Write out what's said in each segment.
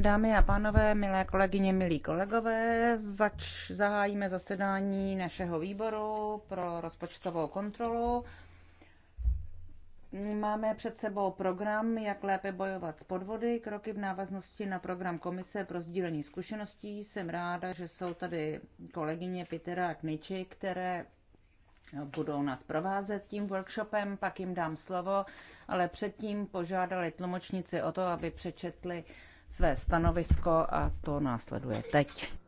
Dámy a pánové, milé kolegyně, milí kolegové, zač, zahájíme zasedání našeho výboru pro rozpočtovou kontrolu. Máme před sebou program, jak lépe bojovat s podvody, kroky v návaznosti na program Komise pro sdílení zkušeností. Jsem ráda, že jsou tady kolegyně Pitera a Kniči, které budou nás provázet tím workshopem, pak jim dám slovo, ale předtím požádali tlumočníci o to, aby přečetli své stanovisko a to následuje teď.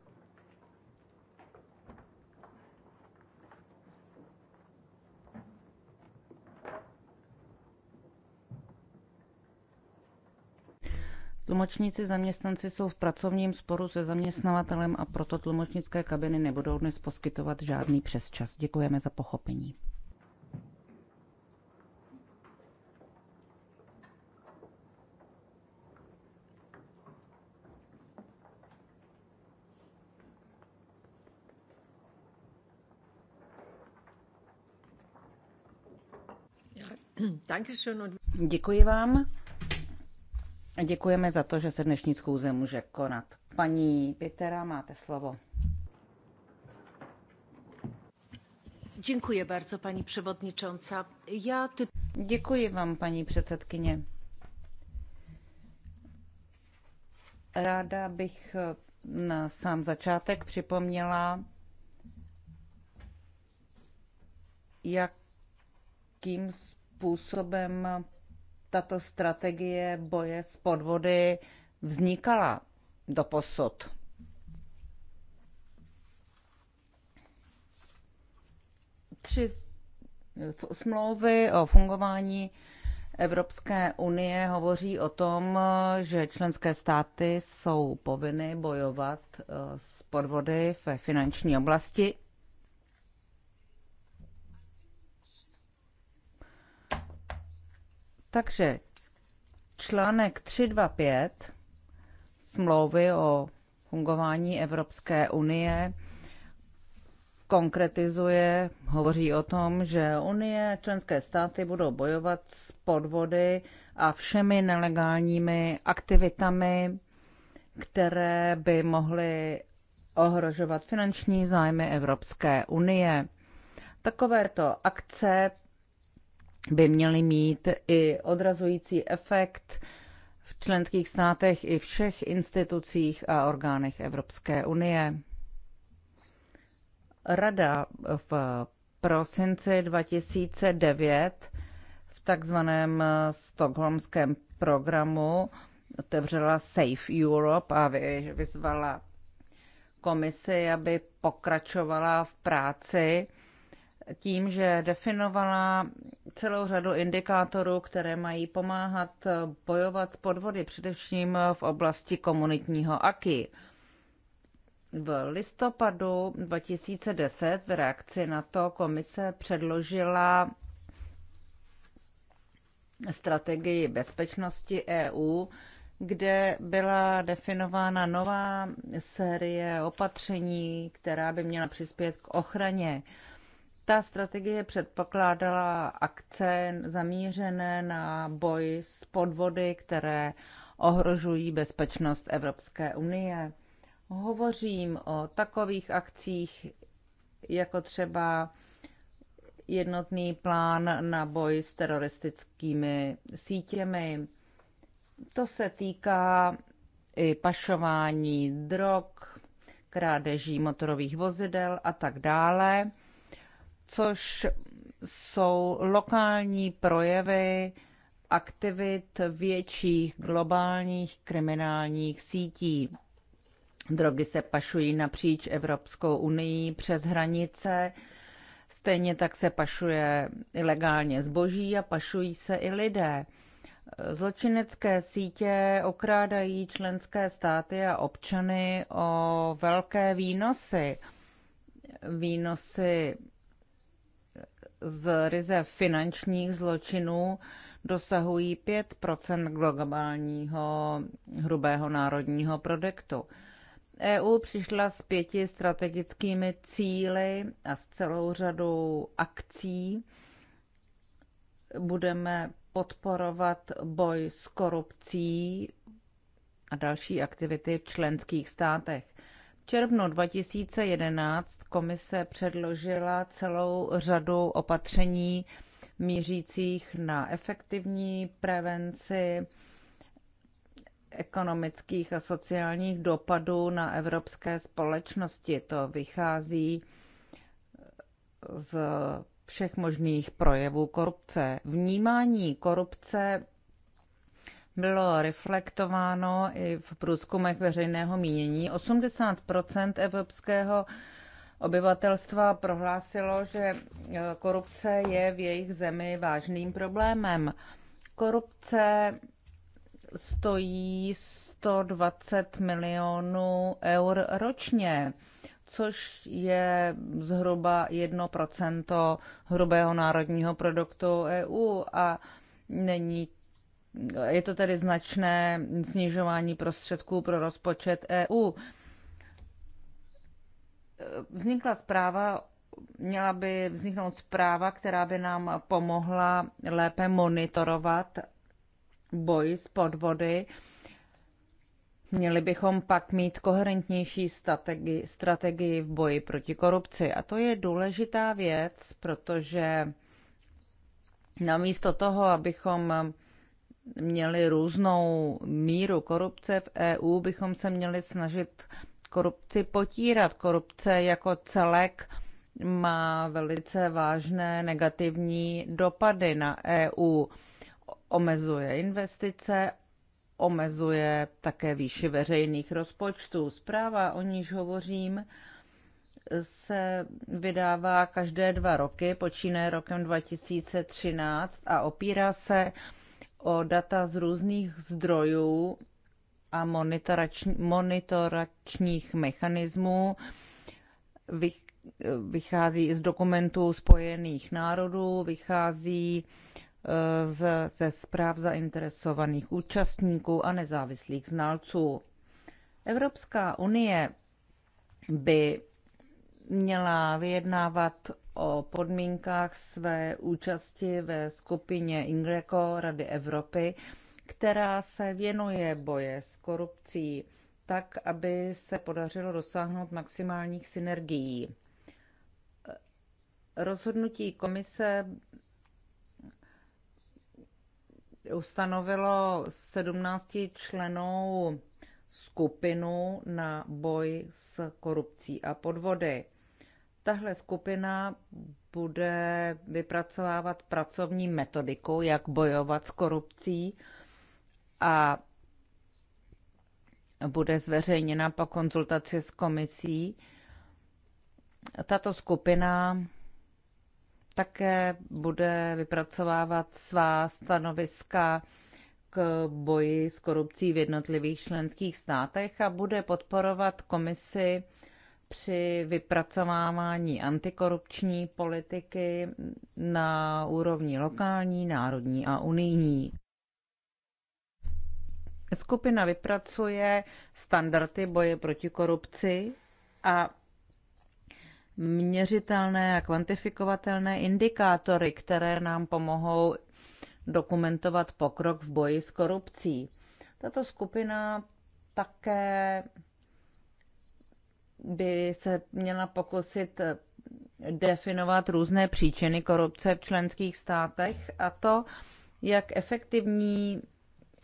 Tlumočníci zaměstnanci jsou v pracovním sporu se zaměstnavatelem a proto tlumočnické kabiny nebudou dnes poskytovat žádný přesčas. Děkujeme za pochopení. Děkuji vám. Děkujeme za to, že se dnešní schůze může konat. Paní Pitera, máte slovo. Děkuji bardzo, paní převodničonca. Já ty... Děkuji vám, paní předsedkyně. Ráda bych na sám začátek připomněla, jakým způsobem tato strategie boje s podvody vznikala do posud. Tři smlouvy o fungování Evropské unie hovoří o tom, že členské státy jsou povinny bojovat eh, s podvody ve finanční oblasti. Takže článek 325 smlouvy o fungování Evropské unie konkretizuje, hovoří o tom, že Unie, členské státy budou bojovat s podvody a všemi nelegálními aktivitami, které by mohly ohrožovat finanční zájmy Evropské unie. Takovéto akce by měly mít i odrazující efekt v členských státech i všech institucích a orgánech Evropské unie. Rada v prosinci 2009 v takzvaném stokholmském programu otevřela Safe Europe a vyzvala komisi, aby pokračovala v práci tím, že definovala celou řadu indikátorů, které mají pomáhat bojovat s podvody, především v oblasti komunitního AKI. V listopadu 2010 v reakci na to komise předložila strategii bezpečnosti EU, kde byla definována nová série opatření, která by měla přispět k ochraně ta strategie předpokládala akce zamířené na boj s podvody, které ohrožují bezpečnost Evropské unie. Hovořím o takových akcích, jako třeba jednotný plán na boj s teroristickými sítěmi. To se týká i pašování drog, krádeží motorových vozidel a tak dále což jsou lokální projevy aktivit větších globálních kriminálních sítí. Drogy se pašují napříč Evropskou unii přes hranice, stejně tak se pašuje ilegálně zboží a pašují se i lidé. Zločinecké sítě okrádají členské státy a občany o velké výnosy. Výnosy z ryze finančních zločinů dosahují 5 globálního hrubého národního produktu. EU přišla s pěti strategickými cíly a s celou řadou akcí. Budeme podporovat boj s korupcí a další aktivity v členských státech červnu 2011 komise předložila celou řadu opatření mířících na efektivní prevenci ekonomických a sociálních dopadů na evropské společnosti. To vychází z všech možných projevů korupce. Vnímání korupce bylo reflektováno i v průzkumech veřejného mínění. 80 evropského obyvatelstva prohlásilo, že e, korupce je v jejich zemi vážným problémem. Korupce stojí 120 milionů eur ročně, což je zhruba 1% hrubého národního produktu EU a není je to tedy značné snižování prostředků pro rozpočet EU. Vznikla zpráva, měla by vzniknout zpráva, která by nám pomohla lépe monitorovat boj s podvody. Měli bychom pak mít koherentnější strategii, strategii v boji proti korupci. A to je důležitá věc, protože namísto toho, abychom měli různou míru korupce v EU, bychom se měli snažit korupci potírat. Korupce jako celek má velice vážné negativní dopady na EU. Omezuje investice, omezuje také výši veřejných rozpočtů. Zpráva, o níž hovořím, se vydává každé dva roky, počínaje rokem 2013 a opírá se o data z různých zdrojů a monitoračních mechanismů. Vychází z dokumentů Spojených národů, vychází e, z, ze zpráv zainteresovaných účastníků a nezávislých znalců. Evropská unie by měla vyjednávat o podmínkách své účasti ve skupině Ingreco Rady Evropy, která se věnuje boje s korupcí tak, aby se podařilo dosáhnout maximálních synergií. Rozhodnutí komise ustanovilo 17 členou skupinu na boj s korupcí a podvody. Tahle skupina bude vypracovávat pracovní metodiku, jak bojovat s korupcí a bude zveřejněna po konzultaci s komisí. Tato skupina také bude vypracovávat svá stanoviska k boji s korupcí v jednotlivých členských státech a bude podporovat komisi při vypracovávání antikorupční politiky na úrovni lokální, národní a unijní. Skupina vypracuje standardy boje proti korupci a měřitelné a kvantifikovatelné indikátory, které nám pomohou dokumentovat pokrok v boji s korupcí. Tato skupina také by se měla pokusit eh, definovat různé příčiny korupce v členských státech a to, jak efektivní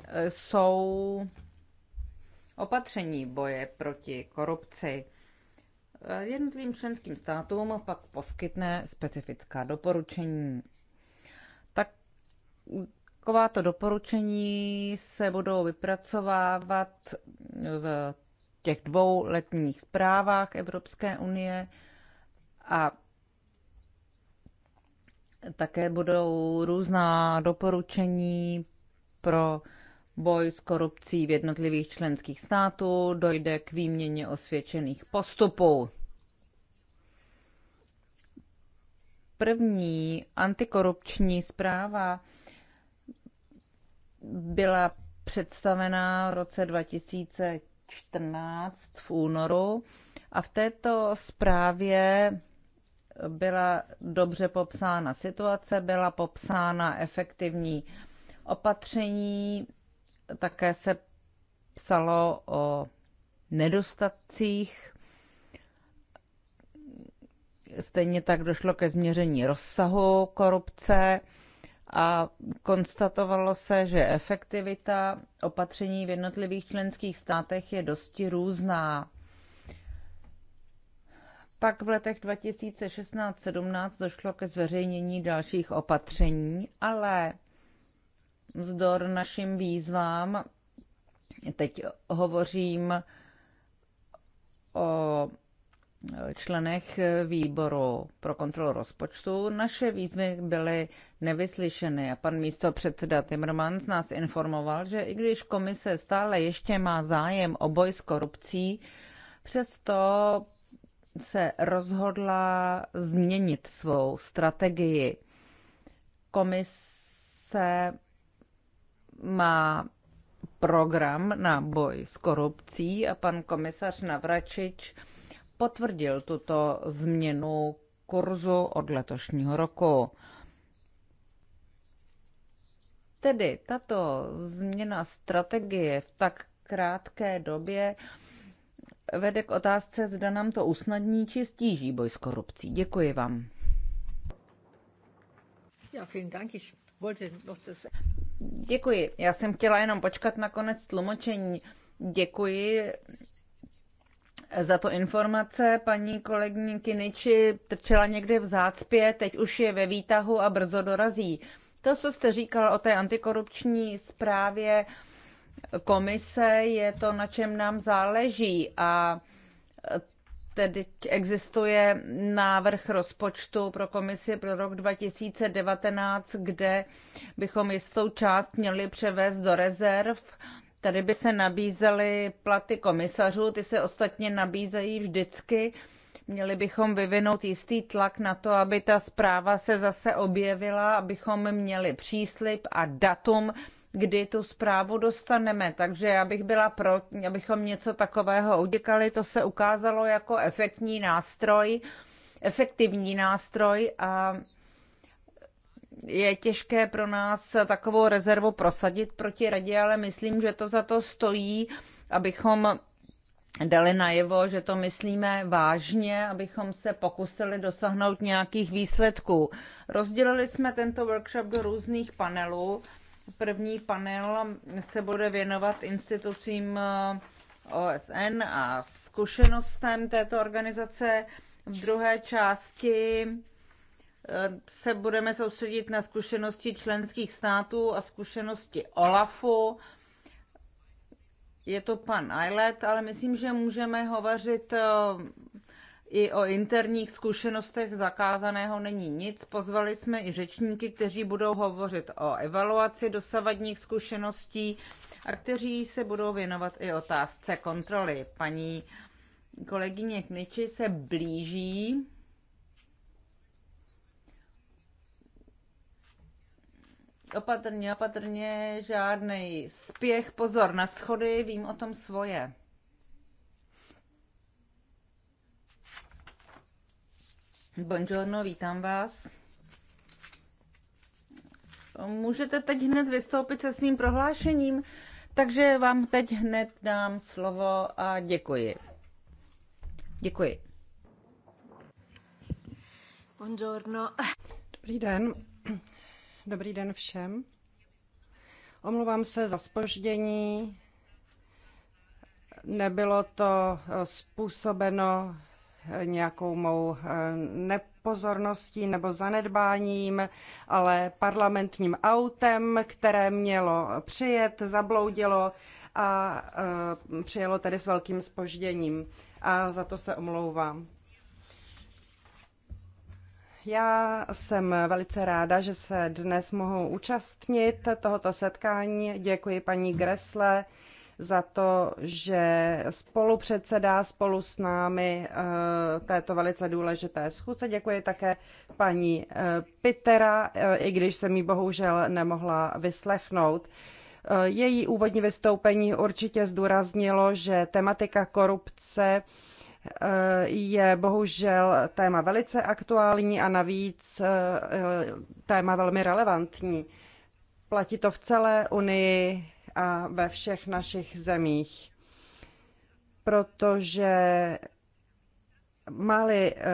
eh, jsou opatření boje proti korupci. Eh, jednotlivým členským státům pak poskytne specifická doporučení. Tak Takováto doporučení se budou vypracovávat v těch dvou letních zprávách Evropské unie a také budou různá doporučení pro boj s korupcí v jednotlivých členských států, dojde k výměně osvědčených postupů. První antikorupční zpráva byla představená v roce 2000 14 v únoru a v této zprávě byla dobře popsána situace, byla popsána efektivní opatření, také se psalo o nedostatcích. Stejně tak došlo ke změření rozsahu korupce a konstatovalo se, že efektivita opatření v jednotlivých členských státech je dosti různá. Pak v letech 2016-17 došlo ke zveřejnění dalších opatření, ale vzdor našim výzvám, teď hovořím o členech výboru pro kontrolu rozpočtu. Naše výzvy byly nevyslyšeny a pan místo předseda Timmermans nás informoval, že i když komise stále ještě má zájem o boj s korupcí, přesto se rozhodla změnit svou strategii. Komise má program na boj s korupcí a pan komisař Navračič potvrdil tuto změnu kurzu od letošního roku. Tedy tato změna strategie v tak krátké době vede k otázce, zda nám to usnadní či stíží boj s korupcí. Děkuji vám. Ja, vielen Dank. Ich wollte noch das... Děkuji. Já jsem chtěla jenom počkat na konec tlumočení. Děkuji za to informace. Paní kolegyně Kiniči trčela někde v zácpě, teď už je ve výtahu a brzo dorazí. To, co jste říkal o té antikorupční zprávě komise, je to, na čem nám záleží. A tedy existuje návrh rozpočtu pro komisi pro rok 2019, kde bychom jistou část měli převést do rezerv Tady by se nabízely platy komisařů, ty se ostatně nabízejí vždycky. Měli bychom vyvinout jistý tlak na to, aby ta zpráva se zase objevila, abychom měli příslip a datum, kdy tu zprávu dostaneme. Takže já bych byla pro, abychom něco takového uděkali. To se ukázalo jako efektní nástroj, efektivní nástroj a je těžké pro nás takovou rezervu prosadit proti radě, ale myslím, že to za to stojí, abychom dali najevo, že to myslíme vážně, abychom se pokusili dosáhnout nějakých výsledků. Rozdělili jsme tento workshop do různých panelů. První panel se bude věnovat institucím eh, OSN a zkušenostem této organizace. V druhé části se budeme soustředit na zkušenosti členských států a zkušenosti OLAFu. Je to pan Eilert, ale myslím, že můžeme hovořit eh, i o interních zkušenostech zakázaného není nic. Pozvali jsme i řečníky, kteří budou hovořit o evaluaci dosavadních zkušeností a kteří se budou věnovat i otázce kontroly. Paní kolegyně Kniči se blíží Opatrně, opatrně, žádný spěch, pozor na schody, vím o tom svoje. Buongiorno, vítám vás. Můžete teď hned vystoupit se svým prohlášením, takže vám teď hned dám slovo a děkuji. Děkuji. Buongiorno. Dobrý den. Dobrý den všem. Omluvám se za spoždění. Nebylo to eh, způsobeno eh, nějakou mou eh, nepozorností nebo zanedbáním, ale parlamentním autem, které mělo přijet, zabloudilo a přijelo tedy s velkým spožděním. A za to se omlouvám. Já jsem velice ráda, že se dnes mohou účastnit tohoto setkání. Děkuji paní Gresle za to, že spolu předsedá spolu s námi eh, této velice důležité schůze. Děkuji také paní eh, Pitera, eh, i když jsem ji bohužel nemohla vyslechnout. Její úvodní vystoupení určitě zdůraznilo, že tematika korupce je bohužel téma velice aktuální a navíc eh, téma velmi relevantní. Platí to v celé Unii a ve všech našich zemích, protože Mali, eh,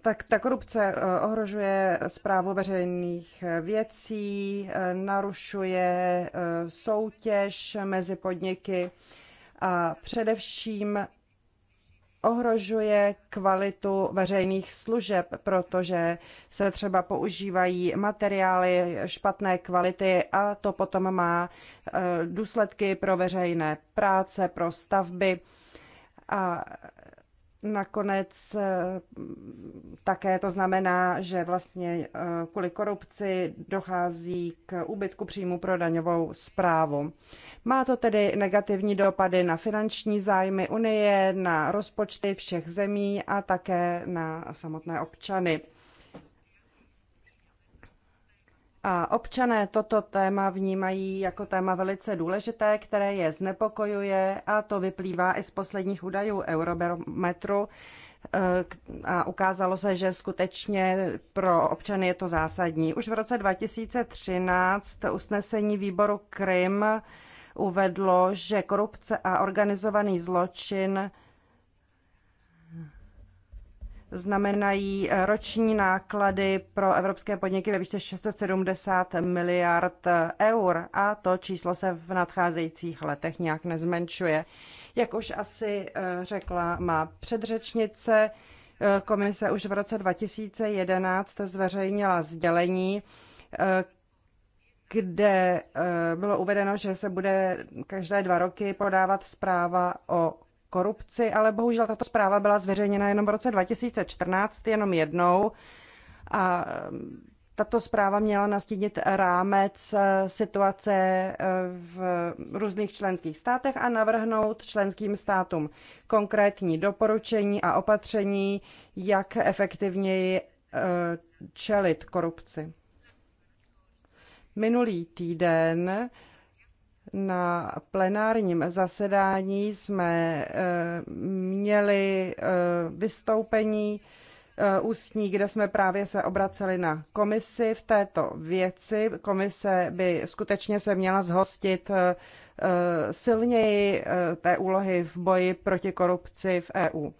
tak ta korupce eh, ohrožuje zprávu veřejných věcí, narušuje soutěž mezi podniky a především ohrožuje kvalitu veřejných služeb, protože se třeba používají materiály špatné kvality a to potom má eh, důsledky pro veřejné práce, pro stavby. A Nakonec eh, také to znamená, že vlastně eh, kvůli korupci dochází k úbytku příjmu pro daňovou zprávu. Má to tedy negativní dopady na finanční zájmy Unie, na rozpočty všech zemí a také na samotné občany. A občané toto téma vnímají jako téma velice důležité, které je znepokojuje a to vyplývá i z posledních údajů Eurobarometru, e, a ukázalo se, že skutečně pro občany je to zásadní. Už v roce 2013 usnesení výboru Krym uvedlo, že korupce a organizovaný zločin znamenají eh, roční náklady pro evropské podniky ve výši 670 miliard eh, eur a to číslo se v nadcházejících letech nějak nezmenšuje. Jak už asi eh, řekla má předřečnice, komise už v roce 2011 zveřejnila sdělení, kde bylo uvedeno, že se bude každé dva roky podávat zpráva o korupci, ale bohužel tato zpráva byla zveřejněna jenom v roce 2014, jenom jednou. A mm, tato zpráva měla nastínit rámec e, situace e, v různých členských státech a navrhnout členským státům konkrétní doporučení a opatření, jak efektivněji e, čelit korupci. Minulý týden na plenárním zasedání jsme eh, měli eh, vystoupení eh, ústní, kde jsme právě se obraceli na komisi v této věci. Komise by skutečně se měla zhostit silněji té úlohy v boji proti korupci v EU.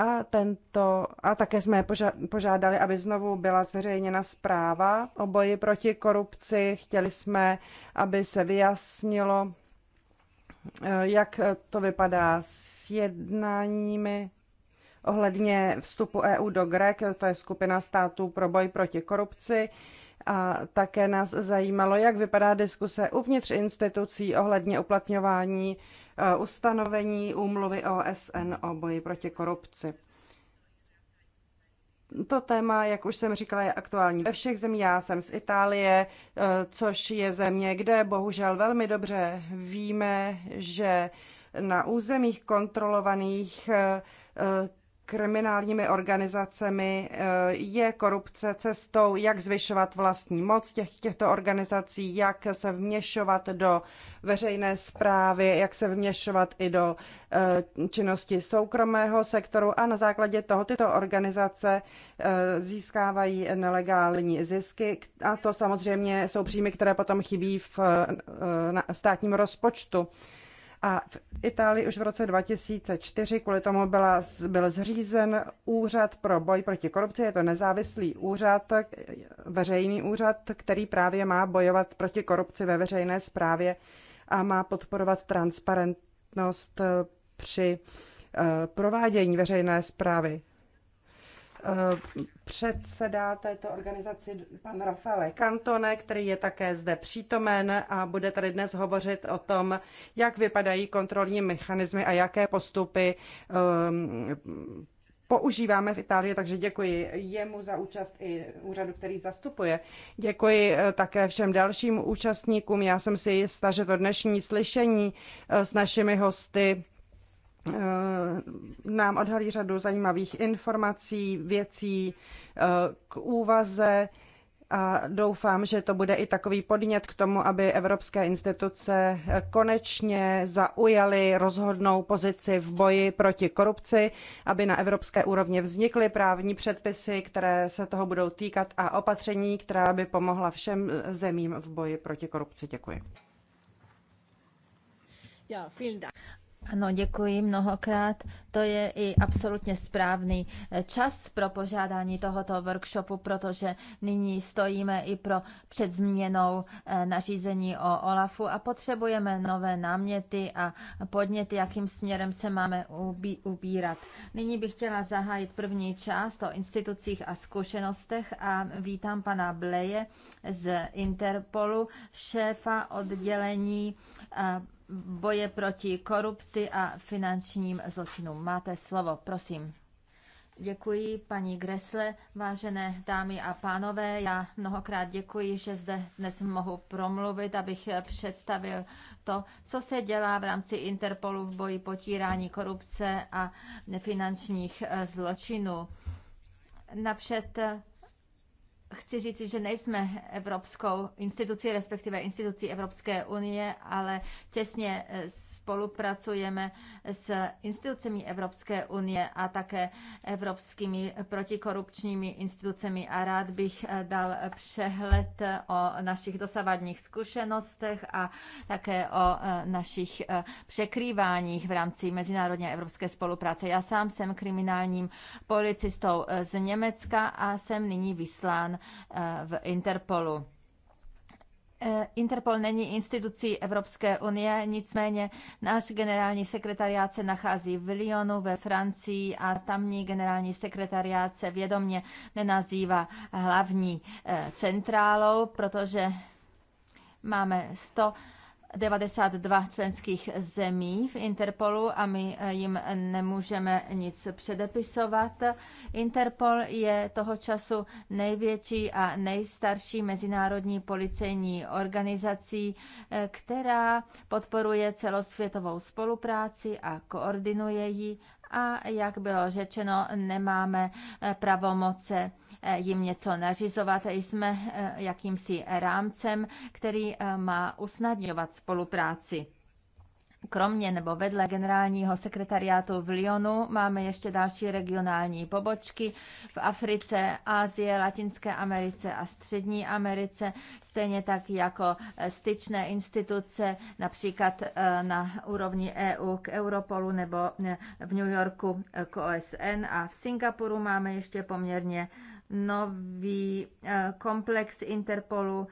A, tento, a také jsme požádali, aby znovu byla zveřejněna zpráva o boji proti korupci. Chtěli jsme, aby se vyjasnilo, eh, jak to vypadá s jednáními ohledně vstupu EU do GREC, to je skupina států pro boj proti korupci. A také nás zajímalo, jak vypadá diskuse uvnitř institucí ohledně uplatňování e, ustanovení úmluvy OSN o boji proti korupci. To téma, jak už jsem říkala, je aktuální ve všech zemích. Já jsem z Itálie, e, což je země, kde bohužel velmi dobře víme, že na územích kontrolovaných e, kriminálními organizacemi eh, je korupce cestou, jak zvyšovat vlastní moc těch, těchto organizací, jak se vměšovat do veřejné zprávy, jak se vměšovat i do eh, činnosti soukromého sektoru a na základě toho tyto organizace eh, získávají nelegální zisky a to samozřejmě jsou příjmy, které potom chybí v státním rozpočtu. A v Itálii už v roce 2004 kvůli tomu byla, byl zřízen úřad pro boj proti korupci. Je to nezávislý úřad, veřejný úřad, který právě má bojovat proti korupci ve veřejné správě a má podporovat transparentnost při eh, provádění veřejné zprávy. Eh, předsedá této organizaci pan Rafael Cantone, který je také zde přítomen a bude tady dnes hovořit o tom, jak vypadají kontrolní mechanismy a jaké postupy um, používáme v Itálii, takže děkuji jemu za účast i úřadu, který zastupuje. Děkuji eh, také všem dalším účastníkům. Já jsem si jistá, že to dnešní slyšení s našimi hosty Eh, nám odhalí řadu zajímavých informací, věcí eh, k úvaze a doufám, že to bude i takový podnět k tomu, aby evropské instituce eh, konečně zaujaly rozhodnou pozici v boji proti korupci, aby na evropské úrovni vznikly právní předpisy, které se toho budou týkat a opatření, která by pomohla všem zemím v boji proti korupci. Děkuji. Ano, děkuji mnohokrát. To je i absolutně správný eh, čas pro požádání tohoto workshopu, protože nyní stojíme i pro před změnou eh, nařízení o OLAFu a potřebujeme nové náměty a podněty, jakým směrem se máme ubí, ubírat. Nyní bych chtěla zahájit první část o institucích a zkušenostech a vítám pana Bleje z Interpolu, šéfa oddělení eh, boje proti korupci a finančním zločinům. Máte slovo, prosím. Děkuji paní Gresle, vážené dámy a pánové. Já mnohokrát děkuji, že zde dnes mohu promluvit, abych představil to, co se dělá v rámci Interpolu v boji potírání korupce a finančních zločinů. Napřed chci říct, že nejsme evropskou institucí, respektive institucí Evropské unie, ale těsně eh, spolupracujeme s institucemi Evropské unie a také evropskými protikorupčními institucemi. A rád bych eh, dal přehled eh, o našich dosavadních zkušenostech a také o našich překrýváních v rámci mezinárodní a evropské spolupráce. Já sám jsem kriminálním policistou z Německa a jsem nyní vyslán Eh, v Interpolu. Eh, Interpol není institucí Evropské unie, nicméně náš generální sekretariát se nachází v Lyonu ve Francii a tamní generální sekretariát se vědomě nenazývá hlavní eh, centrálou, protože máme 100 92 členských zemí v Interpolu a my eh, jim nemůžeme nic předepisovat. Interpol je toho času největší a nejstarší mezinárodní policejní organizací, eh, která podporuje celosvětovou spolupráci a koordinuje ji a jak bylo řečeno, nemáme eh, pravomoce Eh, jim něco nařizovat. Jsme eh, jakýmsi rámcem, který eh, má usnadňovat spolupráci. Kromě nebo vedle generálního sekretariátu v Lyonu máme ještě další regionální pobočky v Africe, Asii, Latinské Americe a Střední Americe, stejně tak jako styčné instituce, například na úrovni EU k Europolu nebo v New Yorku k OSN a v Singapuru máme ještě poměrně nový eh, komplex Interpolu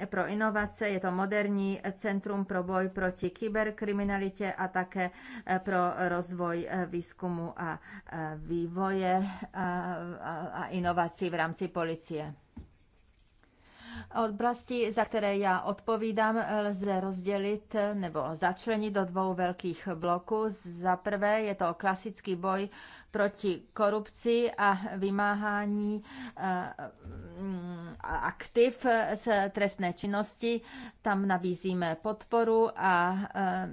eh, pro inovace. Je to moderní centrum pro boj proti kyberkriminalitě a také eh, pro rozvoj výzkumu a vývoje a inovací v rámci policie. Oblasti, za které já odpovídám, lze rozdělit nebo začlenit do dvou velkých bloků. Za prvé je to klasický boj proti korupci a vymáhání eh, aktiv z trestné činnosti. Tam nabízíme podporu a eh,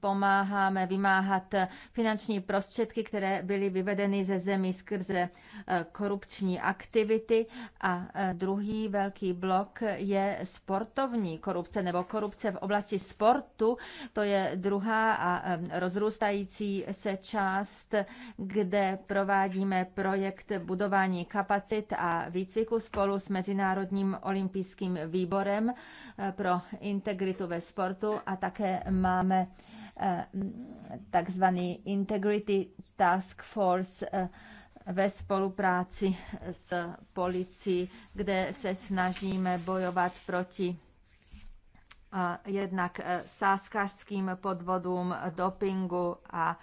pomáháme vymáhat finanční prostředky, které byly vyvedeny ze zemí skrze eh, korupční aktivity. A druhý velký blok je sportovní korupce nebo korupce v oblasti sportu. To je druhá a rozrůstající se část, kde provádíme projekt budování kapacit a výcviku spolu s Mezinárodním olympijským výborem eh, pro integritu ve sportu a také máme eh, takzvaný Integrity Task Force eh, ve spolupráci s policií, kde se snažíme bojovat proti jednak e, sáskařským podvodům, dopingu a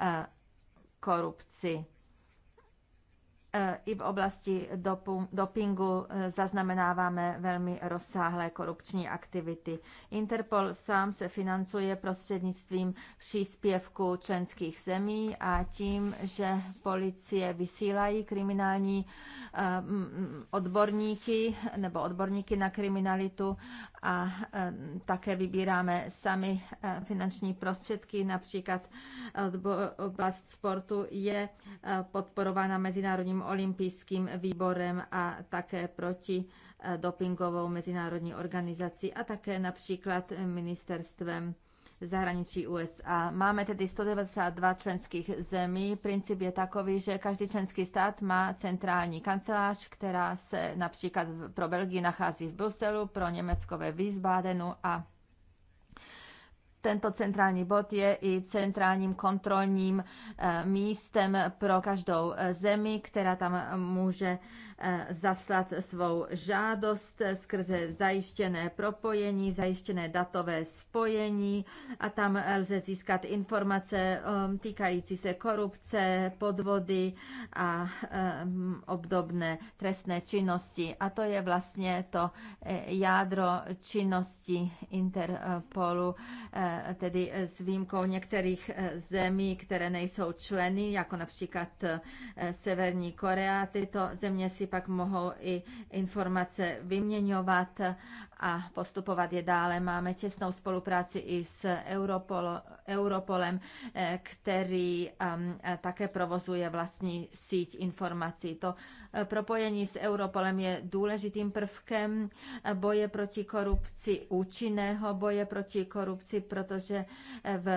e, korupci. E, i v oblasti dopingu e, zaznamenáváme velmi rozsáhlé korupční aktivity. Interpol sám se financuje prostřednictvím příspěvku členských zemí a tím, že policie vysílají kriminální e, odborníky nebo odborníky na kriminalitu a e, také vybíráme sami e, finanční prostředky, například e, oblast sportu je podporována Mezinárodním olympijským výborem a také proti dopingovou mezinárodní organizací a také například ministerstvem zahraničí USA. Máme tedy 192 členských zemí. Princip je takový, že každý členský stát má centrální kancelář, která se například pro Belgii nachází v Bruselu, pro Německo ve Wiesbadenu a tento centrální bod je i centrálním kontrolním eh, místem pro každou eh, zemi, která tam může Eh, zaslat svou žádost skrze zajištěné propojení, zajištěné datové spojení a tam lze získat informace eh, týkající se korupce, podvody a eh, obdobné trestné činnosti. A to je vlastně to jádro činnosti Interpolu, tedy s výjimkou některých zemí, které nejsou členy, jako například Severní Korea. Tyto země si pak mohou i informace vyměňovat a postupovat je dále. Máme těsnou spolupráci i s Europol, Europolem, eh, který ehm, eh, také provozuje vlastní síť informací. To eh, propojení s Europolem je důležitým prvkem boje proti korupci, účinného boje proti korupci, protože v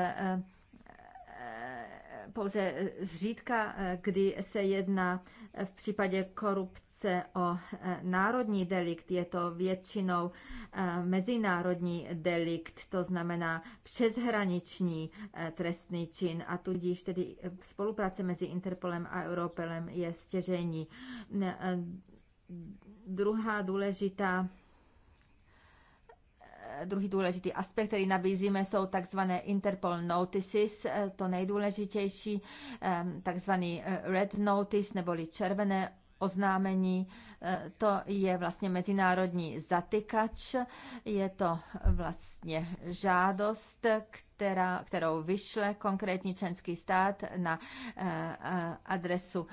pouze zřídka, kdy se jedná v případě korupce o eh, národní delikt, je to většinou eh, mezinárodní delikt, to znamená přeshraniční eh, trestný čin a tudíž tedy spolupráce mezi Interpolem a Europolem je stěžení. Druhá důležitá druhý důležitý aspekt, který nabízíme, jsou takzvané Interpol Notices, eh, to nejdůležitější, ehm, takzvaný eh, Red Notice neboli červené oznámení. Eh, to je vlastně mezinárodní zatykač, je to vlastně žádost, která, kterou vyšle konkrétní členský stát na adresu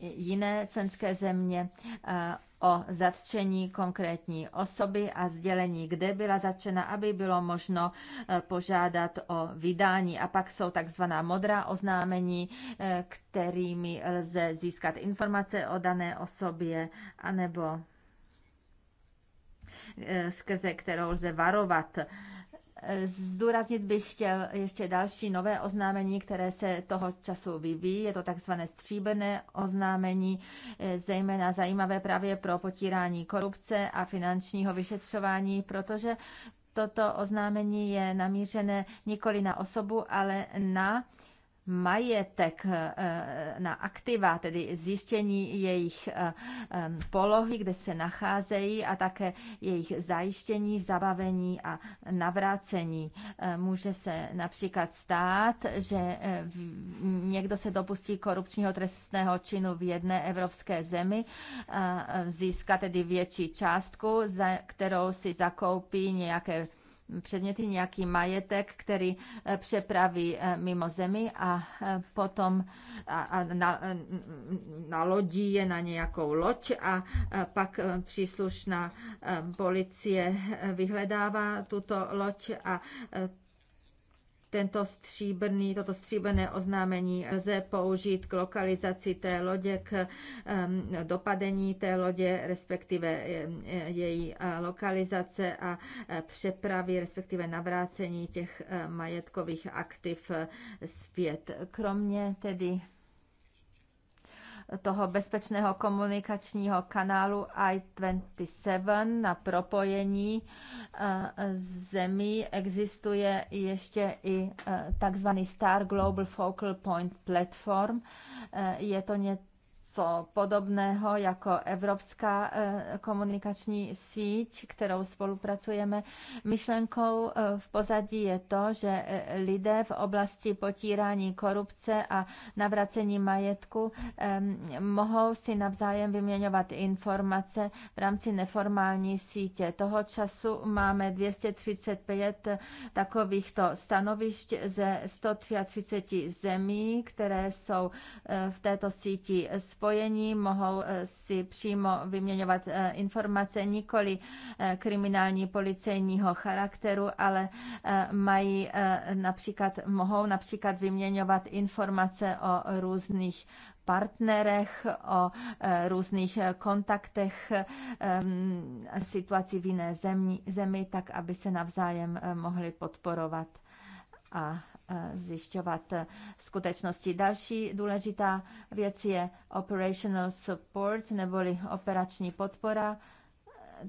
jiné členské země o zatčení konkrétní osoby a sdělení, kde byla zatčena, aby bylo možno eh, požádat o vydání. A pak jsou takzvaná modrá oznámení, eh, kterými lze získat informace o dané osobě, anebo eh, skrze kterou lze varovat Zdůraznit bych chtěl ještě další nové oznámení, které se toho času vyvíjí. Je to takzvané stříbrné oznámení, eh, zejména zajímavé právě pro potírání korupce a finančního vyšetřování, protože toto oznámení je namířené nikoli na osobu, ale na majetek eh, eh, na aktiva, tedy zjištění jejich eh, polohy, kde se nacházejí a také jejich zajištění, zabavení a navrácení. Může se například stát, že někdo se dopustí korupčního trestného činu v jedné evropské zemi, získá tedy větší částku, za kterou si zakoupí nějaké předměty, nějaký majetek, který eh, přepraví eh, mimo zemi a eh, potom a, a na, mm, nalodí je na nějakou loď a pak příslušná policie vyhledává tuto loď a tento stříbrný, toto stříbrné oznámení lze použít k lokalizaci té lodě, k dopadení té lodě, respektive její lokalizace a e, přepravy, respektive navrácení těch e, majetkových aktiv e, zpět. Kromě tedy toho bezpečného komunikačního kanálu I-27 na propojení eh, zemí existuje ještě i eh, takzvaný Star Global Focal Point Platform. Eh, je to něco něco podobného jako Evropská eh, komunikační síť, kterou spolupracujeme. Myšlenkou eh, v pozadí je to, že eh, lidé v oblasti potírání korupce a navracení majetku mohou si navzájem vyměňovat informace v rámci neformální sítě. Toho času máme 235 takovýchto stanovišť ze 133 zemí, které jsou v této síti spolu spojení, mohou eh, si přímo vyměňovat eh, informace nikoli eh, kriminální policejního charakteru, ale mají například, mohou například vyměňovat informace o různých partnerech, o různých kontaktech, situaci v jiné zemi, zemi tak aby se navzájem mohli podporovat a zjišťovat skutečnosti. Další důležitá věc je operational support neboli operační podpora.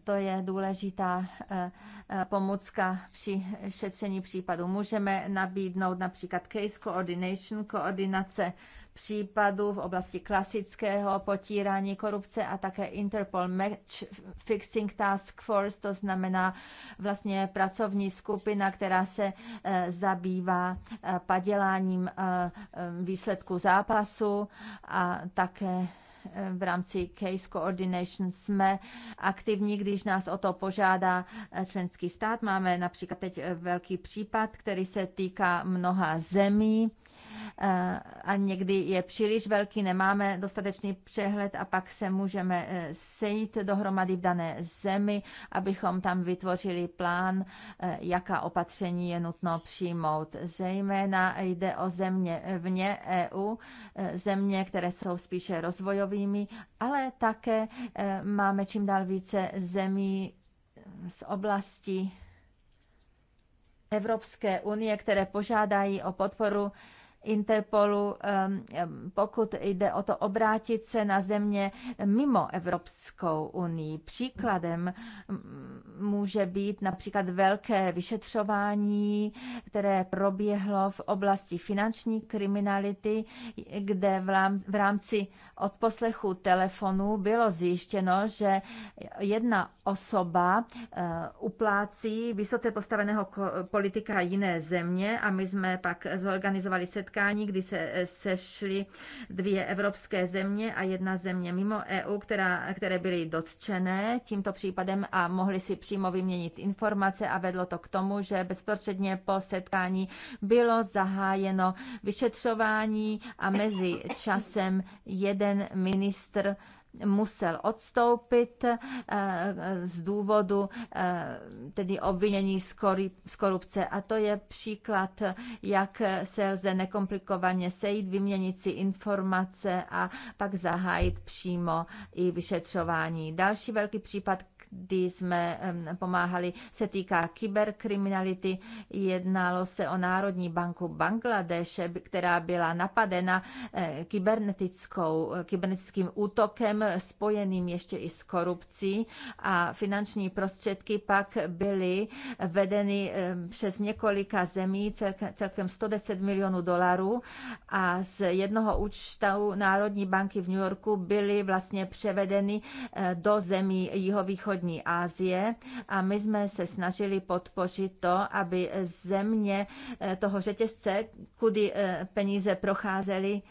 To je důležitá eh, eh, pomůcka při šetření případů. Můžeme nabídnout například case coordination, koordinace případů v oblasti klasického potírání korupce a také Interpol Match Fixing Task Force, to znamená vlastně pracovní skupina, která se eh, zabývá eh, paděláním eh, výsledku zápasu a také v rámci Case Coordination jsme aktivní, když nás o to požádá členský stát. Máme například teď velký případ, který se týká mnoha zemí Eh, a někdy je příliš velký, nemáme dostatečný přehled a pak se můžeme eh, sejít dohromady v dané zemi, abychom tam vytvořili plán, eh, jaká opatření je nutno přijmout. Zejména jde o země vně EU, země, které jsou spíše rozvojovými, ale také máme čím dál více zemí z oblasti Evropské unie, které požádají o podporu Interpolu, pokud jde o to obrátit se na země mimo Evropskou unii. Příkladem může být například velké vyšetřování, které proběhlo v oblasti finanční kriminality, kde v rámci odposlechu telefonu bylo zjištěno, že jedna osoba eh, uplácí vysoce postaveného politika jiné země a my jsme pak zorganizovali setkání, kdy se eh, sešly dvě evropské země a jedna země mimo EU, která, které byly dotčené tímto případem a mohli si přímo vyměnit informace a vedlo to k tomu, že bezprostředně po setkání bylo zahájeno vyšetřování a mezi časem jeden ministr musel odstoupit eh, z důvodu eh, tedy obvinění z korupce. A to je příklad, jak se lze nekomplikovaně sejít, vyměnit si informace a pak zahájit přímo i vyšetřování. Další velký případ kdy jsme pomáhali, se týká kyberkriminality. Jednalo se o Národní banku Bangladeše, která byla napadena eh, kybernetickou, eh, kybernetickým útokem spojeným ještě i s korupcí a finanční prostředky pak byly vedeny přes několika zemí, celkem 110 milionů dolarů a z jednoho účtu Národní banky v New Yorku byly vlastně převedeny eh, do zemí jihovýchodní Východní Asie a my jsme se snažili podpořit to, aby země eh, toho řetězce, kudy eh, peníze procházely,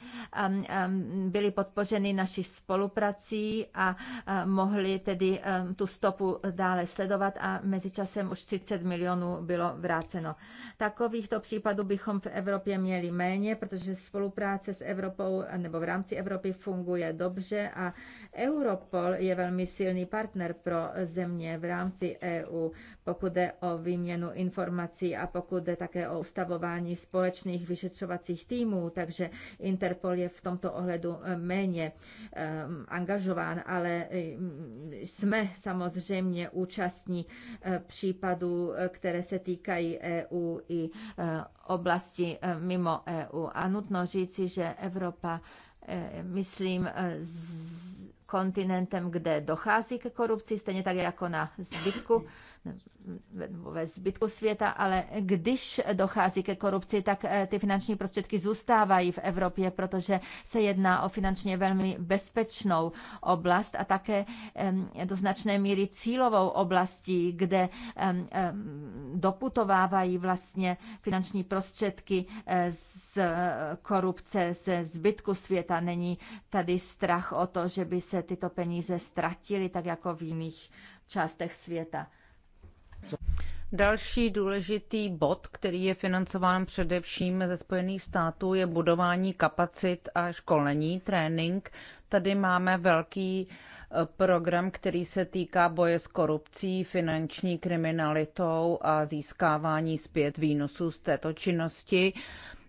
um, um, byly podpořeny naší spoluprací a eh, mohli tedy tu stopu dále sledovat a mezičasem už 30 milionů bylo vráceno. Takovýchto případů bychom v Evropě měli méně, protože spolupráce s Evropou nebo v rámci Evropy funguje dobře a Europol je velmi silný partner pro země v rámci EU, pokud jde o výměnu informací a pokud jde také o ustavování společných vyšetřovacích týmů, takže Interpol je v tomto ohledu eh, méně eh, angažován, ale eh, jsme samozřejmě účastní případů, které se týkají EU i oblasti mimo EU. A nutno říci, že Evropa, myslím, z kontinentem, kde dochází ke korupci, stejně tak jako na zbytku ve zbytku světa, ale když dochází ke korupci, tak eh, ty finanční prostředky zůstávají v Evropě, protože se jedná o finančně velmi bezpečnou oblast a také do značné míry cílovou oblastí, kde doputovávají vlastně finanční prostředky eh, z korupce ze zbytku světa. Není tady strach o to, že by se tyto peníze ztratily, tak jako v jiných částech světa. Další důležitý bod, který je financován především ze Spojených států, je budování kapacit a školení, trénink. Tady máme velký eh, program, který se týká boje s korupcí, finanční kriminalitou a získávání zpět výnosů z této činnosti.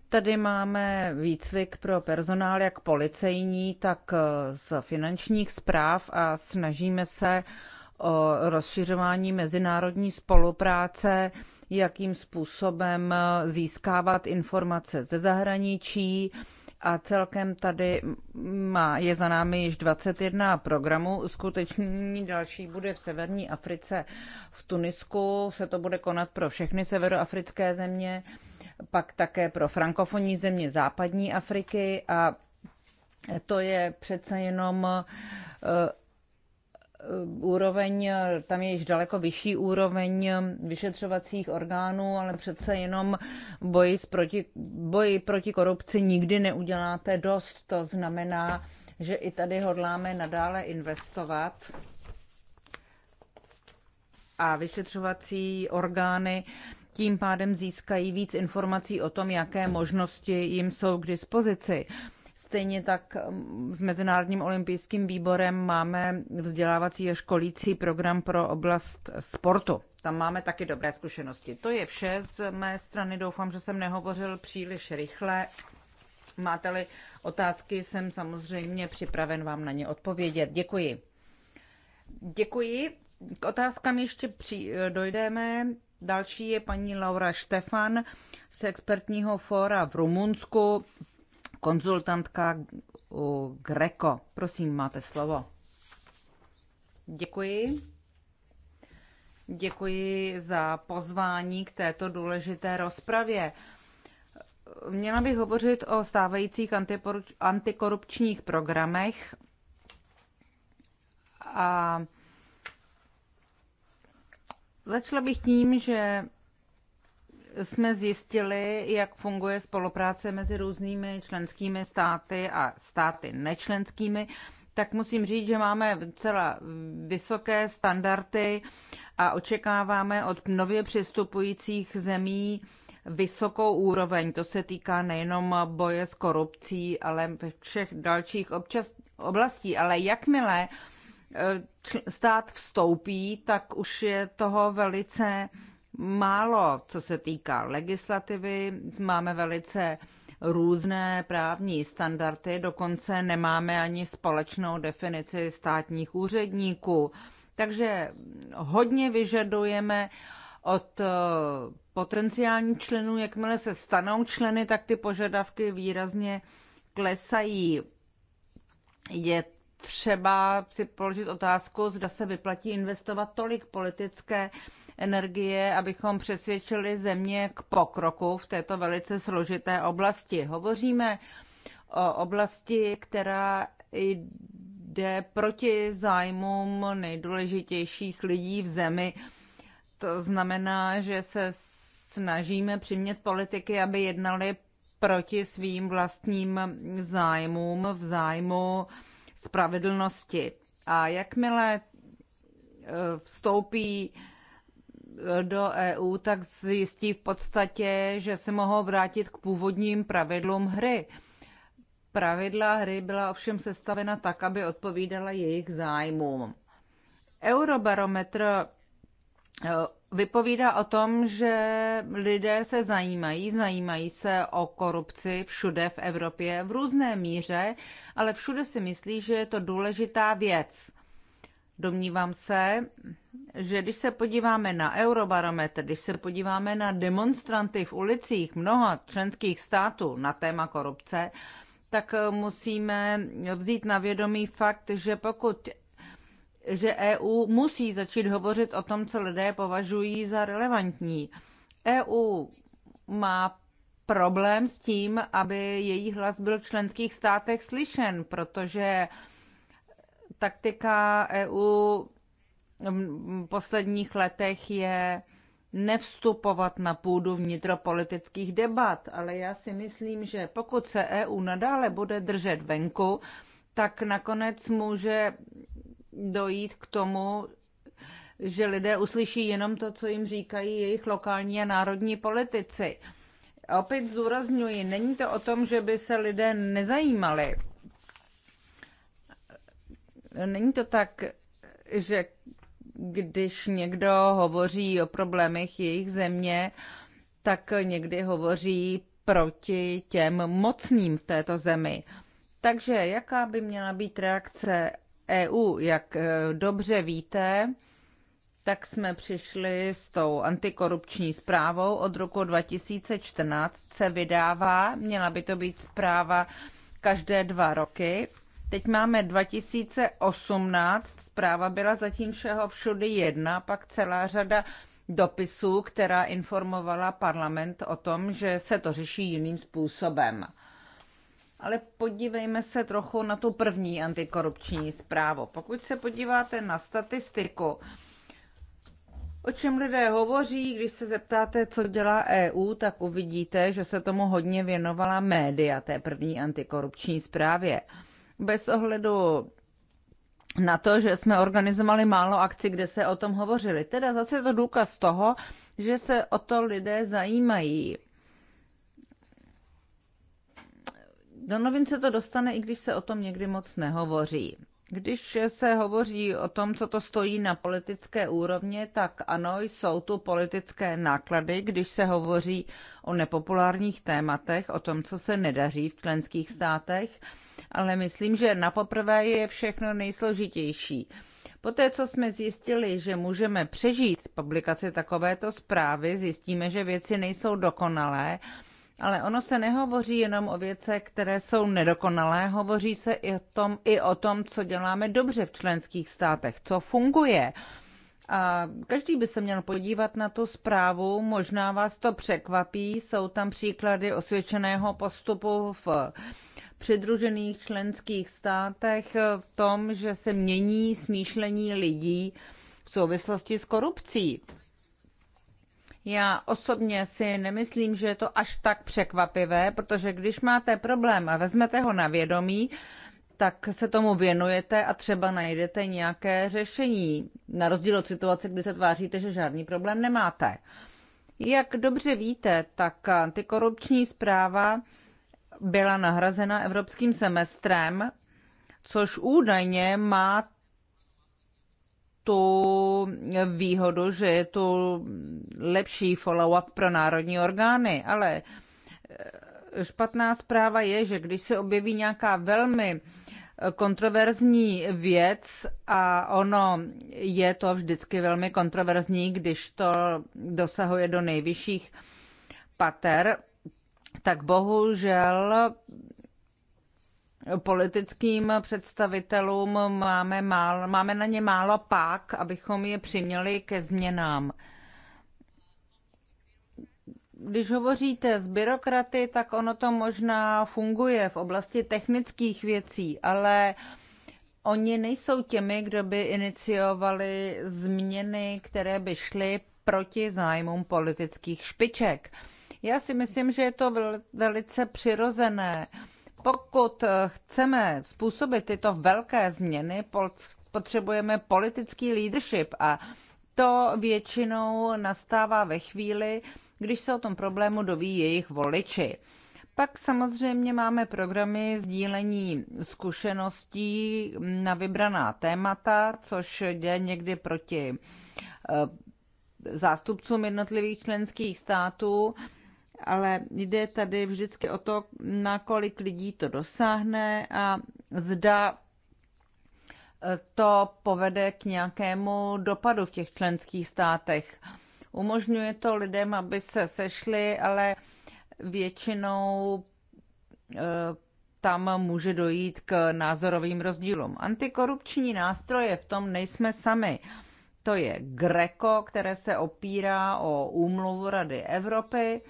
Tady máme výcvik pro personál jak policejní, tak eh, z finančních zpráv a snažíme se o rozšiřování mezinárodní spolupráce, jakým způsobem získávat informace ze zahraničí. A celkem tady má, je za námi již 21 programů. Skutečný další bude v severní Africe v Tunisku. Se to bude konat pro všechny severoafrické země, pak také pro frankofonní země západní Afriky a to je přece jenom eh, úroveň, tam je již daleko vyšší úroveň vyšetřovacích orgánů, ale přece jenom boji, proti, boji proti korupci nikdy neuděláte dost. To znamená, že i tady hodláme nadále investovat a vyšetřovací orgány tím pádem získají víc informací o tom, jaké možnosti jim jsou k dispozici. Stejně tak mm, s Mezinárodním olympijským výborem máme vzdělávací a školící program pro oblast sportu. Tam máme taky dobré zkušenosti. To je vše z mé strany. Doufám, že jsem nehovořil příliš rychle. Máte-li otázky, jsem samozřejmě připraven vám na ně odpovědět. Děkuji. Děkuji. K otázkám ještě při, dojdeme. Další je paní Laura Štefan z expertního fóra v Rumunsku konzultantka u Greco. Prosím, máte slovo. Děkuji. Děkuji za pozvání k této důležité rozpravě. Měla bych hovořit o stávajících antikorupčních programech a začala bych tím, že jsme zjistili, jak funguje spolupráce mezi různými členskými státy a státy nečlenskými, tak musím říct, že máme docela vysoké standardy a očekáváme od nově přistupujících zemí vysokou úroveň. To se týká nejenom boje s korupcí, ale všech dalších občas, oblastí. Ale jakmile eh, stát vstoupí, tak už je toho velice málo, co se týká legislativy. Máme velice různé právní standardy, dokonce nemáme ani společnou definici státních úředníků. Takže hodně vyžadujeme od eh, potenciální členů, jakmile se stanou členy, tak ty požadavky výrazně klesají. Je třeba si položit otázku, zda se vyplatí investovat tolik politické energie, abychom přesvědčili země k pokroku v této velice složité oblasti. Hovoříme o oblasti, která jde proti zájmům nejdůležitějších lidí v zemi. To znamená, že se snažíme přimět politiky, aby jednali proti svým vlastním zájmům v zájmu spravedlnosti. A jakmile eh, vstoupí do EU, tak zjistí v podstatě, že se mohou vrátit k původním pravidlům hry. Pravidla hry byla ovšem sestavena tak, aby odpovídala jejich zájmům. Eurobarometr eh, vypovídá o tom, že lidé se zajímají, zajímají se o korupci všude v Evropě v různé míře, ale všude si myslí, že je to důležitá věc. Domnívám se, že když se podíváme na eurobarometr, když se podíváme na demonstranty v ulicích mnoha členských států na téma korupce, tak eh, musíme vzít na vědomí fakt, že pokud že EU musí začít hovořit o tom, co lidé považují za relevantní. EU má problém s tím, aby její hlas byl v členských státech slyšen, protože taktika EU v posledních letech je nevstupovat na půdu vnitropolitických debat, ale já si myslím, že pokud se EU nadále bude držet venku, tak nakonec může dojít k tomu, že lidé uslyší jenom to, co jim říkají jejich lokální a národní politici. Opět zúraznuju, není to o tom, že by se lidé nezajímali Není to tak, že když někdo hovoří o problémech jejich země, tak někdy hovoří proti těm mocným v této zemi. Takže jaká by měla být reakce EU? Jak eh, dobře víte, tak jsme přišli s tou antikorupční zprávou. Od roku 2014 se vydává, měla by to být zpráva každé dva roky. Teď máme 2018, zpráva byla zatím všeho všude jedna, pak celá řada dopisů, která informovala parlament o tom, že se to řeší jiným způsobem. Ale podívejme se trochu na tu první antikorupční zprávu. Pokud se podíváte na statistiku, o čem lidé hovoří, když se zeptáte, co dělá EU, tak uvidíte, že se tomu hodně věnovala média té první antikorupční zprávě bez ohledu na to, že jsme organizovali málo akcí, kde se o tom hovořili. Teda zase to důkaz toho, že se o to lidé zajímají. Do novin se to dostane, i když se o tom někdy moc nehovoří. Když se hovoří o tom, co to stojí na politické úrovně, tak ano, jsou tu politické náklady. Když se hovoří o nepopulárních tématech, o tom, co se nedaří v členských státech, ale myslím, že na poprvé je všechno nejsložitější. Poté, co jsme zjistili, že můžeme přežít publikaci takovéto zprávy, zjistíme, že věci nejsou dokonalé, ale ono se nehovoří jenom o věcech, které jsou nedokonalé, hovoří se i o tom, i o tom co děláme dobře v členských státech, co funguje. A každý by se měl podívat na tu zprávu, možná vás to překvapí, jsou tam příklady osvědčeného postupu v přidružených členských státech v tom, že se mění smýšlení lidí v souvislosti s korupcí. Já osobně si nemyslím, že je to až tak překvapivé, protože když máte problém a vezmete ho na vědomí, tak se tomu věnujete a třeba najdete nějaké řešení, na rozdíl od situace, kdy se tváříte, že žádný problém nemáte. Jak dobře víte, tak antikorupční zpráva byla nahrazena evropským semestrem, což údajně má tu výhodu, že je tu lepší follow-up pro národní orgány, ale eh, špatná zpráva je, že když se objeví nějaká velmi eh, kontroverzní věc a ono je to vždycky velmi kontroverzní, když to dosahuje do nejvyšších pater, tak bohužel politickým představitelům máme, málo, máme na ně málo pak, abychom je přiměli ke změnám. Když hovoříte s byrokraty, tak ono to možná funguje v oblasti technických věcí, ale oni nejsou těmi, kdo by iniciovali změny, které by šly proti zájmům politických špiček. Já si myslím, že je to velice přirozené. Pokud chceme způsobit tyto velké změny, potřebujeme politický leadership a to většinou nastává ve chvíli, když se o tom problému doví jejich voliči. Pak samozřejmě máme programy sdílení zkušeností na vybraná témata, což jde někdy proti eh, zástupcům jednotlivých členských států ale jde tady vždycky o to, na kolik lidí to dosáhne a zda eh, to povede k nějakému dopadu v těch členských státech. Umožňuje to lidem, aby se sešli, ale většinou eh, tam může dojít k názorovým rozdílům. Antikorupční nástroje v tom nejsme sami. To je Greco, které se opírá o úmluvu Rady Evropy.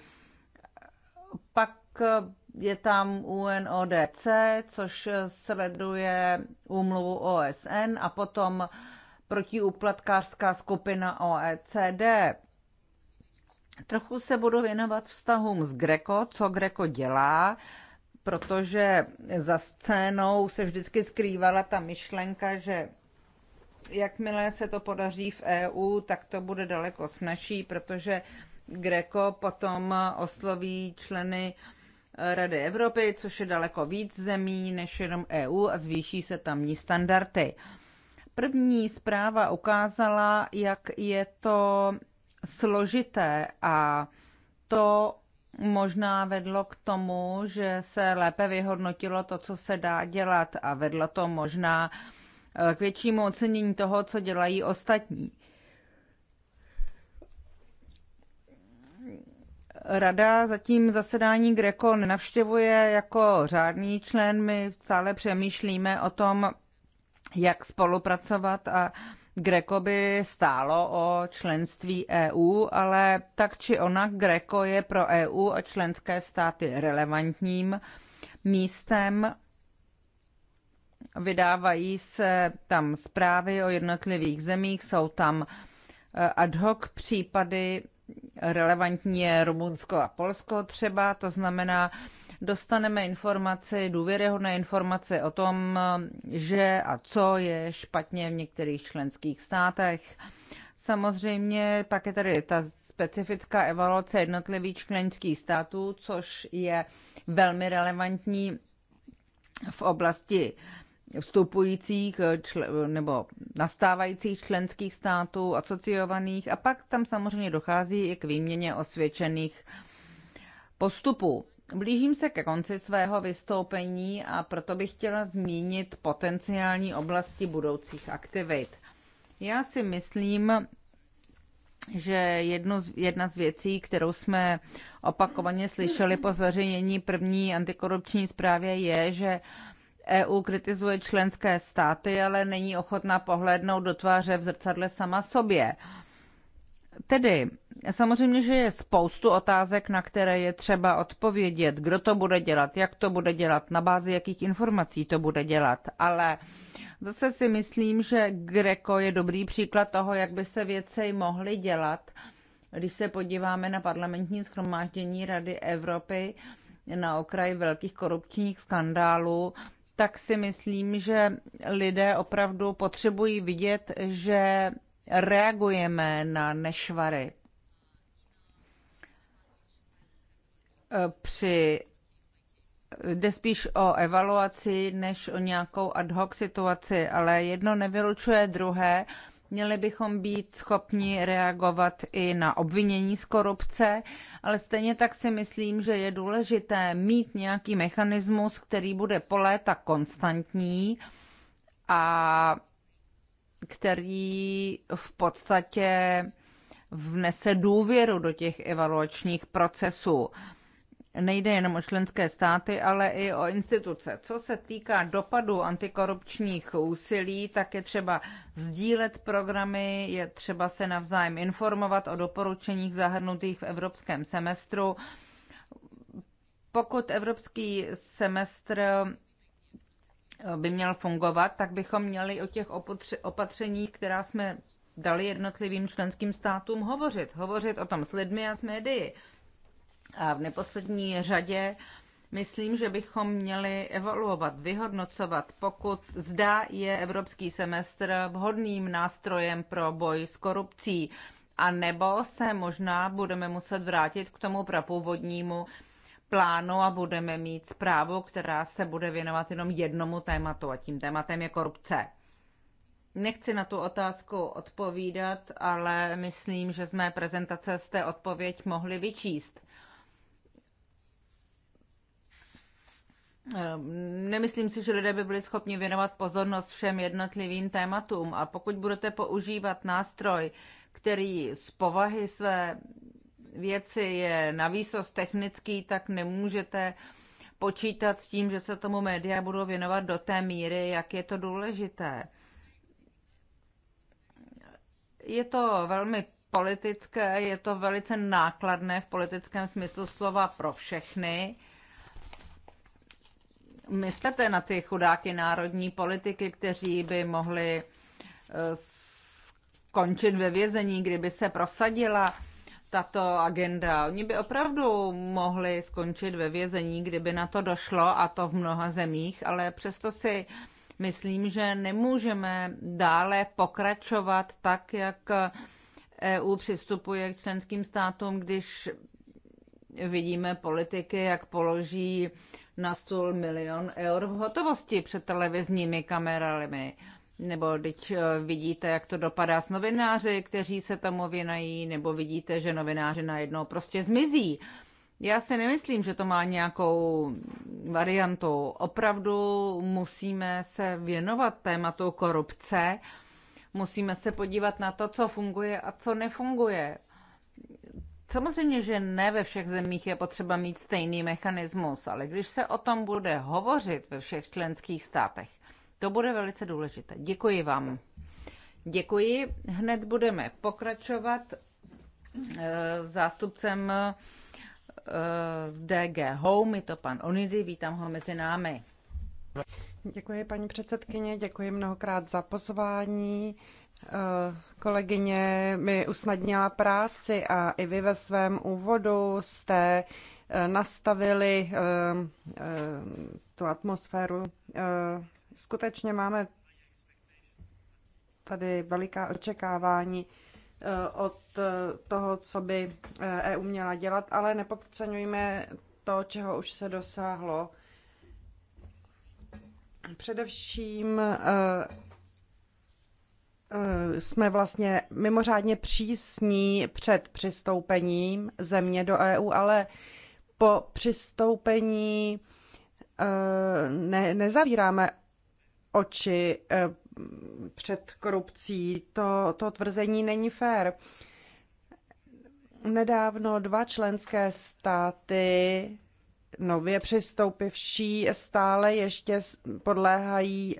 Pak eh, je tam UNODC, což sleduje úmluvu OSN a potom protiúplatkářská skupina OECD. Trochu se budu věnovat vztahům s Greco, co Greco dělá, protože za scénou se vždycky skrývala ta myšlenka, že jakmile se to podaří v EU, tak to bude daleko snažší, protože Greco potom osloví členy eh, Rady Evropy, což je daleko víc zemí než jenom EU a zvýší se tamní standardy. První zpráva ukázala, jak je to složité a to možná vedlo k tomu, že se lépe vyhodnotilo to, co se dá dělat a vedlo to možná eh, k většímu ocenění toho, co dělají ostatní. Rada zatím zasedání Greco nenavštěvuje jako řádný člen. My stále přemýšlíme o tom, jak spolupracovat a Greco by stálo o členství EU, ale tak či onak Greco je pro EU a členské státy relevantním místem. Vydávají se tam zprávy o jednotlivých zemích, jsou tam eh, ad hoc případy relevantní je Rumunsko a Polsko třeba, to znamená, dostaneme informace, důvěryhodné informace o tom, že a co je špatně v některých členských státech. Samozřejmě pak je tady ta specifická evaluace jednotlivých členských států, což je velmi relevantní v oblasti uh, vstupujících eh, čl- nebo nastávajících členských států, asociovaných a pak tam samozřejmě dochází i k výměně osvědčených postupů. Blížím se ke konci svého vystoupení a proto bych chtěla zmínit potenciální oblasti budoucích aktivit. Já si myslím, že jedno z, jedna z věcí, kterou jsme opakovaně slyšeli po zveřejnění první antikorupční zprávě, je, že uh, EU kritizuje členské státy, ale není ochotná pohlédnout do tváře v zrcadle sama sobě. Tedy samozřejmě, že je spoustu otázek, na které je třeba odpovědět, kdo to bude dělat, jak to bude dělat, na bázi jakých informací to bude dělat, ale zase si myslím, že Greco je dobrý příklad toho, jak by se věci mohly dělat, když se podíváme na parlamentní schromáždění Rady Evropy na okraji velkých korupčních skandálů, tak si myslím, že lidé opravdu potřebují vidět, že reagujeme na nešvary. Při Jde spíš o evaluaci než o nějakou ad hoc situaci, ale jedno nevylučuje druhé Měli bychom být schopni reagovat i na obvinění z korupce, ale stejně tak si myslím, že je důležité mít nějaký mechanismus, který bude po léta konstantní a který v podstatě vnese důvěru do těch evaluačních procesů nejde jenom o členské státy, ale i o instituce. Co se týká dopadu antikorupčních úsilí, tak je třeba sdílet programy, je třeba se navzájem informovat o doporučeních zahrnutých v evropském semestru. Pokud evropský semestr eh, by měl fungovat, tak bychom měli o těch opatřeních, která jsme dali jednotlivým členským státům hovořit. Hovořit o tom s lidmi a s médií. A v neposlední řadě myslím, že bychom měli evaluovat, vyhodnocovat, pokud zda je evropský semestr vhodným nástrojem pro boj s korupcí. A nebo se možná budeme muset vrátit k tomu prapůvodnímu plánu a budeme mít zprávu, která se bude věnovat jenom jednomu tématu a tím tématem je korupce. Nechci na tu otázku odpovídat, ale myslím, že z mé prezentace jste odpověď mohli vyčíst. Ehm, nemyslím si, že lidé by byli schopni věnovat pozornost všem jednotlivým tématům a pokud budete používat nástroj, který z povahy své věci je na výsost technický, tak nemůžete počítat s tím, že se tomu média budou věnovat do té míry, jak je to důležité. Je to velmi politické, je to velice nákladné v politickém smyslu slova pro všechny myslete na ty chudáky národní politiky, kteří by mohli eh, skončit ve vězení, kdyby se prosadila tato agenda. Oni by opravdu mohli skončit ve vězení, kdyby na to došlo, a to v mnoha zemích, ale přesto si myslím, že nemůžeme dále pokračovat tak, jak EU přistupuje k členským státům, když vidíme politiky, jak položí na stůl milion eur v hotovosti před televizními kamerami. Nebo když eh, vidíte, jak to dopadá s novináři, kteří se tomu věnají, nebo vidíte, že novináři najednou prostě zmizí. Já si nemyslím, že to má nějakou variantu. Opravdu musíme se věnovat tématu korupce, musíme se podívat na to, co funguje a co nefunguje. Samozřejmě, že ne ve všech zemích je potřeba mít stejný mechanismus, ale když se o tom bude hovořit ve všech členských státech, to bude velice důležité. Děkuji vám. Děkuji. Hned budeme pokračovat eh, zástupcem eh, z DG Home, je to pan Onidy, vítám ho mezi námi. Děkuji, paní předsedkyně, děkuji mnohokrát za pozvání. Eh, kolegyně mi usnadnila práci a i vy ve svém úvodu jste eh, nastavili eh, tu atmosféru. Skutečně máme tady veliká očekávání od toho, co by EU e měla dělat, ale nepodceňujme to, čeho už se dosáhlo. Především Eh, jsme vlastně mimořádně přísní před přistoupením země do EU, ale po přistoupení eh, ne, nezavíráme oči eh, před korupcí. To, to tvrzení není fér. Nedávno dva členské státy nově přistoupivší stále ještě podléhají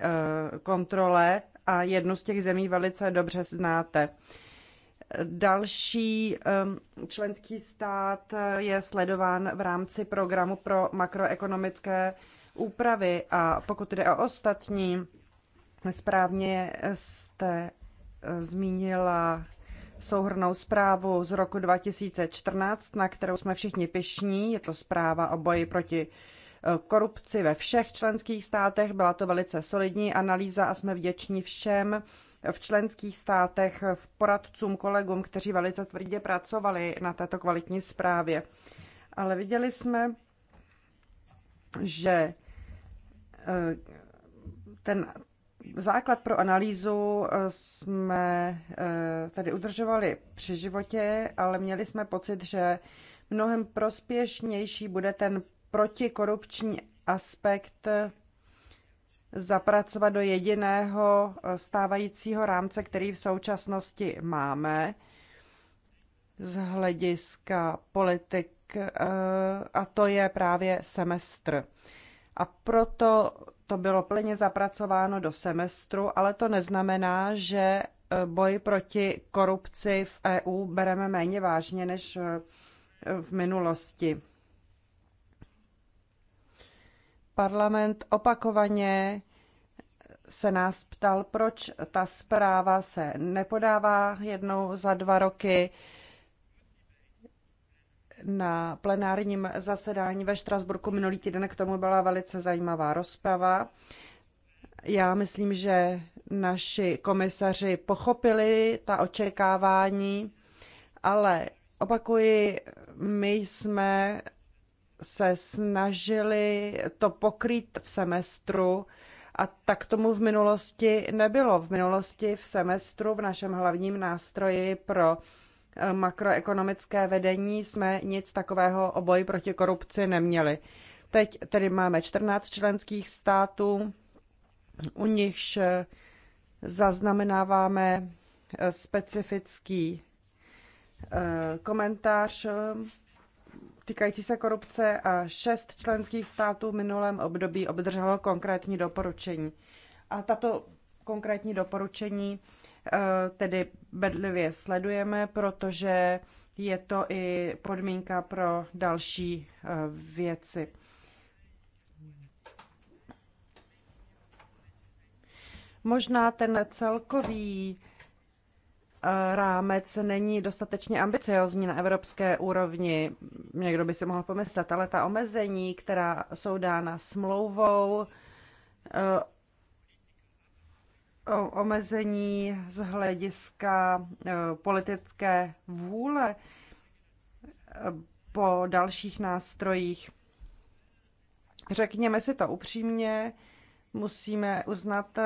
kontrole a jednu z těch zemí velice dobře znáte. Další um, členský stát je sledován v rámci programu pro makroekonomické úpravy a pokud jde o ostatní, správně jste eh, zmínila souhrnou zprávu z roku 2014, na kterou jsme všichni pišní. Je to zpráva o boji proti korupci ve všech členských státech. Byla to velice solidní analýza a jsme vděční všem v členských státech, v poradcům, kolegům, kteří velice tvrdě pracovali na této kvalitní zprávě. Ale viděli jsme, že eh, ten základ pro analýzu eh, jsme eh, tady udržovali při životě, ale měli jsme pocit, že mnohem prospěšnější bude ten protikorupční aspekt zapracovat do jediného eh, stávajícího rámce, který v současnosti máme z hlediska politik, eh, a to je právě semestr. A proto to bylo plně zapracováno do semestru, ale to neznamená, že eh, boj proti korupci v EU bereme méně vážně než v minulosti parlament opakovaně se nás ptal, proč ta zpráva se nepodává jednou za dva roky. Na plenárním zasedání ve Štrasburku minulý týden k tomu byla velice zajímavá rozprava. Já myslím, že naši komisaři pochopili ta očekávání, ale opakuji, my jsme se snažili to pokrýt v semestru a tak tomu v minulosti nebylo. V minulosti v semestru v našem hlavním nástroji pro eh, makroekonomické vedení jsme nic takového o boji proti korupci neměli. Teď tedy máme 14 členských států, u nichž eh, zaznamenáváme eh, specifický komentář týkající se korupce a šest členských států v minulém období obdrželo konkrétní doporučení. A tato konkrétní doporučení eh, tedy bedlivě sledujeme, protože je to i podmínka pro další eh, věci. Možná ten celkový rámec není dostatečně ambiciozní na evropské úrovni. Někdo by si mohl pomyslet, ale ta omezení, která jsou dána smlouvou, eh, omezení z hlediska eh, politické vůle eh, po dalších nástrojích. Řekněme si to upřímně, musíme uznat,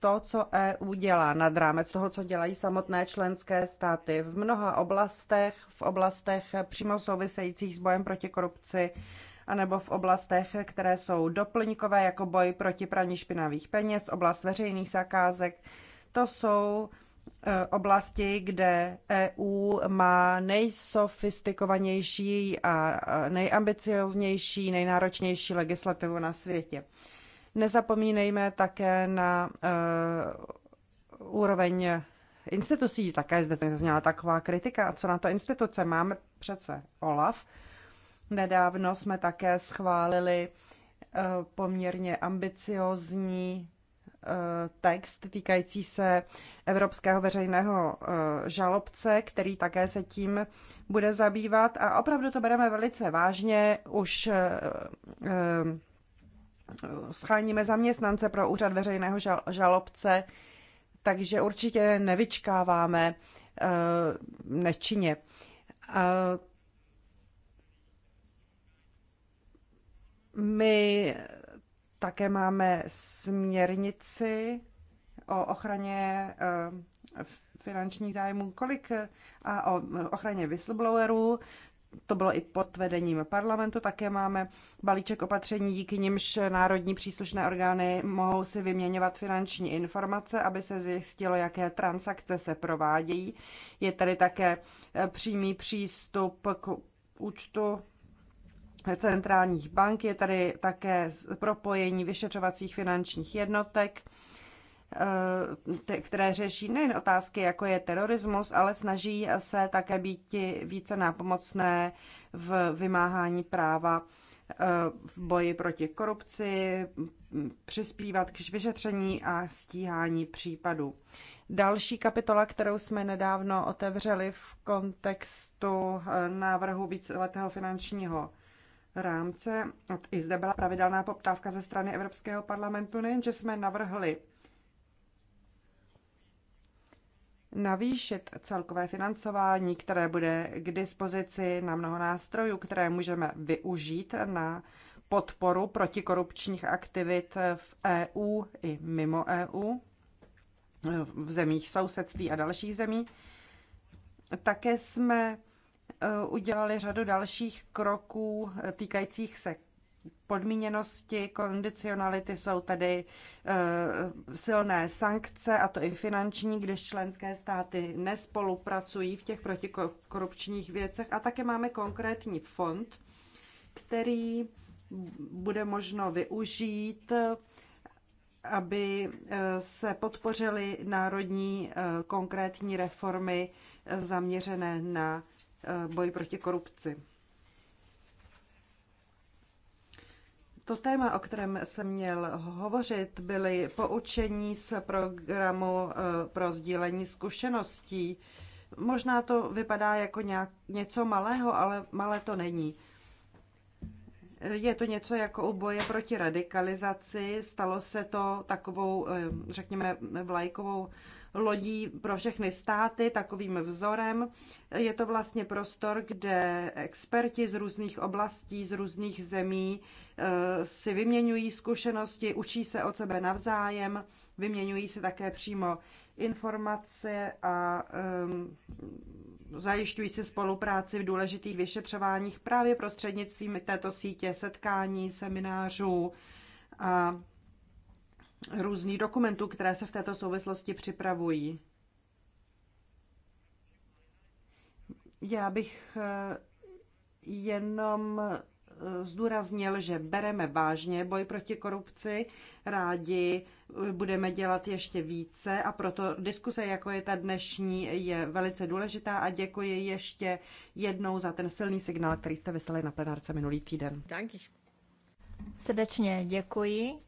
to, co EU dělá nad rámec toho, co dělají samotné členské státy v mnoha oblastech, v oblastech přímo souvisejících s bojem proti korupci, anebo v oblastech, které jsou doplňkové, jako boj proti praní špinavých peněz, oblast veřejných zakázek. To jsou e, oblasti, kde EU má nejsofistikovanější a nejambicioznější, nejnáročnější legislativu na světě. Nezapomínejme také na uh, úroveň institucí. Také zde zněla taková kritika. A co na to instituce? Máme přece OLAF. Nedávno jsme také schválili uh, poměrně ambiciozní eh, text týkající se Evropského veřejného žalobce, který také se tím bude zabývat. A opravdu to bereme velice vážně. Už scháníme zaměstnance pro úřad veřejného žalobce, takže určitě nevyčkáváme eh, nečině. Eh, my také máme směrnici o ochraně eh, finančních zájmů, kolik a o ochraně whistleblowerů to bylo i pod vedením parlamentu. Také máme balíček opatření, díky nimž národní příslušné orgány mohou si vyměňovat finanční informace, aby se zjistilo, jaké transakce se provádějí. Je tady také eh, přímý přístup k účtu centrálních bank, je tady také propojení vyšetřovacích finančních jednotek Eh, které řeší nejen otázky, jako je terorismus, ale snaží se také být více nápomocné v vymáhání práva eh, v boji proti korupci, přispívat k vyšetření a stíhání případů. Další kapitola, kterou jsme nedávno otevřeli v kontextu eh, návrhu víceletého finančního rámce, i zde byla pravidelná poptávka ze strany Evropského parlamentu, nejenže jsme navrhli navýšit celkové financování, které bude k dispozici na mnoho nástrojů, které můžeme využít na podporu protikorupčních aktivit v EU i mimo EU, v zemích sousedství a dalších zemí. Také jsme eh, udělali řadu dalších kroků týkajících se podmíněnosti, kondicionality jsou tedy e, eh, silné sankce, a to i finanční, když členské státy nespolupracují v těch protikorupčních věcech. A také máme konkrétní fond, který bude možno využít, aby eh, se podpořily národní eh, konkrétní reformy zaměřené na boj proti korupci. To téma, o kterém jsem měl hovořit, byly poučení z programu eh, pro sdílení zkušeností. Možná to vypadá jako nějak, něco malého, ale malé to není. Je to něco jako u boje proti radikalizaci. Stalo se to takovou, eh, řekněme, vlajkovou lodí pro všechny státy takovým vzorem. Je to vlastně prostor, kde experti z různých oblastí, z různých zemí eh, si vyměňují zkušenosti, učí se od sebe navzájem, vyměňují si také přímo informace a um, zajišťují si spolupráci v důležitých vyšetřováních právě prostřednictvím této sítě setkání, seminářů a různých dokumentů, které se v této souvislosti připravují. Já bych eh, jenom eh, zdůraznil, že bereme vážně boj proti korupci, rádi eh, budeme dělat ještě více a proto diskuse, jako je ta dnešní, je velice důležitá a děkuji ještě jednou za ten silný signál, který jste vyslali na plenárce minulý týden. Děkuji. Srdečně děkuji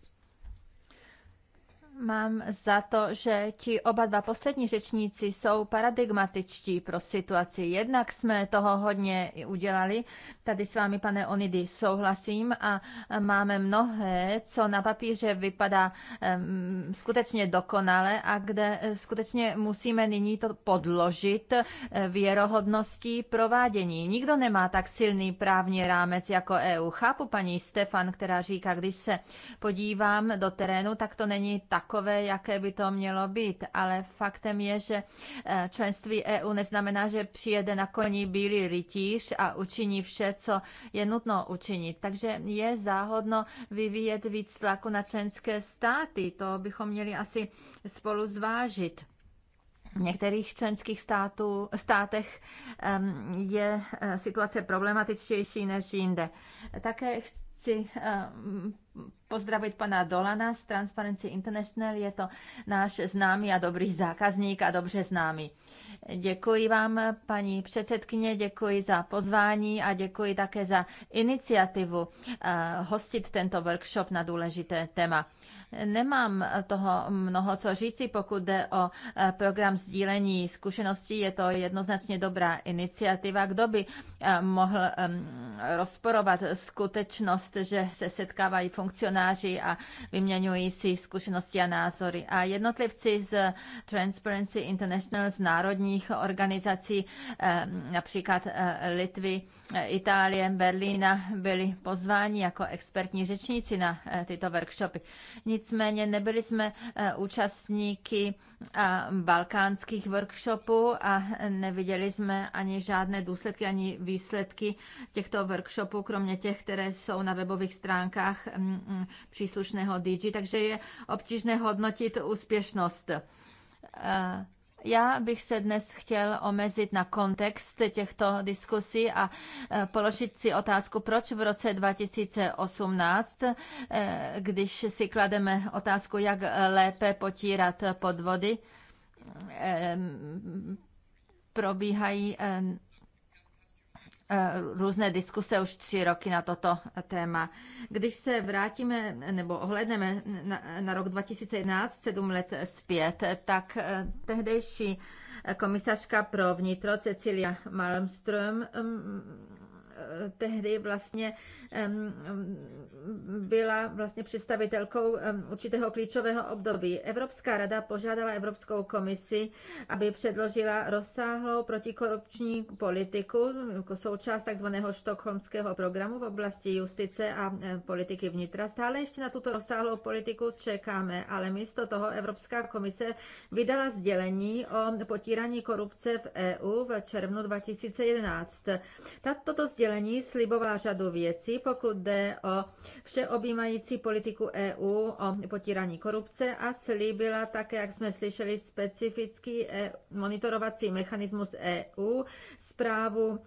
Mám za to, že ti oba dva poslední řečníci jsou paradigmatičtí pro situaci. Jednak jsme toho hodně udělali. Tady s vámi, pane Onidy, souhlasím a máme mnohé, co na papíře vypadá um, skutečně dokonale a kde eh, skutečně musíme nyní to podložit eh, věrohodností provádění. Nikdo nemá tak silný právní rámec jako EU. Chápu paní Stefan, která říká, když se podívám do terénu, tak to není tak takové, jaké by to mělo být. Ale faktem je, že eh, členství EU neznamená, že přijede na koni bílý rytíř a učiní vše, co je nutno učinit. Takže je záhodno vyvíjet víc tlaku na členské státy. To bychom měli asi spolu zvážit. V některých členských států, státech ehm, je eh, situace problematičtější než jinde. Také chci ehm, pozdravit pana Dolana z Transparency International. Je to náš známý a dobrý zákazník a dobře známý. Děkuji vám, paní předsedkyně, děkuji za pozvání a děkuji také za iniciativu eh, hostit tento workshop na důležité téma. Nemám toho mnoho co říci, pokud jde o eh, program sdílení zkušeností. Je to jednoznačně dobrá iniciativa. Kdo by eh, mohl rozporovat skutečnost, že se setkávají funkce funkcionáři a vyměňují si zkušenosti a názory. A jednotlivci z Transparency International, z národních organizací, eh, například eh, Litvy, eh, Itálie, Berlína, byli pozváni jako expertní řečníci na tyto workshopy. Nicméně nebyli jsme účastníky balkánských workshopů a neviděli jsme ani žádné důsledky, ani výsledky těchto workshopů, kromě těch, které jsou na webových stránkách Mm, příslušného DG, takže je obtížné hodnotit úspěšnost. Eh, já bych se dnes chtěl omezit na kontext těchto diskusí a eh, položit si otázku, proč v roce 2018, eh, když si klademe otázku, jak lépe potírat podvody, probíhají Eh, různé diskuse už tři roky na toto téma. Když se vrátíme nebo ohledneme na, na rok 2011, sedm let zpět, tak eh, tehdejší eh, komisařka pro vnitro Cecilia Malmström mm, tehdy vlastně byla vlastně představitelkou určitého klíčového období. Evropská rada požádala Evropskou komisi, aby předložila rozsáhlou protikorupční politiku jako součást takzvaného štokholmského programu v oblasti justice a politiky vnitra. Stále ještě na tuto rozsáhlou politiku čekáme, ale místo toho Evropská komise vydala sdělení o potírání korupce v EU v červnu 2011. Tato sdělení sdělení slibovala řadu věcí, pokud jde o všeobjímající politiku EU o potírání korupce a slíbila také, jak jsme slyšeli, specifický e, monitorovací mechanismus EU, zprávu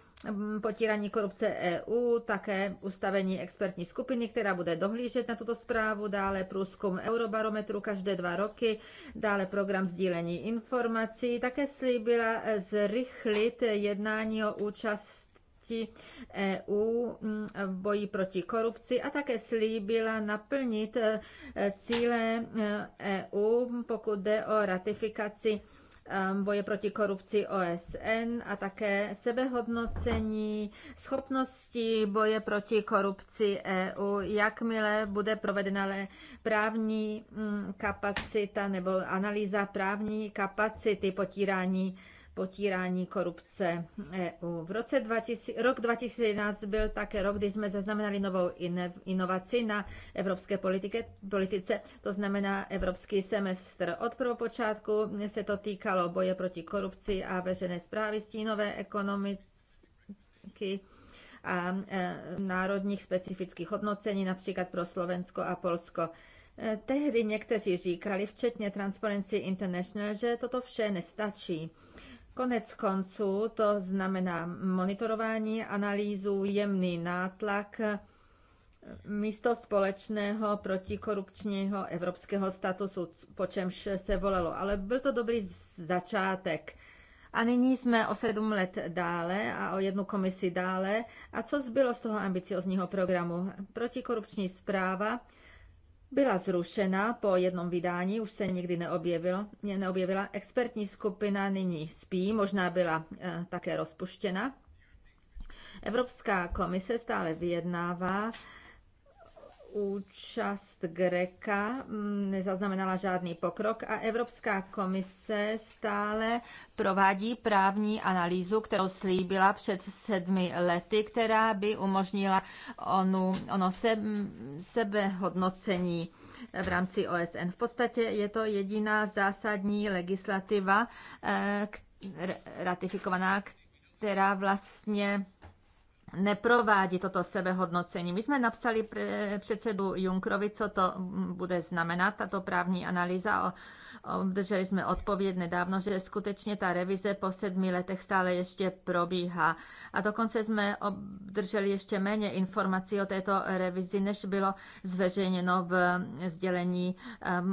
potírání korupce EU, také ustavení expertní skupiny, která bude dohlížet na tuto zprávu, dále průzkum Eurobarometru každé dva roky, dále program sdílení informací. Také slíbila e, zrychlit jednání o účast činnosti EU mm, v boji proti korupci a také slíbila naplnit e, cíle EU, e pokud jde o ratifikaci e, boje proti korupci OSN a také sebehodnocení schopnosti boje proti korupci EU, jakmile bude provedena právní mm, kapacita nebo analýza právní kapacity potírání potírání korupce EU. V roce 2000, rok 2011 byl také rok, kdy jsme zaznamenali novou inovaci na evropské politike, politice, to znamená evropský semestr. Od prvopočátku se to týkalo boje proti korupci a veřejné zprávy stínové ekonomiky a e, národních specifických hodnocení, například pro Slovensko a Polsko. E, tehdy někteří říkali, včetně Transparency International, že toto vše nestačí. Konec konců to znamená monitorování, analýzu, jemný nátlak eh, místo společného protikorupčního evropského statusu, po čemž se volalo. Ale byl to dobrý začátek. A nyní jsme o sedm let dále a o jednu komisi dále. A co zbylo z toho ambiciozního programu? Protikorupční zpráva, byla zrušena po jednom vydání, už se nikdy neobjevilo, neobjevila. Expertní skupina nyní spí, možná byla eh, také rozpuštěna. Evropská komise stále vyjednává účast Greka mm, nezaznamenala žádný pokrok a Evropská komise stále provádí právní analýzu, kterou slíbila před sedmi lety, která by umožnila onu, ono se, mm, sebehodnocení v rámci OSN. V podstatě je to jediná zásadní legislativa eh, ratifikovaná, která vlastně neprovádí toto sebehodnocení. My jsme napsali předsedu Junkrovi, co to bude znamenat, tato právní analýza o Obdrželi jsme odpověď nedávno, že skutečně ta revize po sedmi letech stále ještě probíhá. A dokonce jsme obdrželi ještě méně informací o této revizi, než bylo zveřejněno v sdělení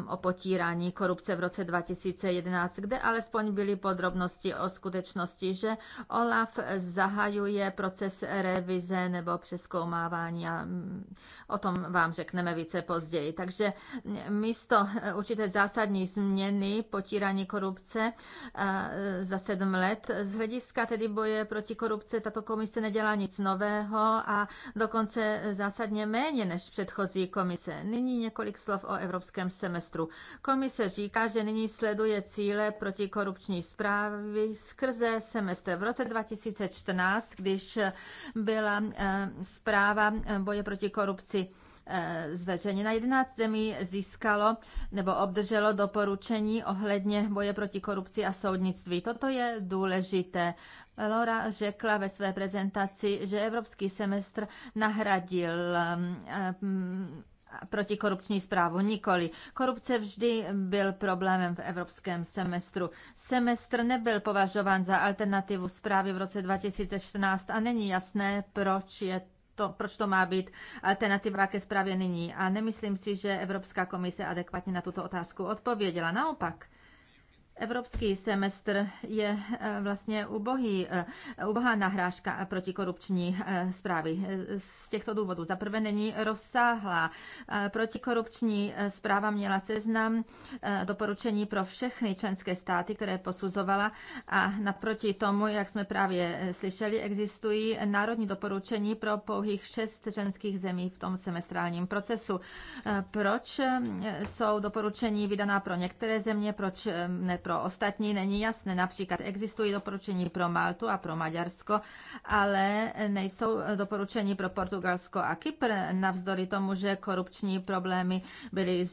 o potírání korupce v roce 2011, kde alespoň byly podrobnosti o skutečnosti, že OLAF zahajuje proces revize nebo přeskoumávání a mm, o tom vám řekneme více později. Takže místo určité zásadní změny změny potírání korupce eh, za sedm let. Z hlediska tedy boje proti korupce tato komise nedělá nic nového a dokonce zásadně méně než předchozí komise. Nyní několik slov o evropském semestru. Komise říká, že nyní sleduje cíle protikorupční zprávy skrze semestr. V roce 2014, když byla eh, zpráva boje proti korupci zveřejněna. 11 zemí získalo nebo obdrželo doporučení ohledně boje proti korupci a soudnictví. Toto je důležité. Laura řekla ve své prezentaci, že evropský semestr nahradil um, um, protikorupční zprávu. Nikoli. Korupce vždy byl problémem v evropském semestru. Semestr nebyl považován za alternativu zprávy v roce 2014 a není jasné, proč je to, proč to má být alternativa eh, ke zprávě nyní. A nemyslím si, že Evropská komise adekvátně na tuto otázku odpověděla. Naopak, Evropský semestr je eh, vlastně ubohý, eh, ubohá nahrážka protikorupční eh, zprávy. Z těchto důvodů. Za prvé není rozsáhlá. Protikorupční zpráva měla seznam doporučení pro všechny členské státy, které posuzovala a naproti tomu, jak jsme právě slyšeli, existují národní doporučení pro pouhých šest ženských zemí v tom semestrálním procesu. Proč jsou doporučení vydaná pro některé země, proč ne pro pro ostatní není jasné. Například existují doporučení pro Maltu a pro Maďarsko, ale nejsou doporučení pro Portugalsko a Kypr, navzdory tomu, že korupční problémy byly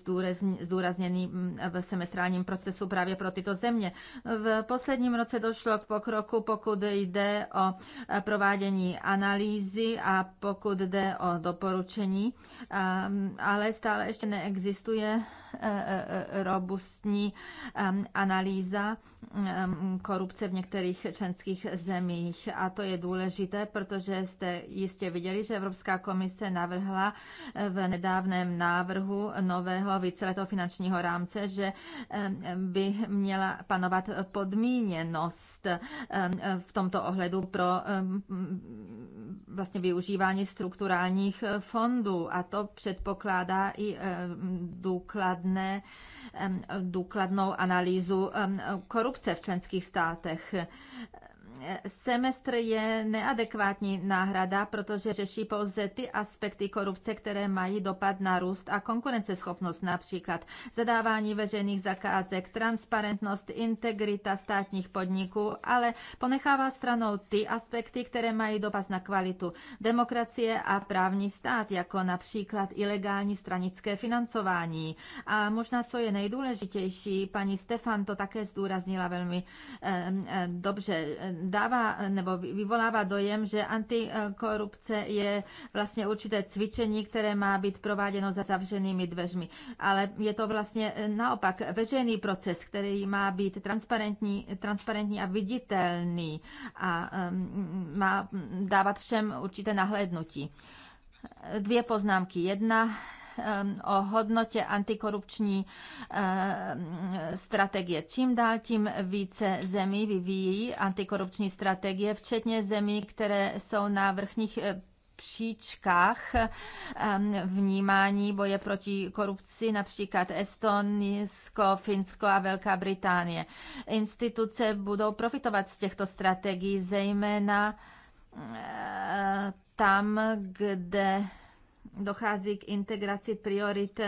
zdůrazněny mm, v semestrálním procesu právě pro tyto země. V posledním roce došlo k pokroku, pokud jde o provádění analýzy a pokud jde o doporučení, ehm, ale stále ještě neexistuje e, e, e, robustní ehm, analýza analýza korupce v některých členských zemích. A to je důležité, protože jste jistě viděli, že Evropská komise navrhla eh, v nedávném návrhu nového víceletého finančního rámce, že by měla panovat podmíněnost v tomto ohledu pro vlastně využívání strukturálních eh, fondů. A to předpokládá i důkladné, důkladnou analýzu korupce korupce v členských státech semestr je neadekvátní náhrada, protože řeší pouze ty aspekty korupce, které mají dopad na růst a konkurenceschopnost, například zadávání veřejných zakázek, transparentnost, integrita státních podniků, ale ponechává stranou ty aspekty, které mají dopad na kvalitu demokracie a právní stát, jako například ilegální stranické financování. A možná, co je nejdůležitější, paní Stefan to také zdůraznila velmi eh, eh dobře, dává nebo vyvolává dojem, že antikorupce je vlastně určité cvičení, které má být prováděno za zavřenými dveřmi. Ale je to vlastně eh, naopak veřejný proces, který má být transparentní, transparentní a viditelný a mm, má dávat všem určité nahlédnutí. Dvě poznámky. Jedna Um, o hodnotě antikorupční um, strategie. Čím dál tím více zemí vyvíjí antikorupční strategie, včetně zemí, které jsou na vrchních eh, příčkách um, vnímání boje proti korupci, například Estonsko, Finsko a Velká Británie. Instituce budou profitovat z těchto strategií, zejména eh, tam, kde dochází k integraci priorit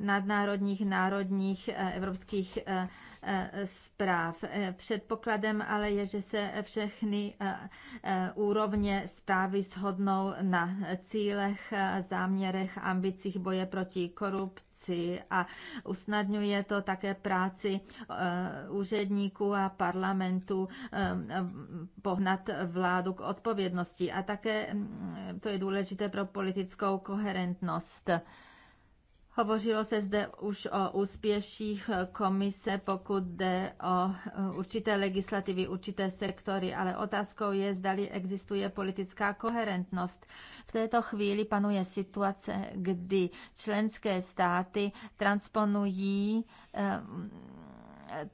nadnárodních, národních, eh, evropských eh, Eh, zpráv. Eh, předpokladem ale je, že se všechny eh, úrovně zprávy shodnou na cílech, záměrech, ambicích boje proti korupci a usnadňuje to také práci úředníků a parlamentu pohnat vládu k odpovědnosti. A také mm, to je důležité pro politickou koherentnost. Hovořilo se zde už o úspěších komise, pokud jde o eh, určité legislativy, určité sektory, ale otázkou je, zdali existuje politická koherentnost. V této chvíli panuje situace, kdy členské státy transponují eh,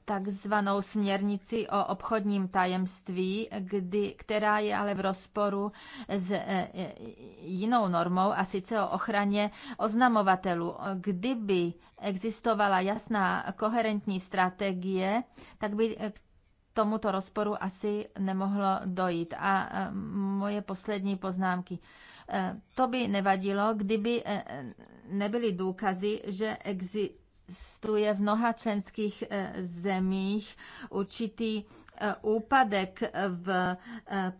takzvanou směrnici o obchodním tajemství, kdy, která je ale v rozporu s e, e, jinou normou, a sice o ochraně oznamovatelů. Kdyby existovala jasná koherentní strategie, tak by e, k tomuto rozporu asi nemohlo dojít. A moje poslední poznámky. To by nevadilo, kdyby nebyly důkazy, že existuje existuje v mnoha členských eh, zemích určitý eh, úpadek v eh,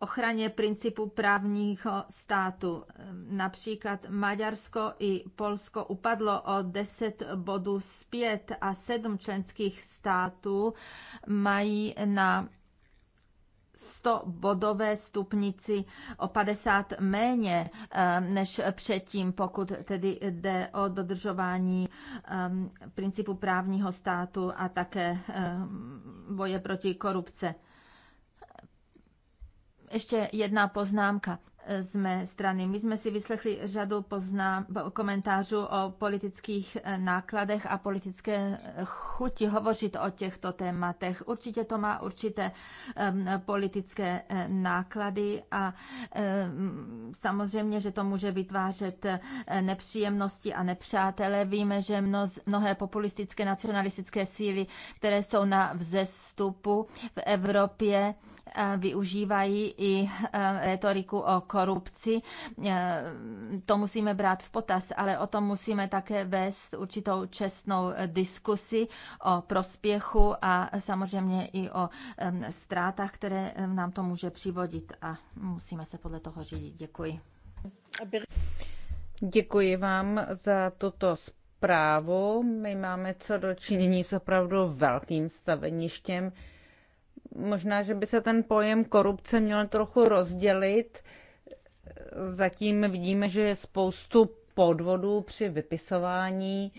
ochraně principu právního státu. Například Maďarsko i Polsko upadlo o 10 bodů zpět a sedm členských států mají na 100 bodové stupnici o 50 méně eh, než předtím, pokud tedy jde o dodržování eh, principu právního státu a také eh, boje proti korupce. Ještě jedna poznámka z mé strany. My jsme si vyslechli řadu poznám, komentářů o politických eh, nákladech a politické eh, chuti hovořit o těchto tématech. Určitě to má určité um, politické eh, náklady a um, samozřejmě, že to může vytvářet nepříjemnosti a nepřátelé. Víme, že mnoz, mnohé populistické nacionalistické síly, které jsou na vzestupu v Evropě, Eh, využívají i eh, retoriku o korupci. Eh, to musíme brát v potaz, ale o tom musíme také vést určitou čestnou diskusi o prospěchu a samozřejmě i o ztrátách, které nám to může přivodit a musíme se podle toho řídit. Děkuji. Děkuji vám za tuto zprávu. My máme co dočinění s opravdu velkým staveništěm Možná, že by se ten pojem korupce měl trochu rozdělit. Zatím vidíme, že je spoustu podvodů při vypisování,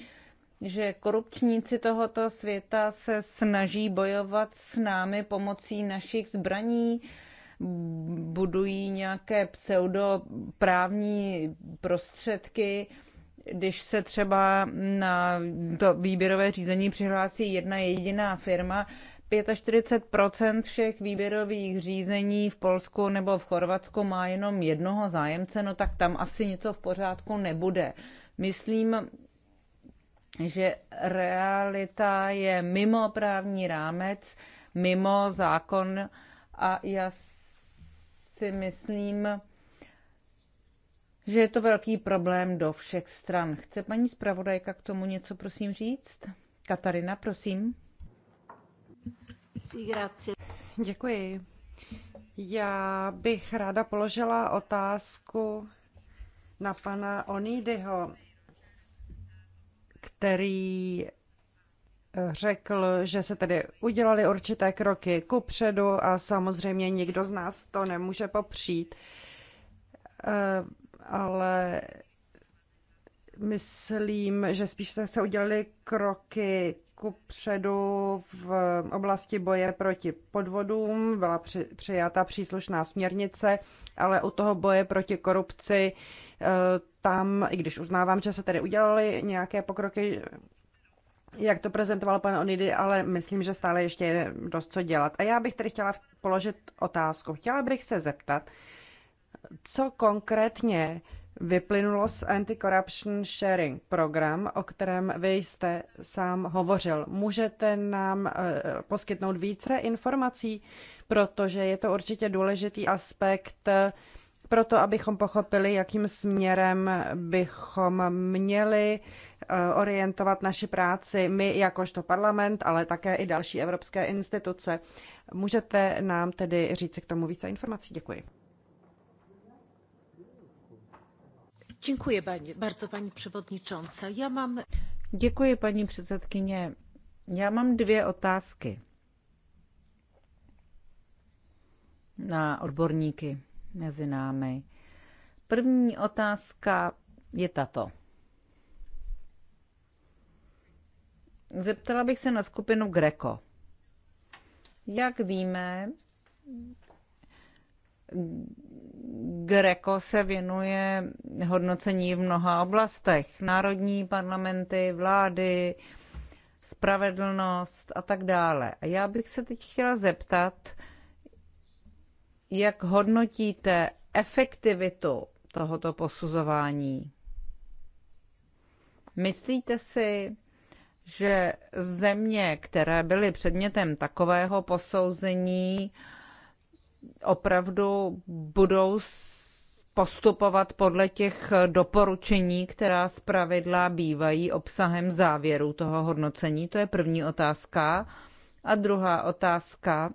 že korupčníci tohoto světa se snaží bojovat s námi pomocí našich zbraní, budují nějaké pseudoprávní prostředky, když se třeba na to výběrové řízení přihlásí jedna jediná firma, 45 všech výběrových řízení v Polsku nebo v Chorvatsku má jenom jednoho zájemce, no tak tam asi něco v pořádku nebude. Myslím, že realita je mimo právní rámec, mimo zákon a já si myslím, že je to velký problém do všech stran. Chce paní zpravodajka k tomu něco prosím říct? Katarina, prosím. Děkuji. Já bych ráda položila otázku na pana Onídyho, který eh, řekl, že se tedy udělali určité kroky ku předu a samozřejmě nikdo z nás to nemůže popřít. Eh, ale myslím, že spíš se udělali kroky ku předu v oblasti boje proti podvodům, byla při, přijata příslušná směrnice, ale u toho boje proti korupci eh, tam, i když uznávám, že se tedy udělaly nějaké pokroky, jak to prezentoval pan Onidy, ale myslím, že stále ještě je dost co dělat. A já bych tedy chtěla položit otázku. Chtěla bych se zeptat, co konkrétně vyplynulo z Anti-Corruption Sharing program, o kterém vy jste sám hovořil. Můžete nám eh, poskytnout více informací, protože je to určitě důležitý aspekt pro to, abychom pochopili, jakým směrem bychom měli eh, orientovat naši práci, my jakožto parlament, ale také i další evropské instituce. Můžete nám tedy říct k tomu více informací? Děkuji. Děkuji paní, bardzo paní Já mám... Děkuji paní předsedkyně. Já mám dvě otázky na odborníky mezi námi. První otázka je tato. Zeptala bych se na skupinu Greco. Jak víme, Greco se věnuje hodnocení v mnoha oblastech. Národní parlamenty, vlády, spravedlnost a tak dále. A já bych se teď chtěla zeptat, jak hodnotíte efektivitu tohoto posuzování? Myslíte si, že země, které byly předmětem takového posouzení, uh, opravdu budou postupovat podle těch doporučení, která z pravidla bývají obsahem závěru toho hodnocení? To je první otázka. A druhá otázka,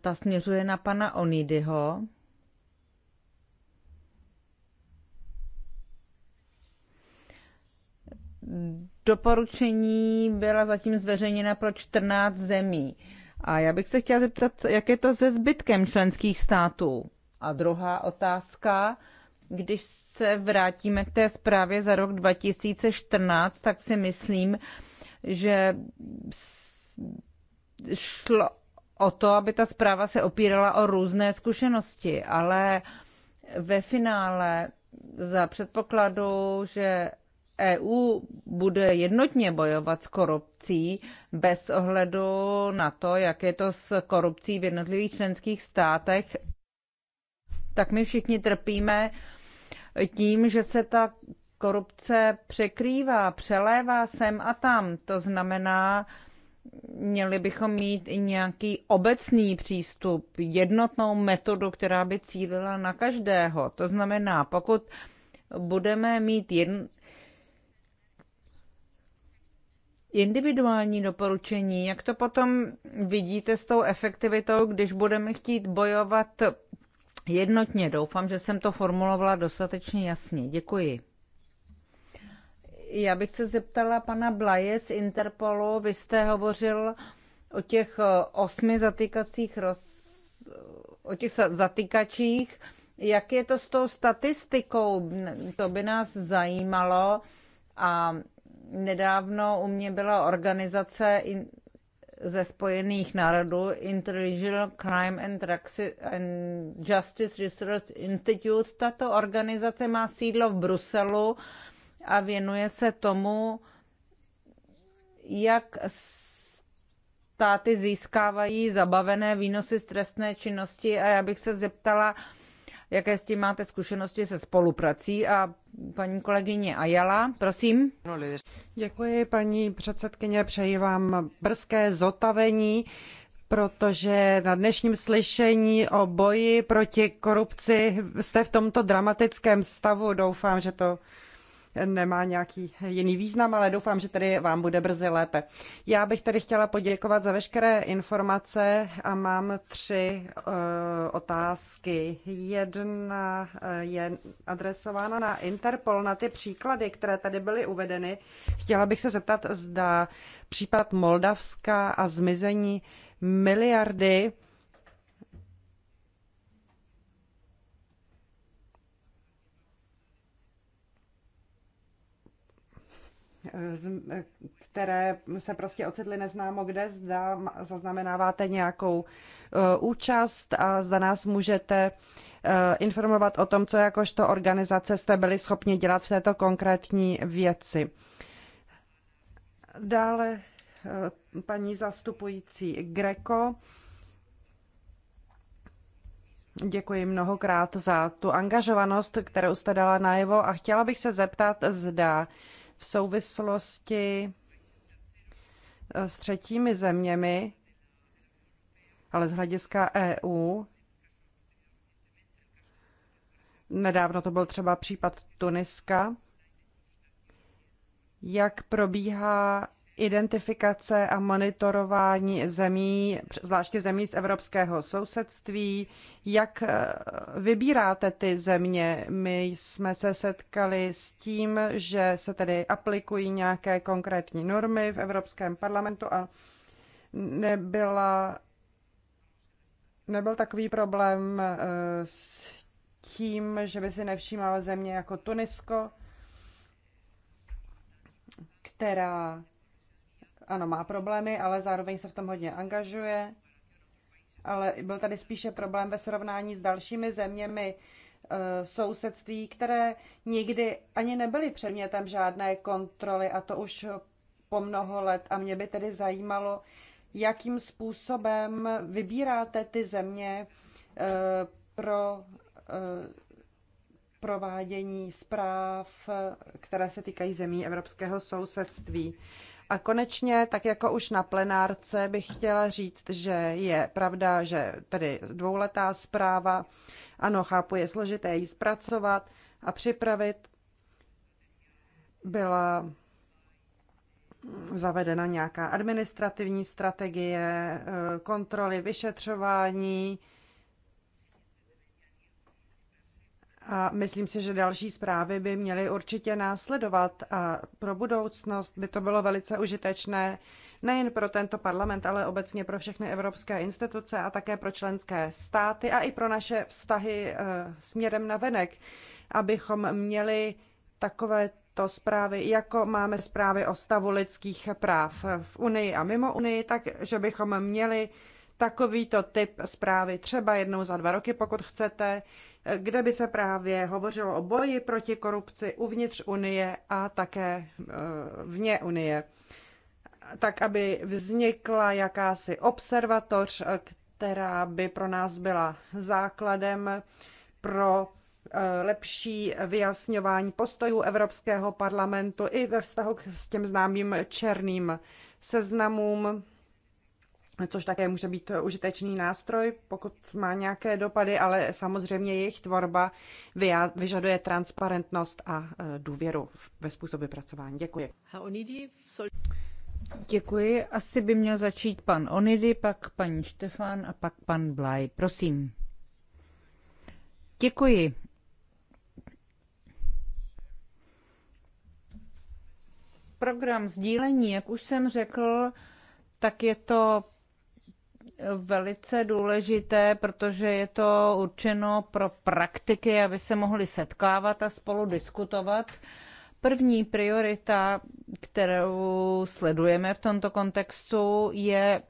ta směřuje na pana Onidyho doporučení byla zatím zveřejněna pro 14 zemí. A já bych se chtěla zeptat, jak je to se zbytkem členských států? A druhá otázka, když se vrátíme k té zprávě za rok 2014, tak si myslím, že šlo o to, aby ta zpráva se opírala o různé zkušenosti, ale ve finále za předpokladu, že EU bude jednotně bojovat s korupcí bez ohledu na to, jak je to s korupcí v jednotlivých členských státech, tak my všichni trpíme tím, že se ta korupce překrývá, přelévá sem a tam. To znamená, měli bychom mít i nějaký obecný přístup, jednotnou metodu, která by cílila na každého. To znamená, pokud budeme mít jedn, individuální doporučení. Jak to potom vidíte s tou efektivitou, když budeme chtít bojovat jednotně? Doufám, že jsem to formulovala dostatečně jasně. Děkuji. Já bych se zeptala pana Blaje z Interpolu. Vy jste hovořil o těch eh, osmi zatýkacích roz... o těch zatýkačích. Jak je to s tou statistikou? To by nás zajímalo. A Nedávno u mě byla organizace ze Spojených národů International Crime and, and Justice Research Institute. Tato organizace má sídlo v Bruselu a věnuje se tomu, jak státy získávají zabavené výnosy z trestné činnosti a já bych se zeptala, Jaké s tím máte zkušenosti se spoluprací a paní kolegyně Ajala, prosím. Děkuji, paní předsedkyně, přeji vám brzké zotavení protože na dnešním slyšení o boji proti korupci jste v tomto dramatickém stavu. Doufám, že to nemá nějaký jiný význam, ale doufám, že tady vám bude brzy lépe. Já bych tady chtěla poděkovat za veškeré informace a mám tři uh, otázky. Jedna eh, je adresována na Interpol, na ty příklady, které tady byly uvedeny. Chtěla bych se zeptat, zda případ Moldavska a zmizení miliardy které se prostě ocitly neznámo kde, zda zaznamenáváte nějakou eh, účast a zda nás můžete eh, informovat o tom, co jakožto organizace jste byli schopni dělat v této konkrétní věci. Dále eh, paní zastupující Greco. Děkuji mnohokrát za tu angažovanost, kterou jste dala najevo a chtěla bych se zeptat, zda v souvislosti eh, s třetími zeměmi, ale z hlediska EU. Nedávno to byl třeba případ Tuniska. Jak probíhá identifikace a monitorování zemí, zvláště zemí z evropského sousedství. Jak eh, vybíráte ty země? My jsme se setkali s tím, že se tedy aplikují nějaké konkrétní normy v Evropském parlamentu a nebyla, nebyl takový problém eh, s tím, že by si nevšímala země jako Tunisko, která ano, má problémy, ale zároveň se v tom hodně angažuje. Ale byl tady spíše problém ve srovnání s dalšími zeměmi e, sousedství, které nikdy ani nebyly předmětem žádné kontroly a to už po mnoho let. A mě by tedy zajímalo, jakým způsobem vybíráte ty země e, pro e, provádění zpráv, které se týkají zemí evropského sousedství. A konečně, tak jako už na plenárce, bych chtěla říct, že je pravda, že tedy dvouletá zpráva, ano, chápu, je složité ji zpracovat a připravit. Byla zavedena nějaká administrativní strategie, eh, kontroly, vyšetřování, A myslím si, že další zprávy by měly určitě následovat a pro budoucnost by to bylo velice užitečné nejen pro tento parlament, ale obecně pro všechny evropské instituce a také pro členské státy a i pro naše vztahy eh, směrem na venek, abychom měli takové to zprávy, jako máme zprávy o stavu lidských práv v Unii a mimo Unii, tak že bychom měli takovýto typ zprávy, třeba jednou za dva roky, pokud chcete, kde by se právě hovořilo o boji proti korupci uvnitř Unie a také e, vně Unie. Tak, aby vznikla jakási observatoř, která by pro nás byla základem pro e, lepší vyjasňování postojů Evropského parlamentu i ve vztahu s těm známým černým seznamům což také může být užitečný nástroj, pokud má nějaké dopady, ale samozřejmě jejich tvorba vyžaduje transparentnost a e, důvěru ve způsoby pracování. Děkuji. Děkuji. Asi by měl začít pan Onidy, pak paní Štefan a pak pan Blaj. Prosím. Děkuji. Program sdílení, jak už jsem řekl, tak je to velice důležité, protože je to určeno pro praktiky, aby se mohli setkávat a spolu diskutovat. První priorita, kterou sledujeme v tomto kontextu, je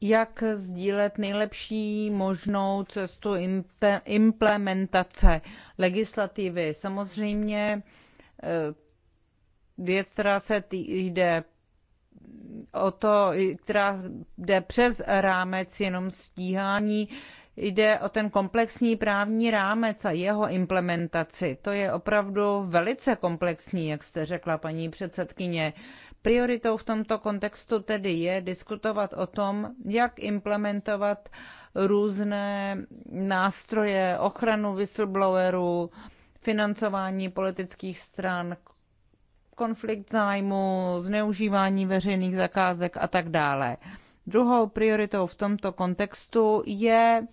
jak sdílet nejlepší možnou cestu implementace legislativy. Samozřejmě eh, která se týde o to, která jde přes rámec jenom stíhání, jde o ten komplexní právní rámec a jeho implementaci. To je opravdu velice komplexní, jak jste řekla, paní předsedkyně. Prioritou v tomto kontextu tedy je diskutovat o tom, jak implementovat různé nástroje, ochranu whistleblowerů, financování politických stran, konflikt zájmu, zneužívání veřejných zakázek a tak dále. Druhou prioritou v tomto kontextu je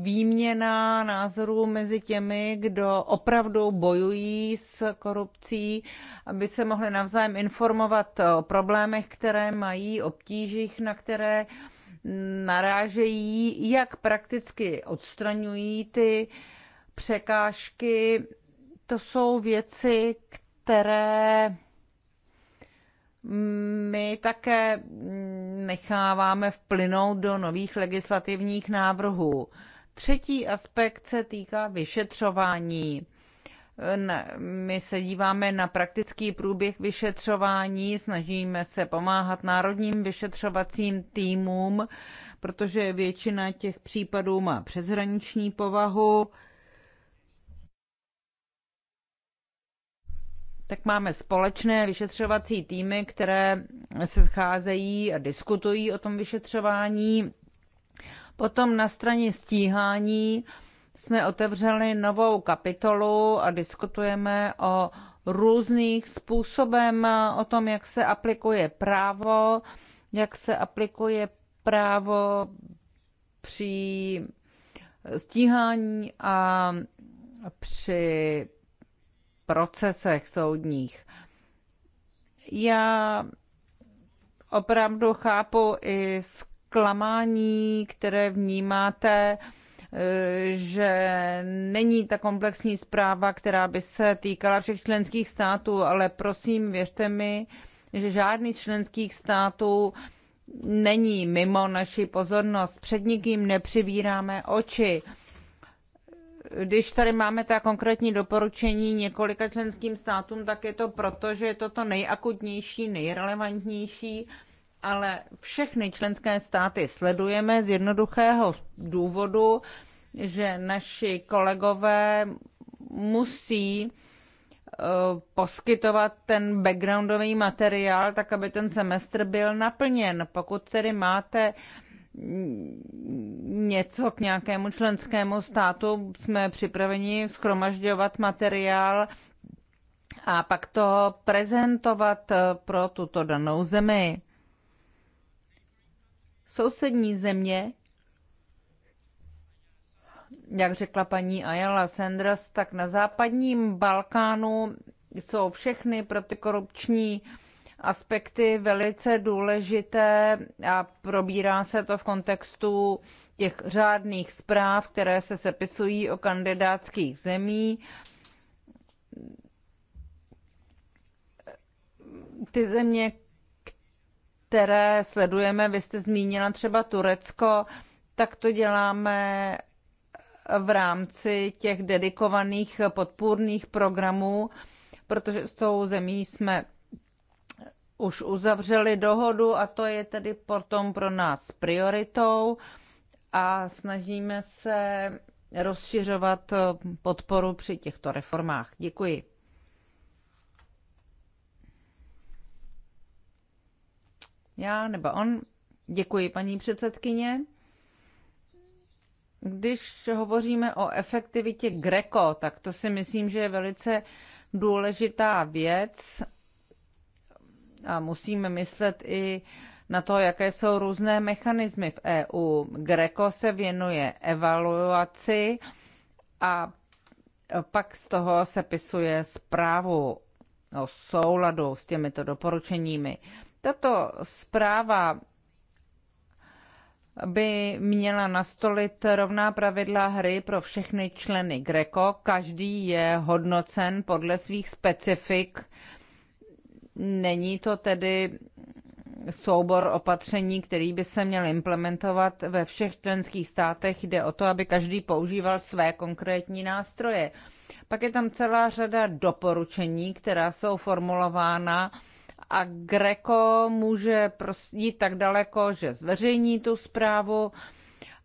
výměna názorů mezi těmi, kdo opravdu bojují s korupcí, aby se mohli navzájem informovat o problémech, které mají, obtížích, na které narážejí, jak prakticky odstraňují ty překážky to jsou věci, které my také necháváme vplynout do nových legislativních návrhů. Třetí aspekt se týká vyšetřování. My se díváme na praktický průběh vyšetřování, snažíme se pomáhat národním vyšetřovacím týmům, protože většina těch případů má přeshraniční povahu. tak máme společné vyšetřovací týmy, které se scházejí a diskutují o tom vyšetřování. Potom na straně stíhání jsme otevřeli novou kapitolu a diskutujeme o různých způsobem, o tom, jak se aplikuje právo, jak se aplikuje právo při stíhání a při procesech soudních. Já opravdu chápu i zklamání, které vnímáte, že není ta komplexní zpráva, která by se týkala všech členských států, ale prosím, věřte mi, že žádný z členských států není mimo naši pozornost. Před nikým nepřivíráme oči když tady máme ta konkrétní doporučení několika členským státům, tak je to proto, že je to to nejakutnější, nejrelevantnější, ale všechny členské státy sledujeme z jednoduchého důvodu, že naši kolegové musí eh, poskytovat ten backgroundový materiál, tak aby ten semestr byl naplněn. Pokud tedy máte něco k nějakému členskému státu, jsme připraveni schromažďovat materiál a pak to prezentovat pro tuto danou zemi. Sousední země, jak řekla paní Ayala Sanders, tak na západním Balkánu jsou všechny protikorupční aspekty velice důležité a probírá se to v kontextu těch řádných zpráv, které se sepisují o kandidátských zemí. Ty země, které sledujeme, vy jste zmínila třeba Turecko, tak to děláme v rámci těch dedikovaných podpůrných programů, protože s tou zemí jsme už uzavřeli dohodu a to je tedy potom pro nás prioritou a snažíme se rozšiřovat podporu při těchto reformách. Děkuji. Já nebo on? Děkuji, paní předsedkyně. Když hovoříme o efektivitě Greco, tak to si myslím, že je velice důležitá věc a musíme myslet i na to, jaké jsou různé mechanismy v EU. Greco se věnuje evaluaci a pak z toho se pisuje zprávu o souladu s těmito doporučeními. Tato zpráva by měla nastolit rovná pravidla hry pro všechny členy Greco. Každý je hodnocen podle svých specifik Není to tedy soubor opatření, který by se měl implementovat ve všech členských státech. Jde o to, aby každý používal své konkrétní nástroje. Pak je tam celá řada doporučení, která jsou formulována a Greco může jít tak daleko, že zveřejní tu zprávu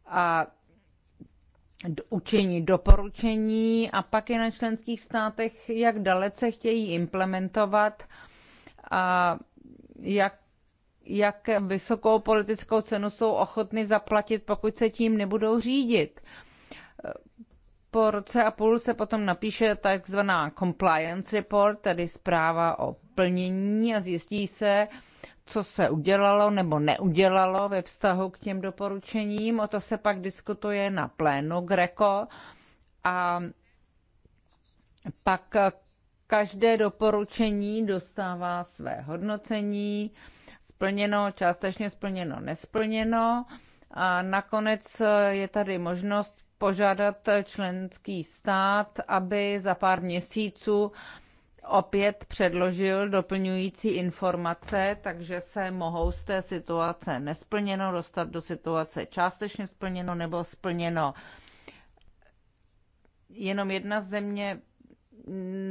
a učení doporučení a pak je na členských státech, jak dalece chtějí implementovat a jak, jak vysokou politickou cenu jsou ochotny zaplatit, pokud se tím nebudou řídit. Po roce a půl se potom napíše takzvaná compliance report, tedy zpráva o plnění a zjistí se, co se udělalo nebo neudělalo ve vztahu k těm doporučením. O to se pak diskutuje na plénu Greco a pak Každé doporučení dostává své hodnocení, splněno, částečně splněno, nesplněno. A nakonec je tady možnost požádat členský stát, aby za pár měsíců opět předložil doplňující informace, takže se mohou z té situace nesplněno dostat do situace částečně splněno nebo splněno. Jenom jedna země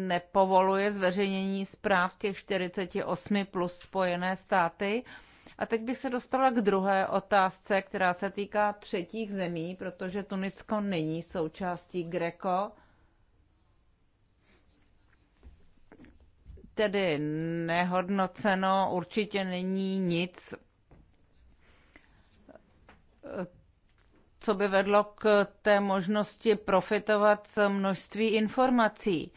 nepovoluje zveřejnění zpráv z těch 48 plus Spojené státy. A teď bych se dostala k druhé otázce, která se týká třetích zemí, protože Tunisko není součástí Greco. Tedy nehodnoceno určitě není nic co by vedlo k té možnosti profitovat z množství informací.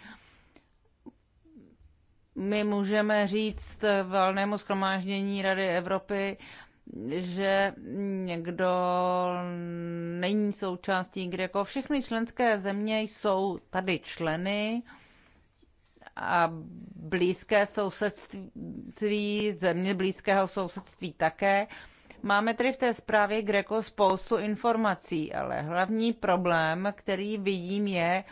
My můžeme říct valnému schromáždění Rady Evropy, že někdo není součástí GRECO. Jako všechny členské země jsou tady členy a blízké sousedství, země blízkého sousedství také. Máme tedy v té zprávě Greco spoustu informací, ale hlavní problém, který vidím, je,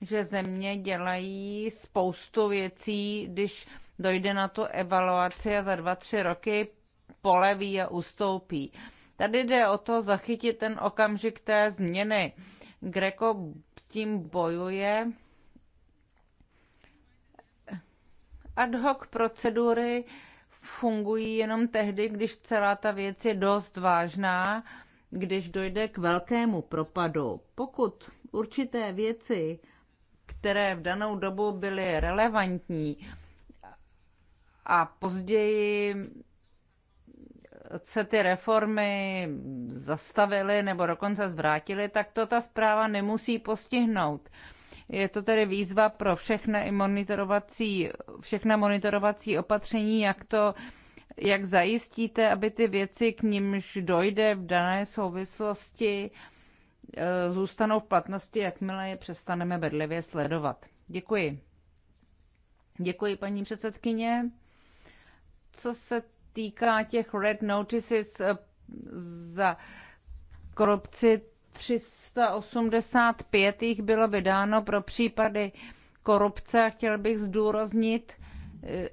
že země dělají spoustu věcí, když dojde na tu evaluaci a za dva, tři roky poleví a ustoupí. Tady jde o to zachytit ten okamžik té změny. Greco s tím bojuje. Ad hoc procedury fungují jenom tehdy, když celá ta věc je dost vážná, když dojde k velkému propadu. Pokud určité věci, které v danou dobu byly relevantní a později se ty reformy zastavily nebo dokonce zvrátily, tak to ta zpráva nemusí postihnout. Je to tedy výzva pro i monitorovací, všechna monitorovací opatření, jak to jak zajistíte, aby ty věci, k nimž dojde v dané souvislosti, e, zůstanou v platnosti, jakmile je přestaneme bedlivě sledovat. Děkuji. Děkuji, paní předsedkyně. Co se týká těch red notices e, za korupci, 385 jich bylo vydáno pro případy korupce a chtěl bych zdůraznit, eh,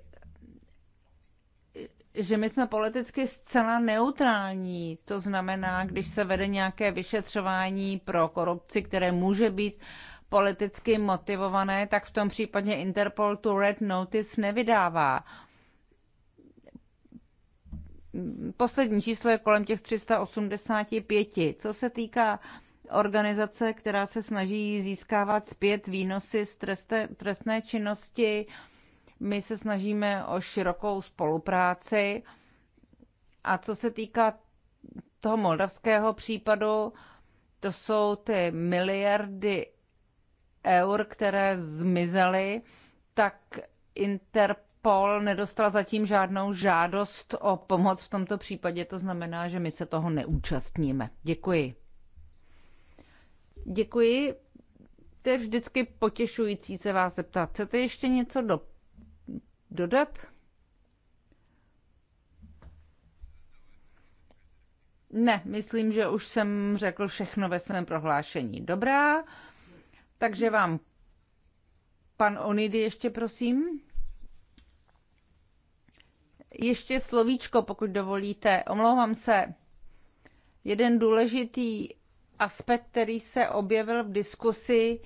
že my jsme politicky zcela neutrální. To znamená, když se vede nějaké vyšetřování pro korupci, které může být politicky motivované, tak v tom případě Interpol tu red notice nevydává poslední číslo je kolem těch 385. Co se týká organizace, která se snaží získávat zpět výnosy z treste, trestné činnosti, my se snažíme o širokou spolupráci. A co se týká toho moldavského případu, to jsou ty miliardy eur, které zmizely, tak Interpol Europol nedostal zatím žádnou žádost o pomoc v tomto případě, to znamená, že my se toho neúčastníme. Děkuji. Děkuji. To je vždycky potěšující se vás zeptat. Chcete ještě něco do, dodat? Ne, myslím, že už jsem řekl všechno ve svém prohlášení. Dobrá, takže vám pan Onidy ještě prosím ještě slovíčko, pokud dovolíte. Omlouvám se. Jeden důležitý aspekt, který se objevil v diskusi,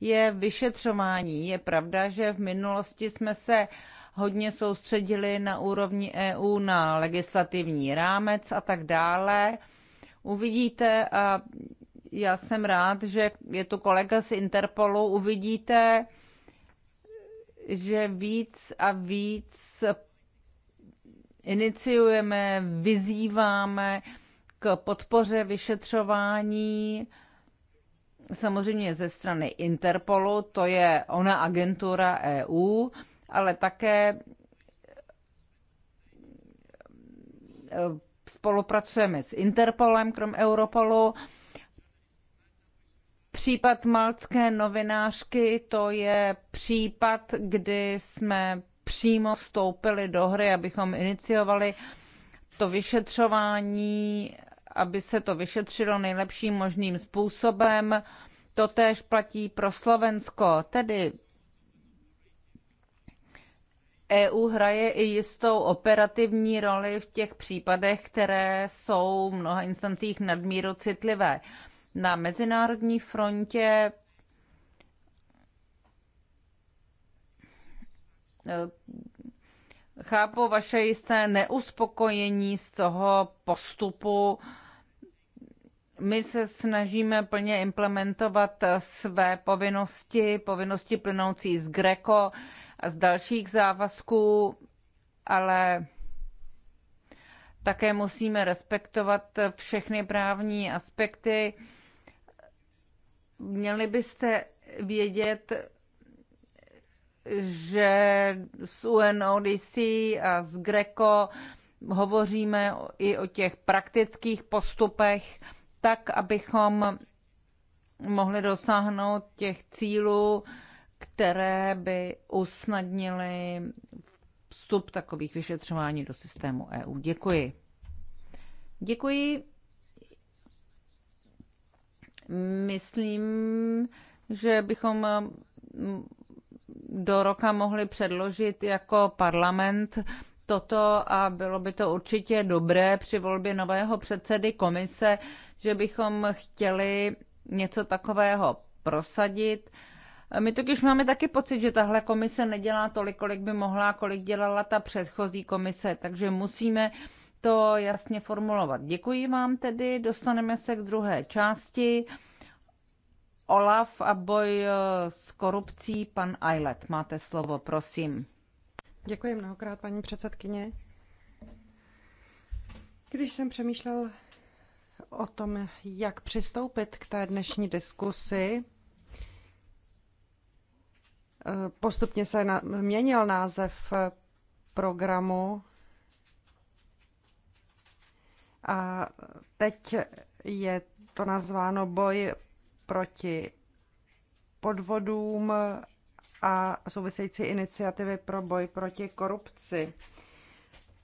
je vyšetřování. Je pravda, že v minulosti jsme se hodně soustředili na úrovni EU na legislativní rámec a tak dále. Uvidíte, a já jsem rád, že je tu kolega z Interpolu, uvidíte, že víc a víc iniciujeme, vyzýváme k podpoře vyšetřování samozřejmě ze strany Interpolu, to je ona agentura EU, ale také eh, spolupracujeme s Interpolem, krom Europolu. Případ malcké novinářky, to je případ, kdy jsme přímo vstoupili do hry, abychom iniciovali to vyšetřování, aby se to vyšetřilo nejlepším možným způsobem. To též platí pro Slovensko, tedy EU hraje i jistou operativní roli v těch případech, které jsou v mnoha instancích nadmíru citlivé. Na mezinárodní frontě Chápu vaše jisté neuspokojení z toho postupu. My se snažíme plně implementovat své povinnosti, povinnosti plynoucí z Greco a z dalších závazků, ale také musíme respektovat všechny právní aspekty. Měli byste vědět, že s UNODC a s GRECO hovoříme i o těch praktických postupech, tak, abychom mohli dosáhnout těch cílů, které by usnadnily vstup takových vyšetřování do systému EU. Děkuji. Děkuji. Myslím, že bychom do roka mohli předložit jako parlament toto a bylo by to určitě dobré při volbě nového předsedy komise, že bychom chtěli něco takového prosadit. My totiž máme taky pocit, že tahle komise nedělá tolik, kolik by mohla, kolik dělala ta předchozí komise, takže musíme to jasně formulovat. Děkuji vám tedy, dostaneme se k druhé části. OLAF a boj eh, s korupcí. Pan Ajlet, máte slovo, prosím. Děkuji mnohokrát, paní předsedkyně. Když jsem přemýšlel o tom, jak přistoupit k té dnešní diskusi, eh, postupně se na, měnil název eh, programu a teď je to nazváno boj proti podvodům a související iniciativy pro boj proti korupci.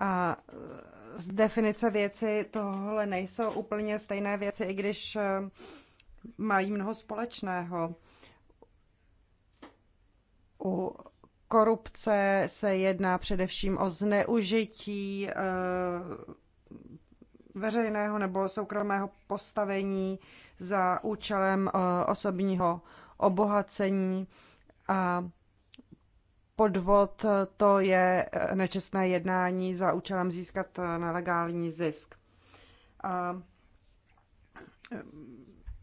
A e, z definice věci tohle nejsou úplně stejné věci, i když e, mají mnoho společného. U korupce se jedná především o zneužití e, veřejného nebo soukromého postavení za účelem eh, osobního obohacení a podvod eh, to je eh, nečestné jednání za účelem získat nelegální zisk. A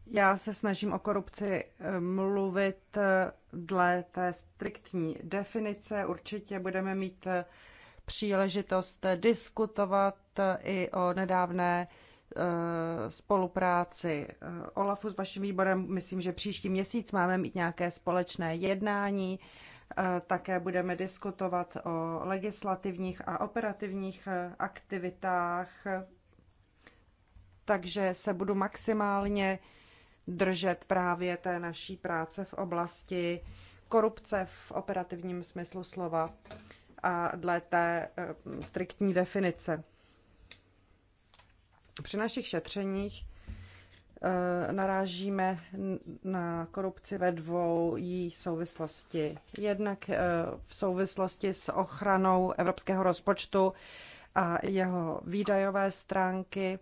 já se snažím o korupci mluvit dle té striktní definice. Určitě budeme mít příležitost diskutovat i o nedávné e, spolupráci e, OLAFu s vaším výborem. Myslím, že příští měsíc máme mít nějaké společné jednání. E, také budeme diskutovat o legislativních a operativních aktivitách. Takže se budu maximálně držet právě té naší práce v oblasti korupce v operativním smyslu slova a dle té eh, striktní definice. Při našich šetřeních eh, narážíme na korupci ve dvou jí souvislosti. Jednak eh, v souvislosti s ochranou evropského rozpočtu a jeho výdajové stránky.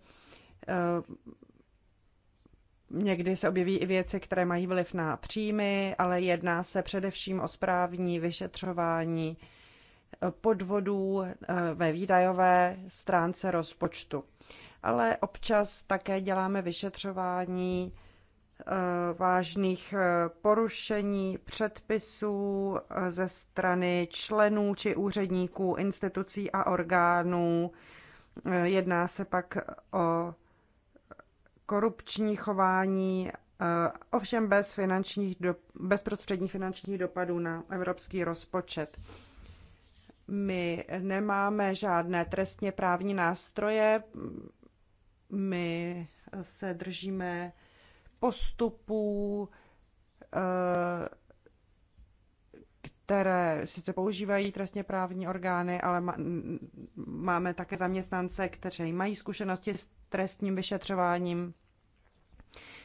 Někdy se objeví i věci, které mají vliv na příjmy, ale jedná se především o správní vyšetřování podvodů eh, ve výdajové stránce rozpočtu. Ale občas také děláme vyšetřování eh, vážných eh, porušení předpisů ze strany členů či úředníků, institucí a orgánů. Jedná se pak o korupční chování, ovšem bez finančních do, bezprostředních finančních dopadů na evropský rozpočet. My nemáme žádné trestně právní nástroje, my se držíme postupů, eh, které sice používají trestně právní orgány, ale máme také zaměstnance, kteří mají zkušenosti s trestním vyšetřováním.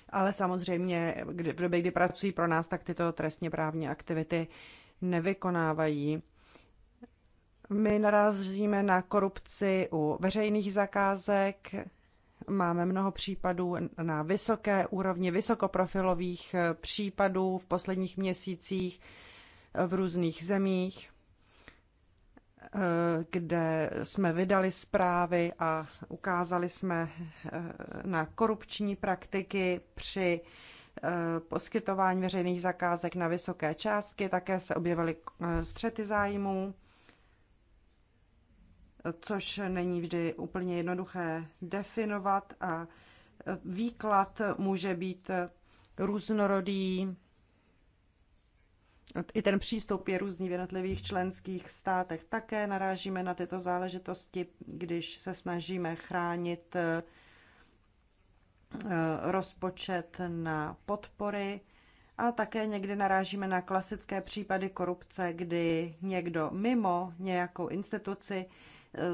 Ale samozřejmě, kdy, v době, kdy pracují pro nás, tak tyto trestně právní aktivity nevykonávají my narazíme na korupci u veřejných zakázek, máme mnoho případů na vysoké úrovni, vysokoprofilových eh, případů v posledních měsících eh, v různých zemích, eh, kde jsme vydali zprávy a ukázali jsme na korupční praktiky při poskytování veřejných zakázek na vysoké částky. Také se objevily střety zájmů což není vždy úplně jednoduché definovat a výklad může být různorodý. I ten přístup je různý v jednotlivých členských státech. Také narážíme na tyto záležitosti, když se snažíme chránit eh, rozpočet na podpory a také někdy narážíme na klasické případy korupce, kdy někdo mimo nějakou instituci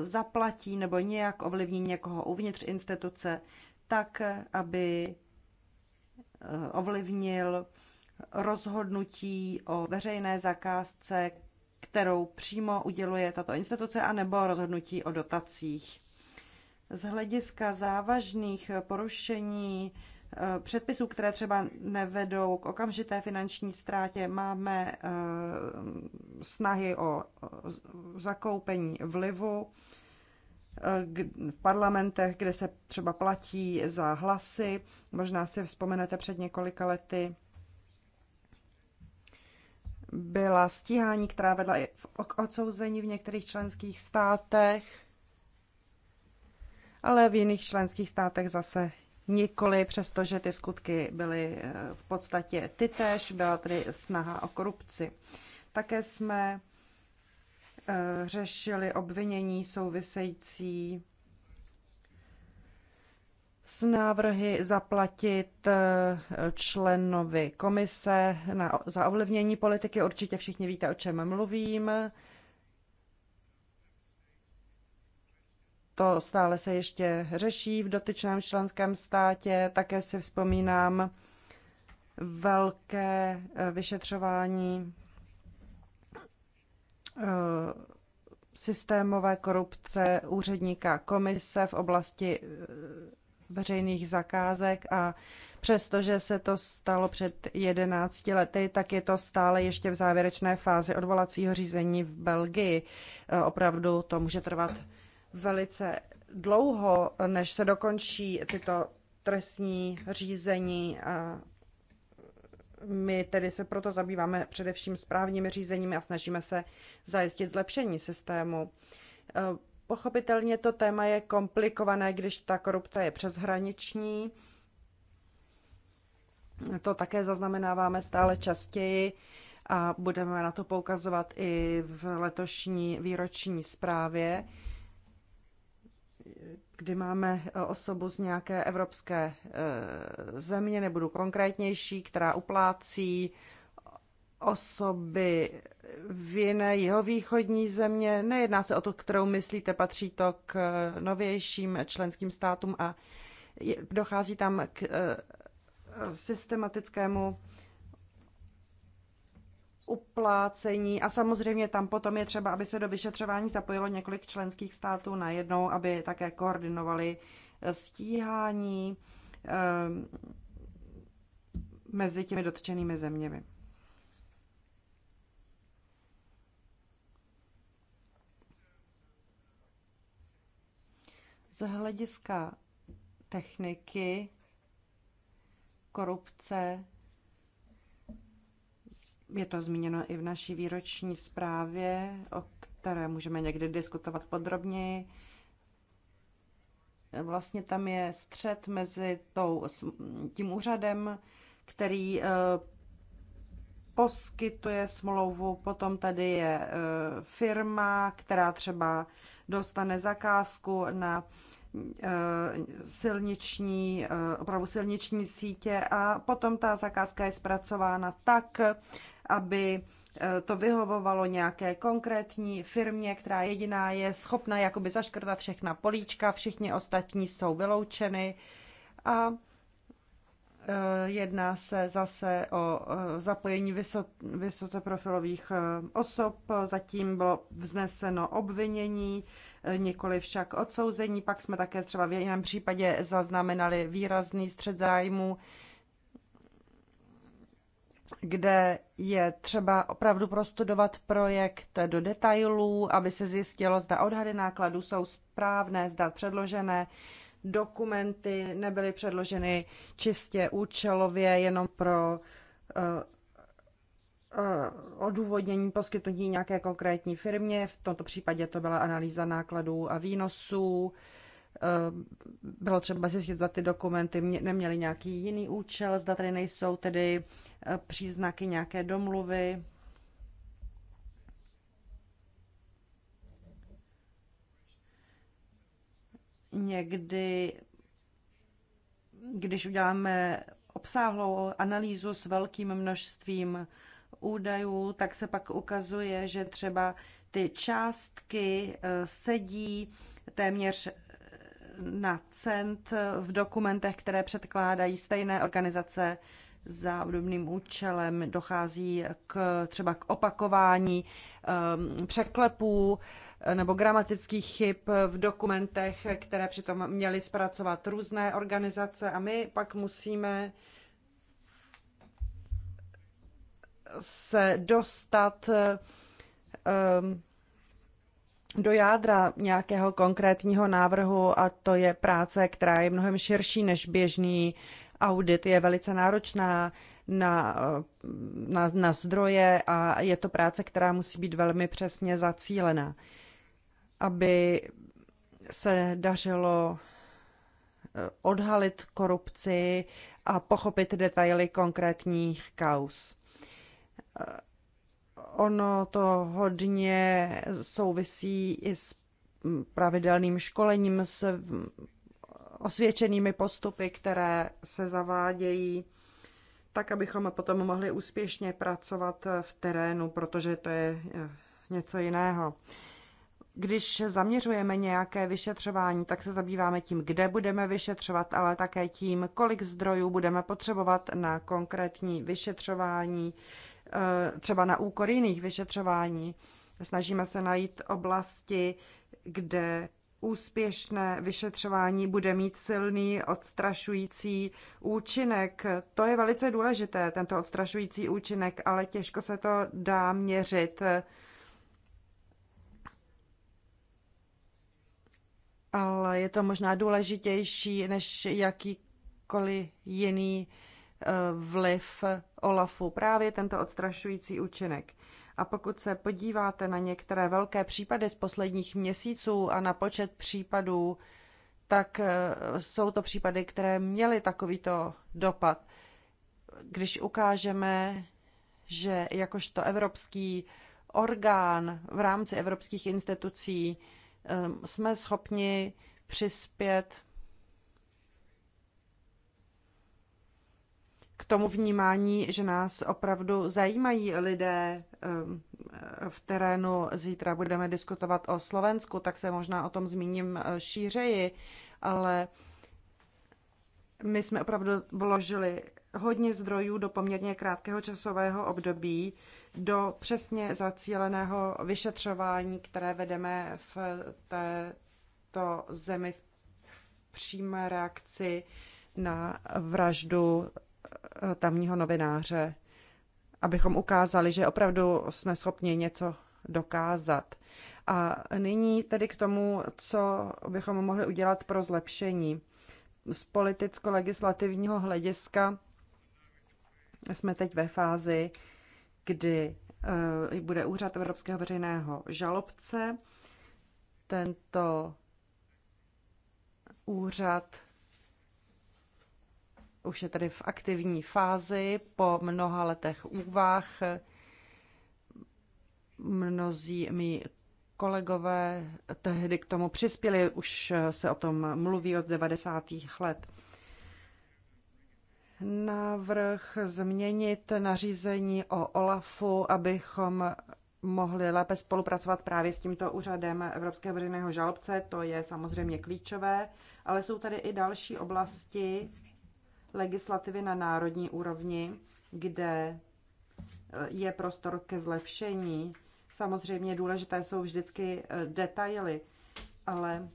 zaplatí nebo nějak ovlivní někoho uvnitř instituce, tak aby eh, ovlivnil rozhodnutí o veřejné zakázce, kterou přímo uděluje tato instituce, anebo rozhodnutí o dotacích. Z hlediska závažných porušení Eh, předpisů, které třeba nevedou k okamžité finanční ztrátě. Máme eh, snahy o zakoupení vlivu eh, v parlamentech, kde se třeba platí za hlasy. Možná si vzpomenete před několika lety byla stíhání, která vedla i k odsouzení v některých členských státech, ale v jiných členských státech zase nikoli, že ty skutky byly eh, v podstatě tež, byla tedy snaha o korupci. Také jsme eh, řešili obvinění související s návrhy zaplatit eh, členovi komise na, za ovlivnění politiky. Určitě všichni víte, o čem mluvím. To stále se ještě řeší v dotyčném členském státě. Také si vzpomínám velké eh, vyšetřování eh, systémové korupce úředníka komise v oblasti eh, veřejných zakázek a přestože se to stalo před 11 lety, tak je to stále ještě v závěrečné fázi odvolacího řízení v Belgii. Opravdu to může trvat velice dlouho, než se dokončí tyto trestní řízení. my tedy se proto zabýváme především správními řízeními a snažíme se zajistit zlepšení systému. Pochopitelně to téma je komplikované, když ta korupce je přeshraniční. To také zaznamenáváme stále častěji a budeme na to poukazovat i v letošní výroční zprávě kdy máme eh, osobu z nějaké evropské eh, země, nebudu konkrétnější, která uplácí osoby v jiné jeho východní země. Nejedná se o to, kterou myslíte, patří to k eh, novějším členským státům a dochází tam k systematickému uplácení a samozřejmě tam potom je třeba, aby se do vyšetřování zapojilo několik členských států najednou, aby také koordinovali eh, stíhání eh, mezi těmi dotčenými zeměmi. Z hlediska techniky korupce je to zmíněno i v naší výroční zprávě, o které můžeme někdy diskutovat podrobněji. Vlastně tam je střed mezi tou, tím úřadem, který eh, poskytuje smlouvu, potom tady je eh, firma, která třeba dostane zakázku na eh, silniční, opravu silniční sítě a potom ta zakázka je zpracována tak, aby eh, to vyhovovalo nějaké konkrétní firmě, která jediná je schopna jakoby zaškrtat všechna políčka, všichni ostatní jsou vyloučeny a eh, Jedná se zase o eh, zapojení vysoce profilových osob. Zatím bylo vzneseno obvinění, nikoli však odsouzení. Pak jsme také třeba v jiném případě zaznamenali výrazný střed zájmu kde je třeba opravdu prostudovat projekt do detailů, aby se zjistilo, zda odhady nákladů jsou správné, zda předložené dokumenty nebyly předloženy čistě účelově jenom pro eh, eh, odůvodnění poskytnutí nějaké konkrétní firmě. V tomto případě to byla analýza nákladů a výnosů. Eh, bylo třeba zjistit, zda ty dokumenty neměly nějaký jiný účel, zda tady nejsou tedy eh, příznaky nějaké domluvy. Někdy, když uděláme obsáhlou analýzu s velkým množstvím údajů, tak se pak ukazuje, že třeba ty částky eh, sedí téměř na cent v dokumentech, které předkládají stejné organizace za obdobným účelem. Dochází k, třeba k opakování um, překlepů eh, nebo gramatických chyb v dokumentech, které přitom měly zpracovat různé organizace a my pak musíme se dostat um, do jádra nějakého konkrétního návrhu a to je práce, která je mnohem širší než běžný audit. Je velice náročná na, na, na zdroje a je to práce, která musí být velmi přesně zacílená, aby se dařilo eh, odhalit korupci a pochopit detaily konkrétních kaus. Eh, ono to hodně souvisí i s pravidelným školením, s osvědčenými postupy, které se zavádějí, tak abychom potom mohli úspěšně pracovat v terénu, protože to je eh, něco jiného. Když zaměřujeme nějaké vyšetřování, tak se zabýváme tím, kde budeme vyšetřovat, ale také tím, kolik zdrojů budeme potřebovat na konkrétní vyšetřování, Eh, třeba na úkor jiných vyšetřování. Snažíme se najít oblasti, kde úspěšné vyšetřování bude mít silný odstrašující účinek. To je velice důležité, tento odstrašující účinek, ale těžko se to dá měřit. Ale je to možná důležitější než jakýkoliv jiný vliv OLAFu, právě tento odstrašující účinek. A pokud se podíváte na některé velké případy z posledních měsíců a na počet případů, tak e, jsou to případy, které měly takovýto dopad. Když ukážeme, že jakožto evropský orgán v rámci evropských institucí e, jsme schopni přispět k tomu vnímání, že nás opravdu zajímají lidé ehm, v terénu. Zítra budeme diskutovat o Slovensku, tak se možná o tom zmíním eh, šířeji, ale my jsme opravdu vložili hodně zdrojů do poměrně krátkého časového období do přesně zacíleného vyšetřování, které vedeme v této zemi v přímé reakci na vraždu Eh, tamního novináře, abychom ukázali, že opravdu jsme schopni něco dokázat. A nyní tedy k tomu, co bychom mohli udělat pro zlepšení. Z politicko-legislativního hlediska jsme teď ve fázi, kdy eh, bude úřad Evropského veřejného žalobce. Tento úřad už je tedy v aktivní fázi po mnoha letech úvah. Mnozí mi kolegové tehdy k tomu přispěli, už se o tom mluví od 90. let. Návrh změnit nařízení o OLAFu, abychom mohli lépe spolupracovat právě s tímto úřadem Evropského veřejného žalobce, to je samozřejmě klíčové, ale jsou tady i další oblasti, legislativy na národní úrovni, kde eh, je prostor ke zlepšení. Samozřejmě důležité jsou vždycky eh, detaily, ale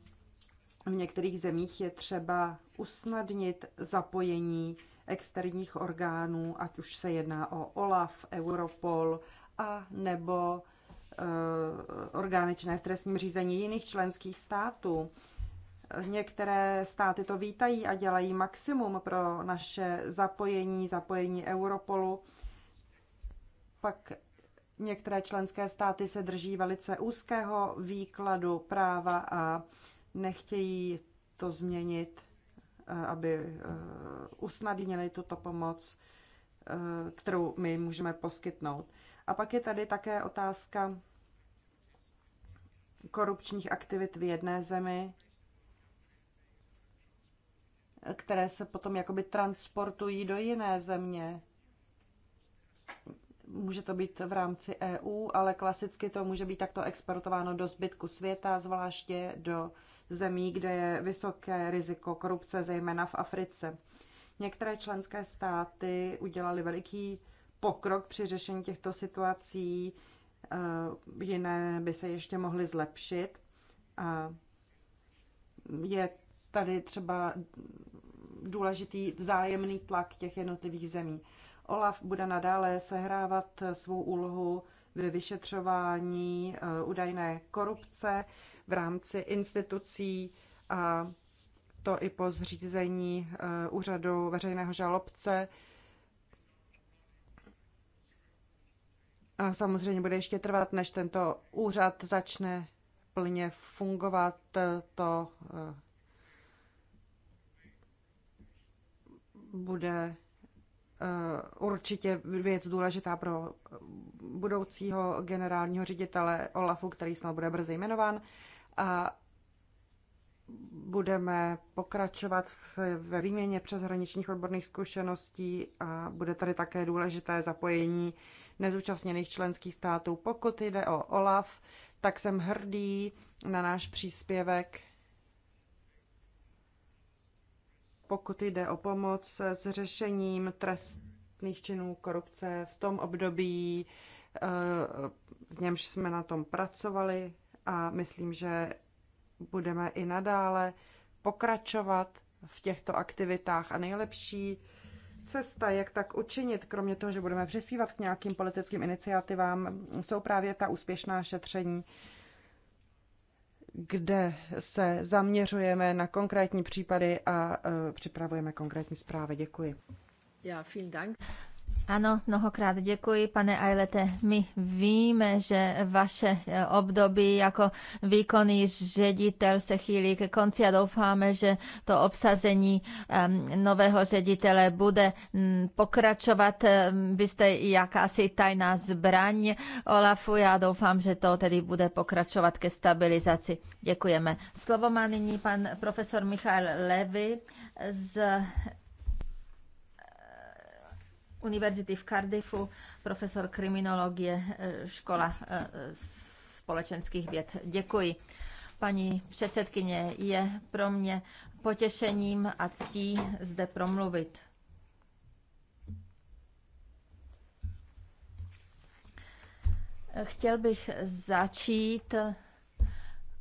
v některých zemích je třeba usnadnit zapojení externích orgánů, ať už se jedná o OLAF, Europol a nebo e, orgány činné v trestním řízení jiných členských států. Některé státy to vítají a dělají maximum pro naše zapojení, zapojení Europolu. Pak některé členské státy se drží velice úzkého výkladu práva a nechtějí to změnit, eh, aby eh, usnadnili tuto pomoc, eh, kterou my můžeme poskytnout. A pak je tady také otázka korupčních aktivit v jedné zemi které se potom jakoby transportují do jiné země. Může to být v rámci EU, ale klasicky to může být takto exportováno do zbytku světa, zvláště do zemí, kde je vysoké riziko korupce, zejména v Africe. Některé členské státy udělaly veliký pokrok při řešení těchto situací, eh, jiné by se ještě mohly zlepšit. A je tady třeba důležitý vzájemný tlak těch jednotlivých zemí. OLAF bude nadále sehrávat svou úlohu ve vyšetřování eh, údajné korupce v rámci institucí a to i po zřízení eh, úřadu veřejného žalobce. A samozřejmě bude ještě trvat, než tento úřad začne plně fungovat. Eh, to bude eh, určitě věc důležitá pro budoucího generálního ředitele Olafu, který snad bude brzy jmenován. A budeme pokračovat ve výměně přeshraničních odborných zkušeností a bude tady také důležité zapojení nezúčastněných členských států. Pokud jde o OLAF, tak jsem hrdý na náš příspěvek pokud jde o pomoc s řešením trestných činů korupce v tom období, eh, v němž jsme na tom pracovali a myslím, že budeme i nadále pokračovat v těchto aktivitách a nejlepší cesta, jak tak učinit, kromě toho, že budeme přispívat k nějakým politickým iniciativám, jsou právě ta úspěšná šetření kde se zaměřujeme na konkrétní případy a e, připravujeme konkrétní zprávy. Děkuji. Já, vielen Dank. Ano, mnohokrát děkuji, pane Ajlete. My víme, že vaše e, období jako výkonný ředitel se chýlí ke konci a doufáme, že to obsazení nového ředitele bude pokračovat. E, vy jste jakási tajná zbraň Olafu. Já doufám, že to tedy bude pokračovat ke stabilizaci. Děkujeme. Slovo má nyní pan profesor Michal Levy z univerzity v Cardiffu, profesor kriminologie, eh, škola eh, společenských věd. Děkuji. Paní předsedkyně, je pro mě potěšením a ctí zde promluvit. Chtěl bych začít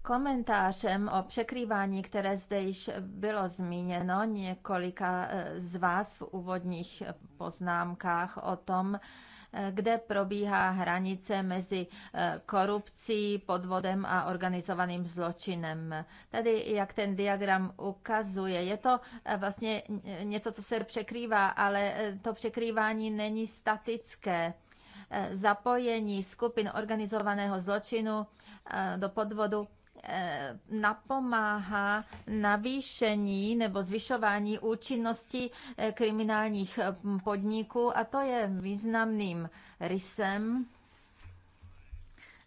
Komentářem o překrývání, které zde již bylo zmíněno několika e, z vás v úvodních poznámkách o tom, e, kde probíhá hranice mezi e, korupcí, podvodem a organizovaným zločinem. Tady, jak ten diagram ukazuje, je to vlastně něco, co se překrývá, ale to překrývání není statické zapojení skupin organizovaného zločinu do podvodu Eh, napomáhá navýšení nebo zvyšování účinnosti eh, kriminálních eh, podniků a to je významným rysem.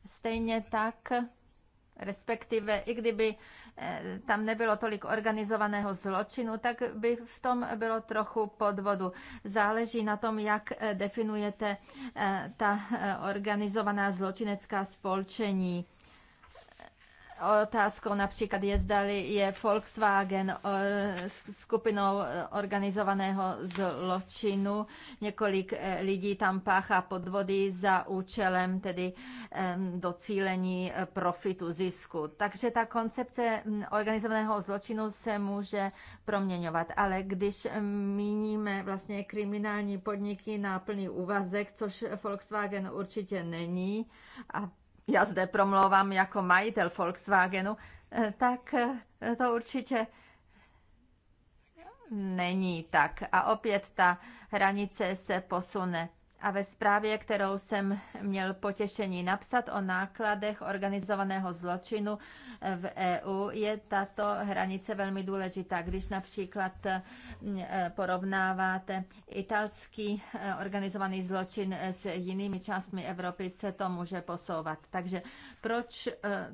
Stejně tak respektive i kdyby tam nebylo tolik organizovaného zločinu, tak by v tom bylo trochu podvodu. Záleží na tom, jak definujete ta organizovaná zločinecká spolčení otázkou například je, zdali je Volkswagen skupinou eh, organizovaného zločinu. Několik eh, lidí tam páchá podvody za účelem tedy docílení eh, profitu, zisku. Takže ta koncepce mm, organizovaného zločinu se může proměňovat, ale když míníme vlastně kriminální podniky na plný úvazek, což Volkswagen určitě není, a já zde promlouvám jako majitel Volkswagenu, eh, tak eh, to určitě není tak. A opět ta hranice se posune a ve zprávě, kterou jsem měl potěšení napsat o nákladech organizovaného zločinu v EU, je tato hranice velmi důležitá. Když například e, porovnáváte italský e, organizovaný zločin e, s jinými částmi Evropy, se to může posouvat. Takže proč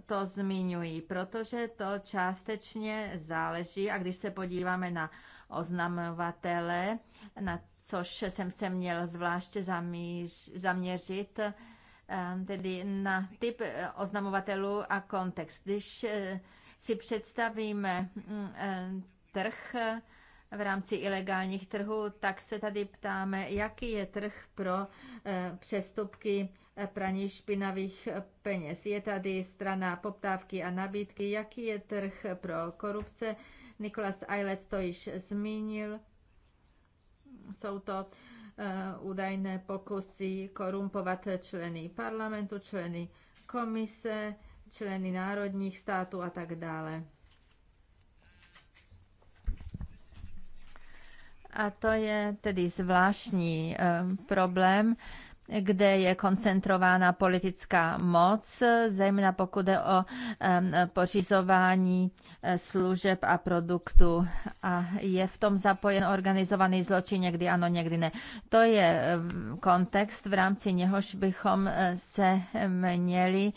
to zmiňuji? Protože to částečně záleží a když se podíváme na oznamovatele, na což jsem se měl zvláště zamíř, zaměřit, ehm, tedy na typ eh, oznamovatelů a kontext. Když eh, si představíme mm, eh, trh v rámci ilegálních trhů, tak se tady ptáme, jaký je trh pro přestupky praní špinavých peněz. Je tady strana poptávky a nabídky, jaký je trh pro korupce. Nikolas Eilert to již zmínil jsou to eh, údajné pokusy korumpovat členy parlamentu, členy komise, členy národních států a tak dále. A to je tedy zvláštní eh, problém, kde je koncentrována politická moc, zejména pokud je o pořizování eh, služeb a produktů. A je v tom zapojen organizovaný zločin, někdy ano, někdy ne. To je kontext, v rámci něhož bychom eh, se měli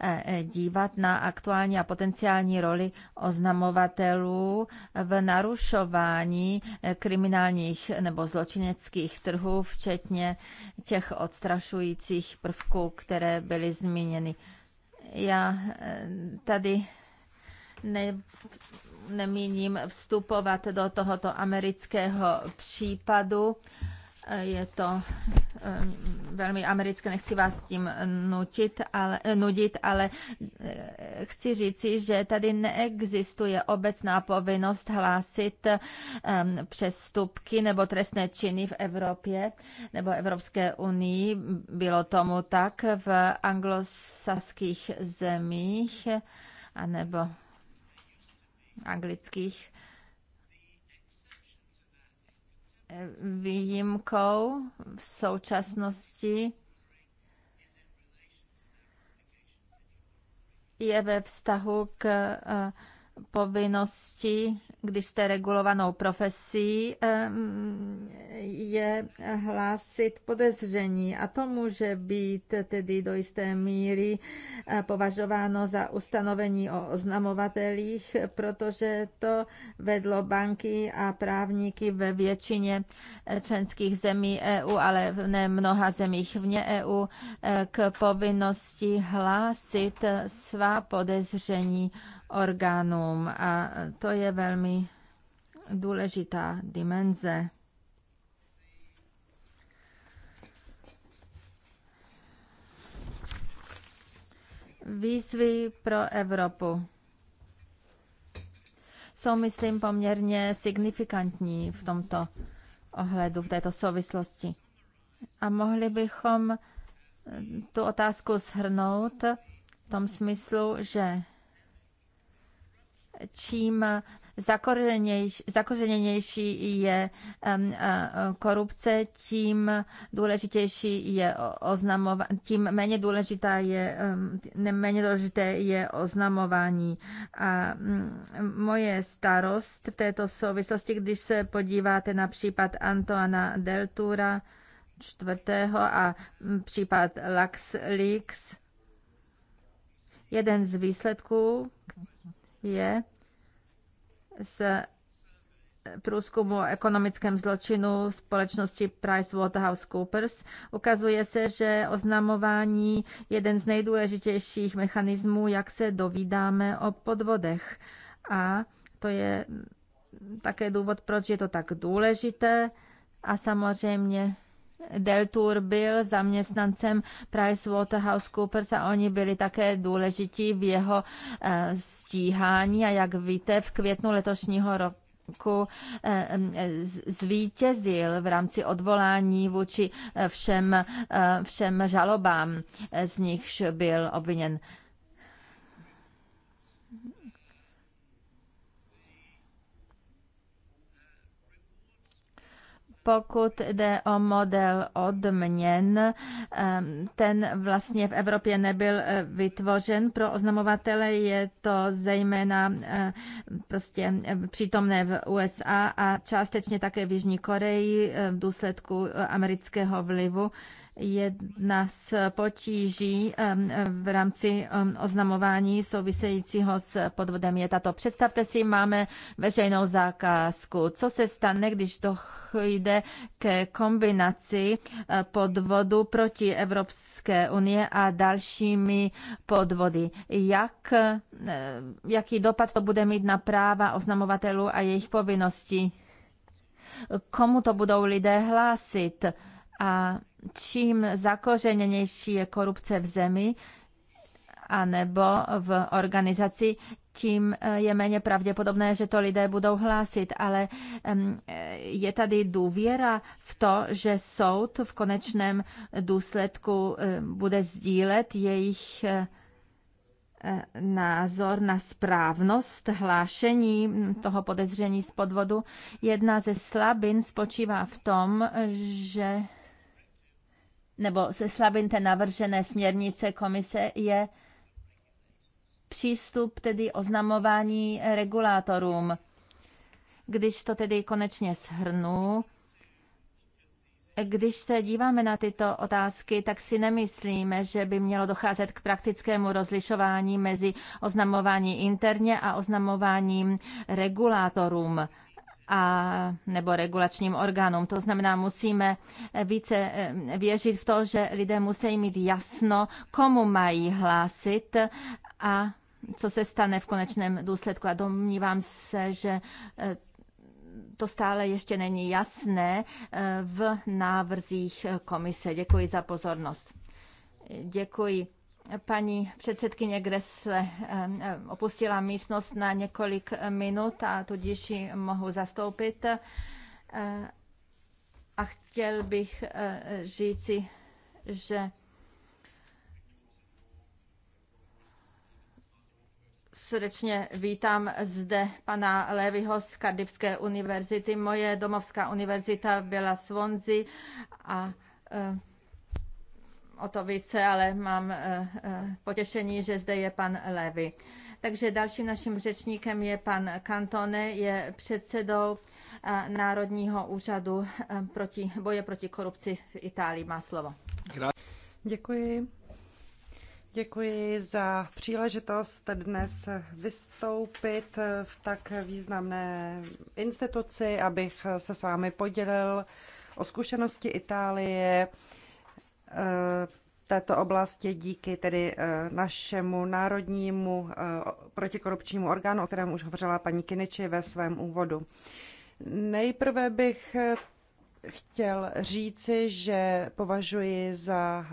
eh, dívat na aktuální a potenciální roli oznamovatelů v narušování kriminálních nebo zločineckých trhů, včetně těch od odstrašujících prvků, které byly zmíněny. Já eh, tady ne, nemíním vstupovat do tohoto amerického případu je to eh, velmi americké, nechci vás s tím nutit, ale, eh, nudit, ale eh, chci říci, že tady neexistuje obecná povinnost hlásit ehm, přestupky nebo trestné činy v Evropě nebo Evropské unii. Bylo tomu tak v anglosaských zemích anebo anglických výjimkou v současnosti je ve vztahu k eh, povinnosti, když jste regulovanou profesí, je hlásit podezření a to může být tedy do jisté míry eh, považováno za ustanovení o oznamovatelích, protože to vedlo banky a právníky ve většině eh, členských zemí EU, ale ne mnoha zemích vně EU, eh, k povinnosti hlásit svá podezření orgánům a to je velmi důležitá dimenze. Výzvy pro Evropu jsou, myslím, poměrně signifikantní v tomto ohledu, v této souvislosti. A mohli bychom tu otázku shrnout v tom smyslu, že čím zakořeněnější je e, korupce, tím důležitější je oznamování, tím méně důležitá je, méně důležité je oznamování. A mm, moje starost v této souvislosti, když se podíváte na případ Antoana Deltura čtvrtého a mm, případ Leaks, jeden z výsledků, je z průzkumu ekonomickém zločinu společnosti PricewaterhouseCoopers. Ukazuje se, že oznamování je jeden z nejdůležitějších mechanismů, jak se dovídáme o podvodech. A to je také důvod, proč je to tak důležité. A samozřejmě Deltour byl zaměstnancem PricewaterhouseCoopers a oni byli také důležití v jeho eh, stíhání a jak víte, v květnu letošního roku roku eh, zvítězil v rámci odvolání vůči eh, všem, všem žalobám, z nichž byl obviněn. pokud jde o model odměn, ten vlastně v Evropě nebyl eh, vytvořen. Pro oznamovatele je to zejména eh, prostě eh, přítomné v USA a částečně také v Jižní Koreji v důsledku amerického vlivu. Jedna z potíží v rámci oznamování souvisejícího s podvodem je tato. Představte si, máme veřejnou zakázku. Co se stane, když dojde ke kombinaci eh, podvodu proti Evropské unie a dalšími podvody? Jak, eh, jaký dopad to bude mít na práva oznamovatelů a jejich povinnosti? Komu to budou lidé hlásit? A čím zakořeněnější je korupce v zemi anebo v organizaci, tím eh, je méně pravděpodobné, že to lidé budou hlásit, ale eh, je tady důvěra v to, že soud v konečném důsledku eh, bude sdílet jejich názor na správnost hlášení hm, toho podezření z podvodu. Jedna ze slabin spočívá v tom, že nebo ze slabin té navržené směrnice komise je přístup tedy oznamování regulátorům. Když to tedy konečně shrnu, když se díváme na tyto otázky, tak si nemyslíme, že by mělo docházet k praktickému rozlišování mezi oznamování interně a oznamováním regulátorům a, nebo regulačním orgánům. To znamená, musíme více eh, věřit v to, že lidé musí mít jasno, komu mají hlásit a co se stane v konečném důsledku. A domnívám se, že eh, to stále ještě není jasné eh, v návrzích komise. Děkuji za pozornost. Děkuji paní předsedkyně Gressle eh, eh, opustila místnost na několik minut a tudíž ji mohu zastoupit. Eh, a chtěl bych říci, že srdečně vítám zde pana Levyho z Kardivské univerzity. Moje domovská univerzita byla Svonzi a o to více, ale mám eh, eh, potěšení, že zde je pan Levy. Takže dalším naším řečníkem je pan Kantone, je předsedou eh, Národního úřadu proti, boje proti korupci v Itálii. Má slovo. Děkuji. Děkuji za příležitost dnes vystoupit v tak významné instituci, abych se s vámi podělil o zkušenosti Itálie Eh, této oblasti díky tedy eh, našemu národnímu eh, protikorupčnímu orgánu, o kterém už hovořila paní Kiniči ve svém úvodu. Nejprve bych chtěl říci, že považuji za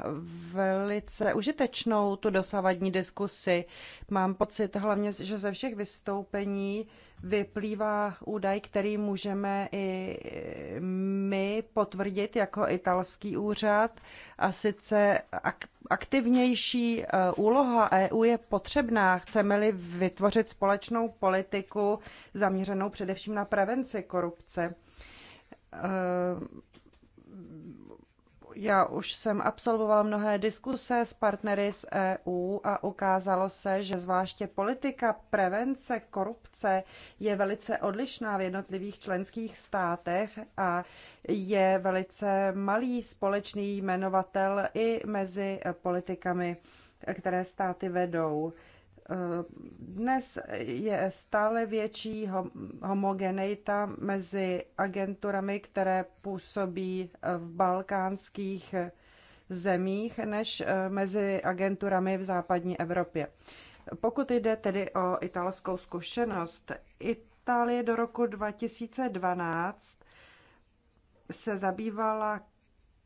velice užitečnou tu dosavadní diskusi. Mám pocit hlavně, že ze všech vystoupení vyplývá údaj, který můžeme i my potvrdit jako italský úřad. A sice aktivnější eh, úloha EU je potřebná. Chceme-li vytvořit společnou politiku zaměřenou především na prevenci korupce. Eh, já už jsem absolvoval mnohé diskuse s partnery z EU a ukázalo se, že zvláště politika prevence korupce je velice odlišná v jednotlivých členských státech a je velice malý společný jmenovatel i mezi politikami, které státy vedou. Dnes je stále větší homogeneita mezi agenturami, které působí v balkánských zemích, než eh, mezi agenturami v západní Evropě. Pokud jde tedy o italskou zkušenost, Itálie do roku 2012 se zabývala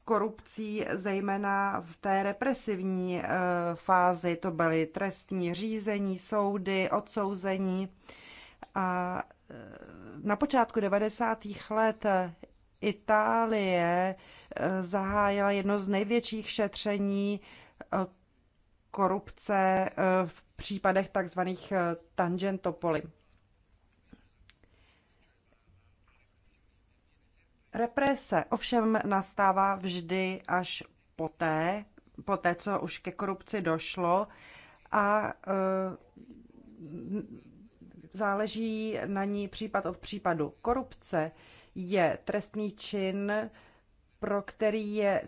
korupcí, zejména v té represivní eh, fázi. To byly trestní řízení, soudy, odsouzení. A eh, na počátku 90. let eh, Itálie zahájila jedno z největších šetření korupce v případech tzv. tangentopoli. Represe ovšem nastává vždy až poté, poté, co už ke korupci došlo a e, záleží na ní případ od případu. Korupce je trestný čin, pro který je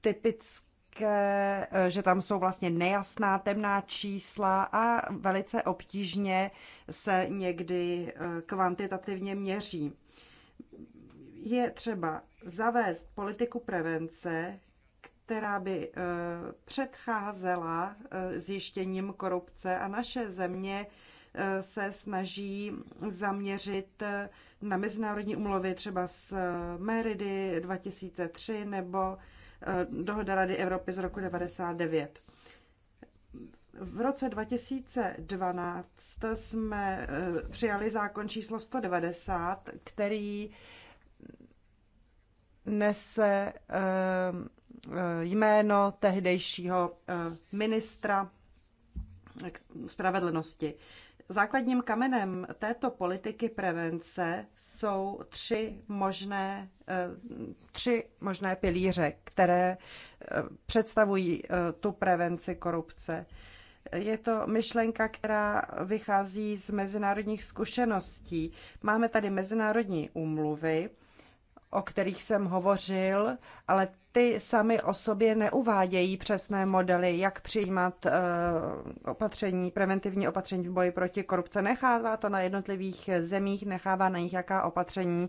typické, e, že tam jsou vlastně nejasná temná čísla a velice obtížně se někdy e, kvantitativně měří je třeba zavést politiku prevence, která by eh, předcházela eh, zjištěním korupce a naše země eh, se snaží zaměřit na mezinárodní umluvy třeba z Meridy 2003 nebo dohoda Rady Evropy z roku 99. V roce 2012 jsme přijali zákon číslo 190, který nese eh, eh, jméno tehdejšího eh, ministra spravedlnosti. Základním kamenem této politiky prevence jsou tři možné, tři možné pilíře, které představují tu prevenci korupce. Je to myšlenka, která vychází z mezinárodních zkušeností. Máme tady mezinárodní úmluvy, o kterých jsem hovořil, ale ty sami o sobě neuvádějí přesné modely, jak přijímat eh, opatření, preventivní opatření v boji proti korupce. Nechává to na jednotlivých zemích, nechává na nich, jaká opatření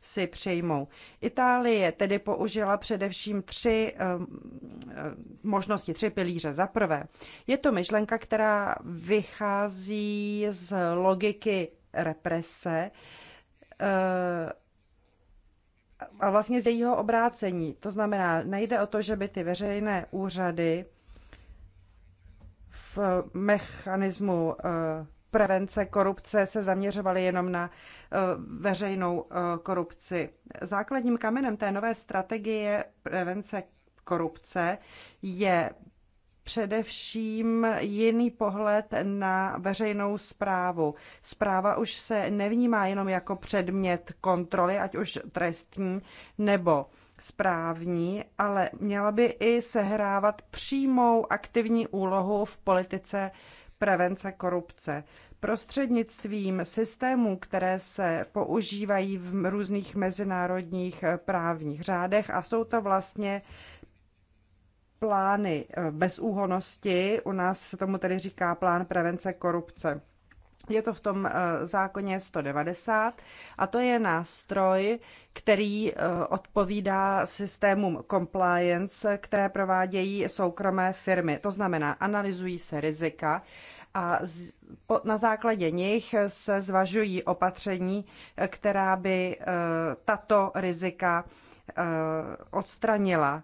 si přijmou. Itálie tedy použila především tři eh, eh, možnosti, tři pilíře. Za prvé, je to myšlenka, která vychází z logiky represe, a vlastně z jejího obrácení. To znamená, nejde o to, že by ty veřejné úřady v mechanismu eh, prevence korupce se zaměřovaly jenom na eh, veřejnou eh, korupci. Základním kamenem té nové strategie prevence korupce je především jiný pohled na veřejnou zprávu. Zpráva už se nevnímá jenom jako předmět kontroly, ať už trestní nebo správní, ale měla by i sehrávat přímou aktivní úlohu v politice prevence korupce. Prostřednictvím systémů, které se používají v různých mezinárodních právních řádech a jsou to vlastně plány eh, bezúhonosti, u nás se tomu tedy říká plán prevence korupce. Je to v tom eh, zákoně 190 a to je nástroj, který eh, odpovídá systémům compliance, které provádějí soukromé firmy. To znamená, analyzují se rizika a na základě nich se zvažují opatření, která by tato rizika odstranila.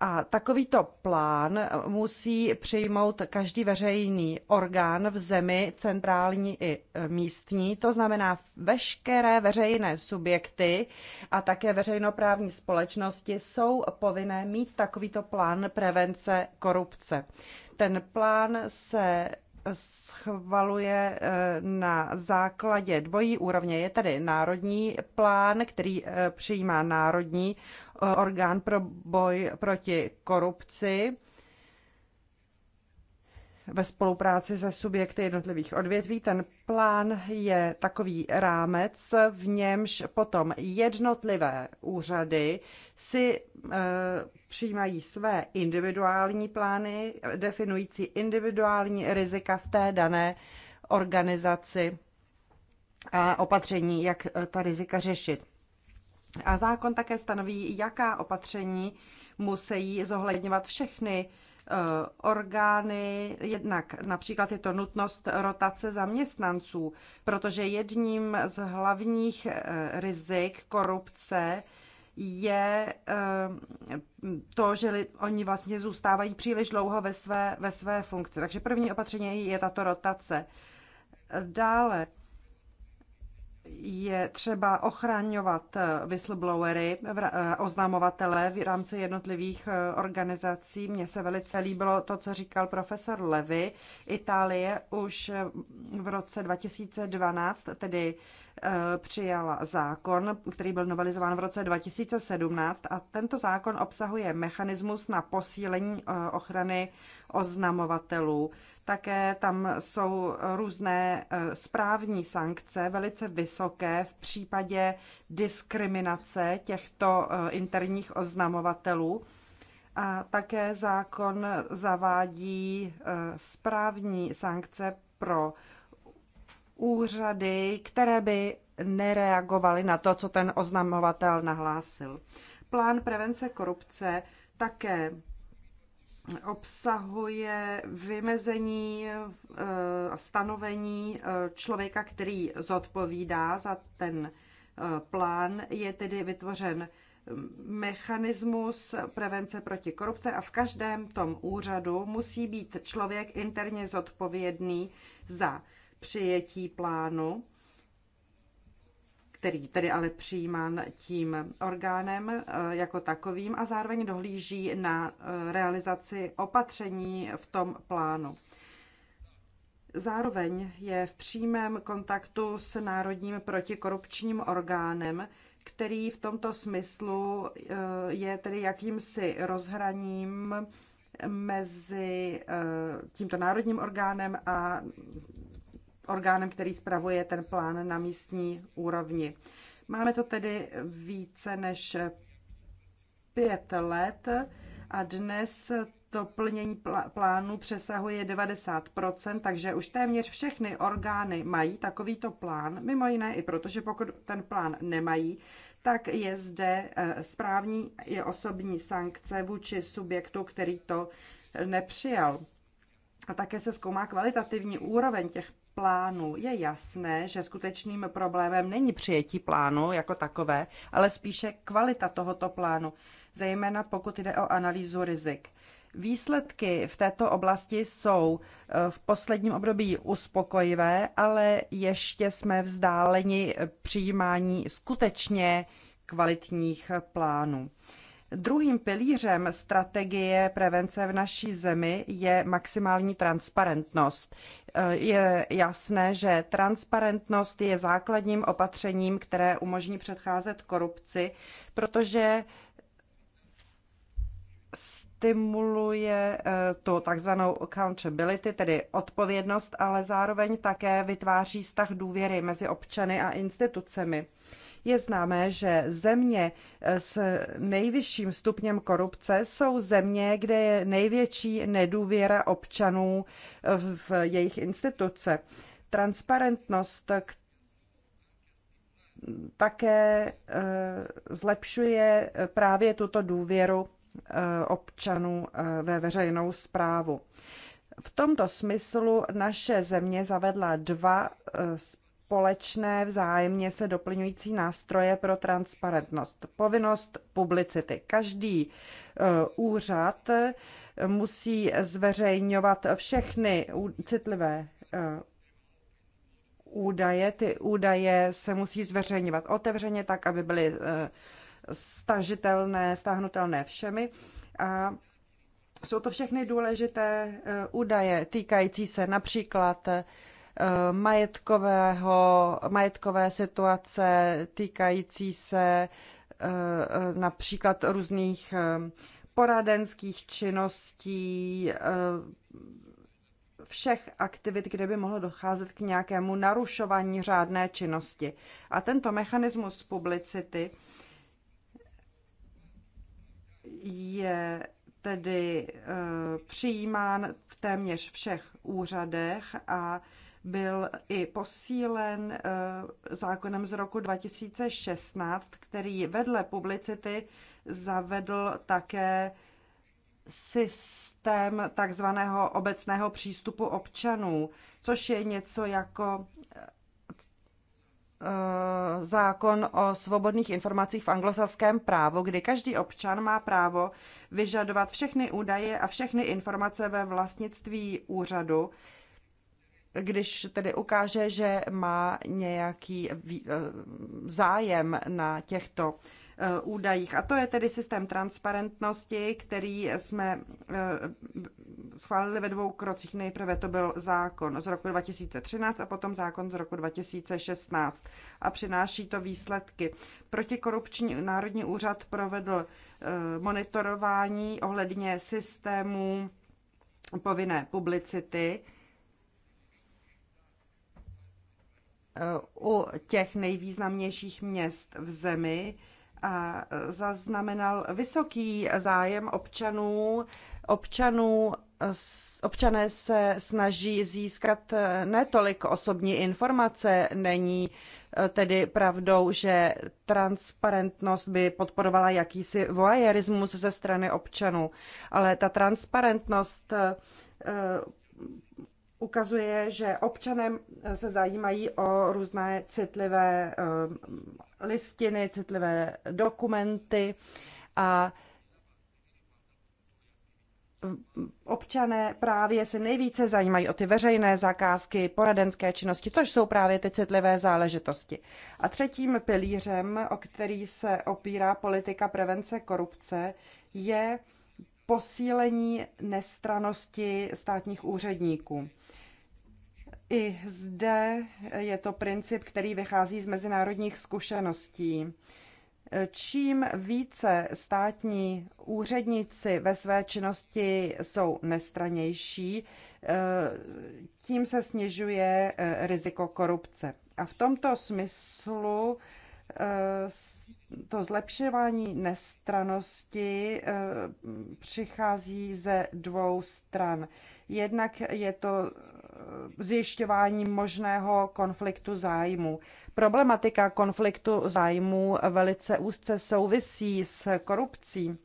A takovýto plán eh, musí přijmout každý veřejný orgán v zemi, centrální i eh, místní, to znamená veškeré veřejné subjekty a také veřejnoprávní společnosti jsou povinné mít takovýto plán prevence korupce. Ten plán se schvaluje eh, na základě dvojí úrovně. Je tady národní plán, který eh, přijímá národní eh, orgán pro boj proti korupci ve spolupráci se subjekty jednotlivých odvětví. Ten plán je takový rámec, v němž potom jednotlivé úřady si e, přijímají své individuální plány, definující individuální rizika v té dané organizaci a opatření, jak eh, ta rizika řešit. A zákon také stanoví, jaká opatření musí zohledňovat všechny Eh, orgány. Jednak například je to nutnost rotace zaměstnanců, protože jedním z hlavních eh, rizik korupce je eh, to, že oni vlastně zůstávají příliš dlouho ve své, ve své funkci. Takže první opatření je tato rotace. Dále je třeba ochraňovat eh, whistleblowery, eh, oznamovatele v rámci jednotlivých eh, organizací. Mně se velice líbilo to, co říkal profesor Levy. Itálie už v roce 2012 tedy přijala zákon, který byl novelizován v roce 2017 a tento zákon obsahuje mechanismus na posílení ochrany oznamovatelů. Také tam jsou různé eh, správní sankce, velice vysoké v případě diskriminace těchto eh, interních oznamovatelů. A také zákon zavádí eh, správní sankce pro úřady, které by nereagovaly na to, co ten oznamovatel nahlásil. Plán prevence korupce také obsahuje vymezení eh, a stanovení eh, člověka, který zodpovídá za ten eh, plán. Je tedy vytvořen hm, mechanismus prevence proti korupce a v každém tom úřadu musí být člověk interně zodpovědný za přijetí plánu který tedy ale přijímán tím orgánem eh, jako takovým a zároveň dohlíží na eh, realizaci opatření v tom plánu. Zároveň je v přímém kontaktu s Národním protikorupčním orgánem, který v tomto smyslu eh, je tedy jakýmsi rozhraním mezi tímto národním orgánem a orgánem, který spravuje ten plán na místní úrovni. Máme to tedy více než pět let a dnes to plnění plánu přesahuje 90%, takže už téměř všechny orgány mají takovýto plán, mimo jiné i proto, že pokud ten plán nemají, tak je zde eh, správní i osobní sankce vůči subjektu, který to nepřijal. A také se zkoumá kvalitativní úroveň těch plánu. Je jasné, že skutečným problémem není přijetí plánu jako takové, ale spíše kvalita tohoto plánu, zejména pokud jde o analýzu rizik. Výsledky v této oblasti jsou eh, v posledním období uspokojivé, ale ještě jsme vzdáleni přijímání skutečně kvalitních plánů. Druhým pilířem strategie prevence v naší zemi je maximální transparentnost. Eh, je jasné, že transparentnost je základním opatřením, které umožní předcházet korupci, protože stimuluje eh, tu takzvanou accountability, tedy odpovědnost, ale zároveň také vytváří vztah důvěry mezi občany a institucemi. Je známé, že země eh, s nejvyšším stupněm korupce jsou země, kde je největší nedůvěra občanů eh, v jejich instituce. Transparentnost také eh, zlepšuje právě tuto důvěru občanů ve veřejnou zprávu. V tomto smyslu naše země zavedla dva společné vzájemně se doplňující nástroje pro transparentnost. Povinnost publicity. Každý e, úřad e, musí zveřejňovat všechny citlivé e, údaje. Ty údaje se musí zveřejňovat otevřeně, tak aby byly stažitelné, stáhnutelné všemi. A jsou to všechny důležité údaje týkající se například Eh, majetkového, majetkové situace týkající se eh, například různých eh, poradenských činností, všech aktivit, kde by mohlo docházet k nějakému narušování řádné činnosti. A tento mechanismus publicity je tedy přijímán v téměř všech úřadech a byl i posílen eh, zákonem z roku 2016, který vedle publicity zavedl také systém takzvaného obecného přístupu občanů, což je něco jako eh, zákon o svobodných informacích v anglosaském právu, kdy každý občan má právo vyžadovat všechny údaje a všechny informace ve vlastnictví úřadu když tedy ukáže, že má nějaký eh, zájem na těchto eh, údajích. A to je tedy systém transparentnosti, který jsme eh, schválili ve dvou krocích. Nejprve to byl zákon z roku 2013 a potom zákon z roku 2016. A přináší to výsledky. Protikorupční národní úřad provedl monitorování ohledně systému povinné publicity u těch nejvýznamnějších měst v zemi a zaznamenal vysoký zájem občanů. Občanů občané se snaží získat netolik osobní informace. Není eh, tedy pravdou, že transparentnost by podporovala jakýsi voajerismus ze strany občanů, ale ta transparentnost eh, ukazuje, že občané se zajímají o různé citlivé eh, listiny, citlivé dokumenty a eh, občané právě se nejvíce zajímají o ty veřejné zakázky, poradenské činnosti, což jsou právě ty citlivé záležitosti. A třetím pilířem, o který se opírá politika prevence korupce, je posílení nestranosti státních úředníků. I zde je to princip, který vychází z mezinárodních zkušeností. Čím více státní úředníci ve své činnosti jsou nestranější, eh, tím se snižuje eh, riziko korupce. A v tomto smyslu Eh, to zlepšování nestranosti eh, přichází ze dvou stran. Jednak je to eh, zjišťování možného konfliktu zájmu. Problematika konfliktu zájmu velice úzce souvisí s korupcí,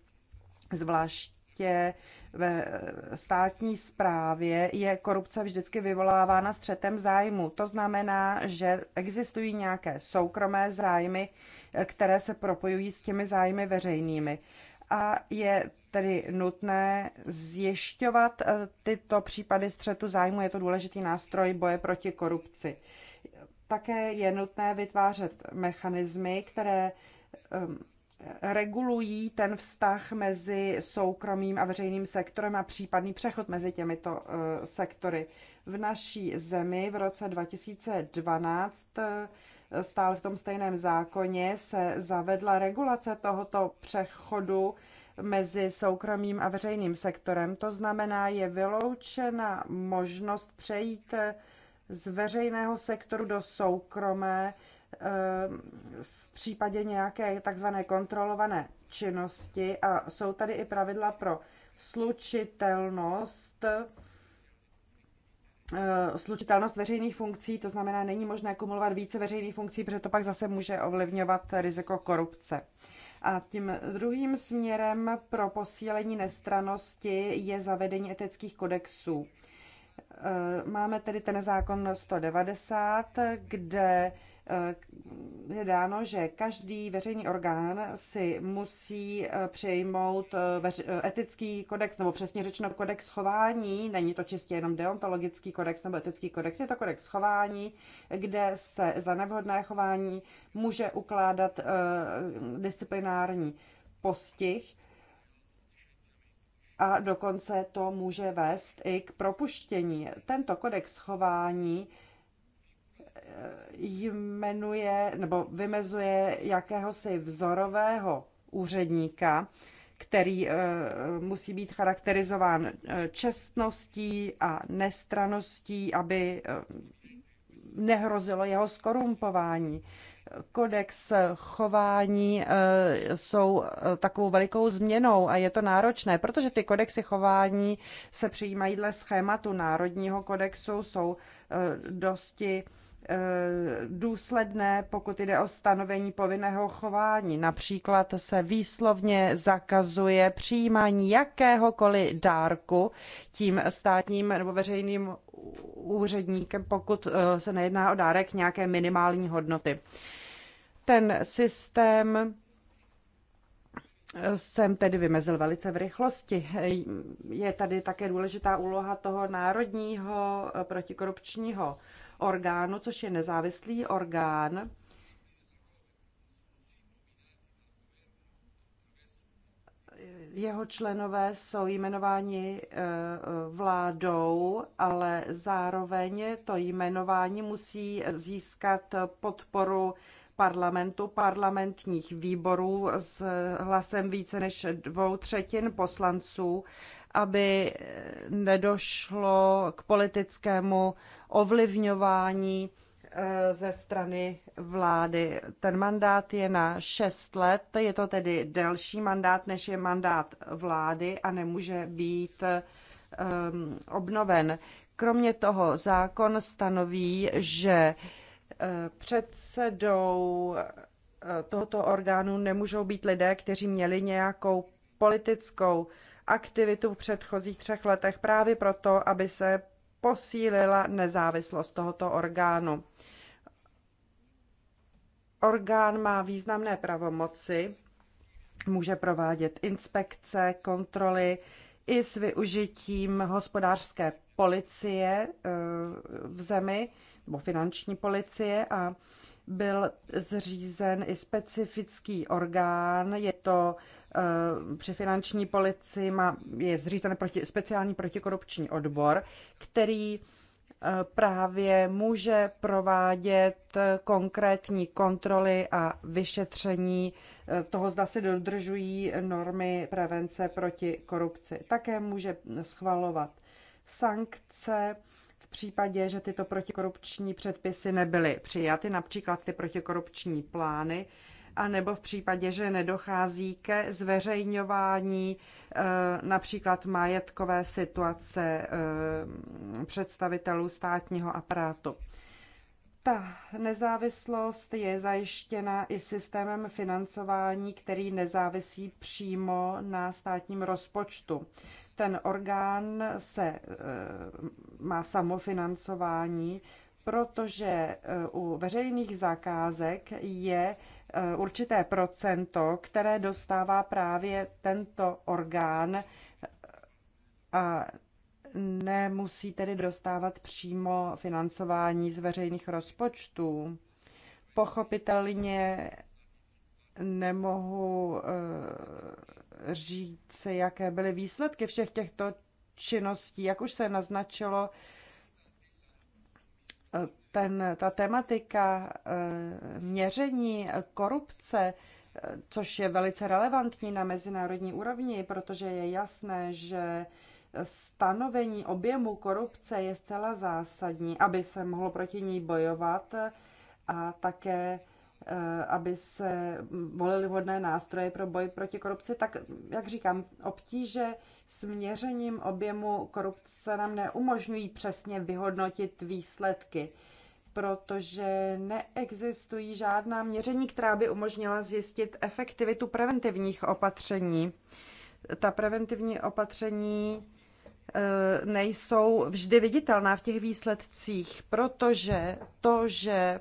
zvláště ve státní správě je korupce vždycky vyvolávána střetem zájmu. To znamená, že existují nějaké soukromé zájmy, které se propojují s těmi zájmy veřejnými. A je tedy nutné zjišťovat eh, tyto případy střetu zájmu. Je to důležitý nástroj boje proti korupci. Také je nutné vytvářet mechanismy, které ehm, regulují ten vztah mezi soukromým a veřejným sektorem a případný přechod mezi těmito eh, sektory. V naší zemi v roce 2012 eh, stále v tom stejném zákoně se zavedla regulace tohoto přechodu mezi soukromým a veřejným sektorem. To znamená, je vyloučena možnost přejít z veřejného sektoru do soukromé Eh, v případě nějaké takzvané kontrolované činnosti a jsou tady i pravidla pro slučitelnost eh, slučitelnost veřejných funkcí, to znamená, není možné kumulovat více veřejných funkcí, protože to pak zase může ovlivňovat riziko korupce. A tím druhým směrem pro posílení nestranosti je zavedení etických kodexů. Eh, máme tedy ten zákon 190, kde Eh, je dáno, že každý veřejný orgán si musí eh, přejmout eh, etický kodex, nebo přesně řečeno kodex chování. Není to čistě jenom deontologický kodex nebo etický kodex, je to kodex chování, kde se za nevhodné chování může ukládat disciplinární postih. A dokonce to může vést i k propuštění. Tento kodex chování jmenuje nebo vymezuje jakéhosi vzorového úředníka, který eh, musí být charakterizován eh, čestností a nestraností, aby eh, nehrozilo jeho skorumpování. Kodex chování jsou takovou velikou změnou a je to náročné, protože ty kodexy chování se přijímají dle schématu Národního kodexu, jsou dosti Eh, důsledné, pokud jde o stanovení povinného chování. Například se výslovně zakazuje přijímání jakéhokoliv dárku tím státním nebo veřejným úředníkem, pokud eh, se nejedná o dárek nějaké minimální hodnoty. Ten systém eh, jsem tedy vymezil velice v rychlosti. Je tady také důležitá úloha toho národního protikorupčního orgánu, což je nezávislý orgán, jeho členové jsou jmenováni eh, vládou, ale zároveň to jmenování musí získat podporu parlamentu, parlamentních výborů s hlasem více než dvou třetin poslanců aby eh, nedošlo k politickému ovlivňování eh, ze strany vlády. Ten mandát je na 6 let, je to tedy delší mandát, než je mandát vlády a nemůže být um, obnoven. Kromě toho zákon stanoví, že eh, předsedou tohoto orgánu nemůžou být lidé, kteří měli nějakou politickou aktivitu v předchozích třech letech právě proto, aby se posílila nezávislost tohoto orgánu. Orgán má významné pravomoci, může provádět inspekce, kontroly i s využitím hospodářské policie eh, v zemi nebo finanční policie a byl zřízen i specifický orgán. Je to Eh, při finanční policii má, je zřízen proti, speciální protikorupční odbor, který eh, právě může provádět konkrétní kontroly a vyšetření eh, toho, zda se dodržují normy prevence proti korupci. Také může schvalovat sankce v případě, že tyto protikorupční předpisy nebyly přijaty, například ty protikorupční plány, a nebo v případě, že nedochází ke zveřejňování e, například majetkové situace e, představitelů státního aparátu. Ta nezávislost je zajištěna i systémem financování, který nezávisí přímo na státním rozpočtu. Ten orgán se e, má samofinancování, protože eh, u veřejných zakázek je eh, určité procento, které dostává právě tento orgán eh, a nemusí tedy dostávat přímo financování z veřejných rozpočtů. Pochopitelně nemohu říct, jaké byly výsledky všech těchto činností. Jak už se naznačilo, ten, ta tematika eh, měření korupce, eh, což je velice relevantní na mezinárodní úrovni, protože je jasné, že stanovení objemu korupce je zcela zásadní, aby se mohlo proti ní bojovat eh, a také Eh, aby se volili vhodné nástroje pro boj proti korupci, tak, jak říkám, obtíže s měřením objemu korupce nám neumožňují přesně vyhodnotit výsledky, protože neexistují žádná měření, která by umožnila zjistit efektivitu preventivních opatření. Ta preventivní opatření eh, nejsou vždy viditelná v těch výsledcích, protože to, že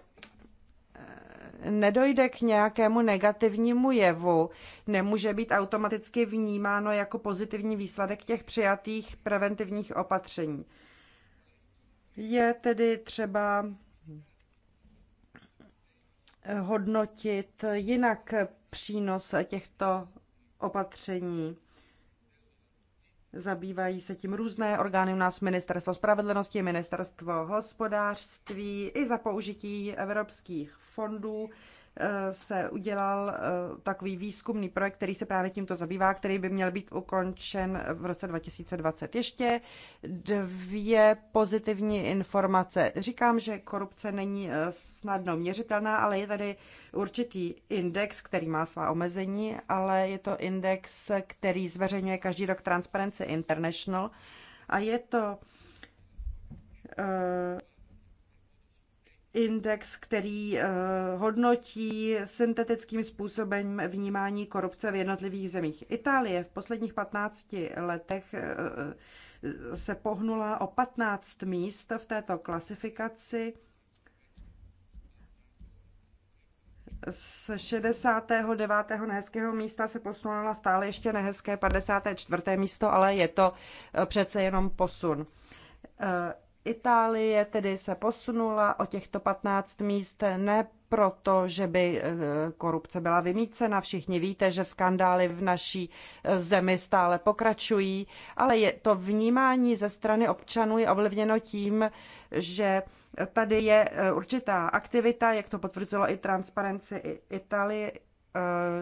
nedojde k nějakému negativnímu jevu, nemůže být automaticky vnímáno jako pozitivní výsledek těch přijatých preventivních opatření. Je tedy třeba hodnotit jinak přínos těchto opatření. Zabývají se tím různé orgány u nás Ministerstvo spravedlnosti, Ministerstvo hospodářství i za použití evropských fondů se udělal eh, takový výzkumný projekt, který se právě tímto zabývá, který by měl být ukončen v roce 2020. Ještě dvě pozitivní informace. Říkám, že korupce není eh, snadno měřitelná, ale je tady určitý index, který má svá omezení, ale je to index, který zveřejňuje každý rok Transparency International a je to eh, index, který eh, hodnotí syntetickým způsobem vnímání korupce v jednotlivých zemích. Itálie v posledních 15 letech eh, se pohnula o 15 míst v této klasifikaci z 69. nehezkého místa se posunula stále ještě nehezké 54. místo, ale je to eh, přece jenom posun. Itálie tedy se posunula o těchto 15 míst ne proto, že by eh, korupce byla vymícena. Všichni víte, že skandály v naší eh, zemi stále pokračují, ale je to vnímání ze strany občanů je ovlivněno tím, že tady je eh, určitá aktivita, jak to potvrdilo i transparenci Itálie,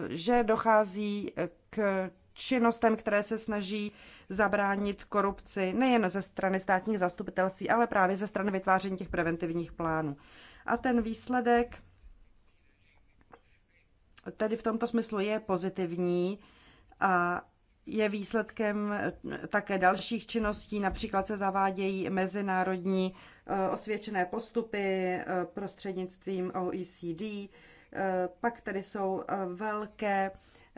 že dochází k činnostem, které se snaží zabránit korupci nejen ze strany státních zastupitelství, ale právě ze strany vytváření těch preventivních plánů. A ten výsledek tedy v tomto smyslu je pozitivní a je výsledkem také dalších činností. Například se zavádějí mezinárodní eh, osvědčené postupy eh, prostřednictvím OECD. Eh, pak tady jsou velké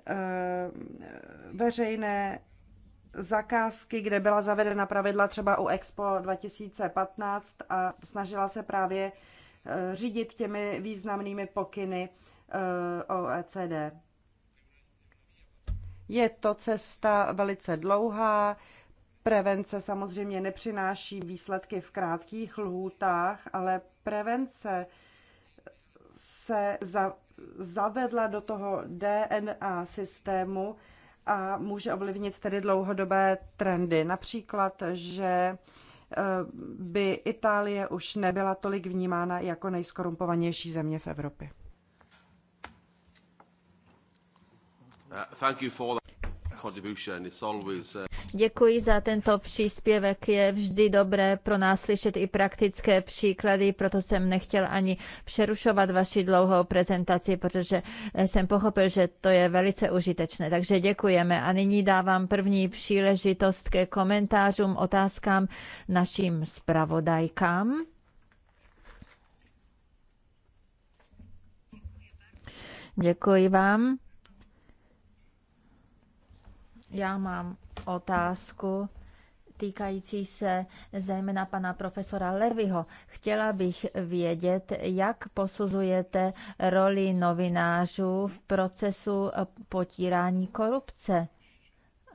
Eh, veřejné zakázky, kde byla zavedena pravidla třeba u Expo 2015 a snažila se právě eh, řídit těmi významnými pokyny eh, OECD. Je to cesta velice dlouhá, prevence samozřejmě nepřináší výsledky v krátkých lhůtách, ale prevence se za, zavedla do toho DNA systému a může ovlivnit tedy dlouhodobé trendy. Například, že eh, by Itálie už nebyla tolik vnímána jako nejskorumpovanější země v Evropě. Uh, Uh, Děkuji za tento příspěvek. Je vždy dobré pro nás slyšet i praktické příklady, proto jsem nechtěl ani přerušovat vaši dlouhou prezentaci, protože eh, jsem pochopil, že to je velice užitečné. Takže děkujeme. A nyní dávám první příležitost ke komentářům, otázkám našim zpravodajkám. Děkuji vám. Já mám otázku týkající se zejména pana profesora Levyho. Chtěla bych vědět, jak posuzujete roli novinářů v procesu potírání korupce.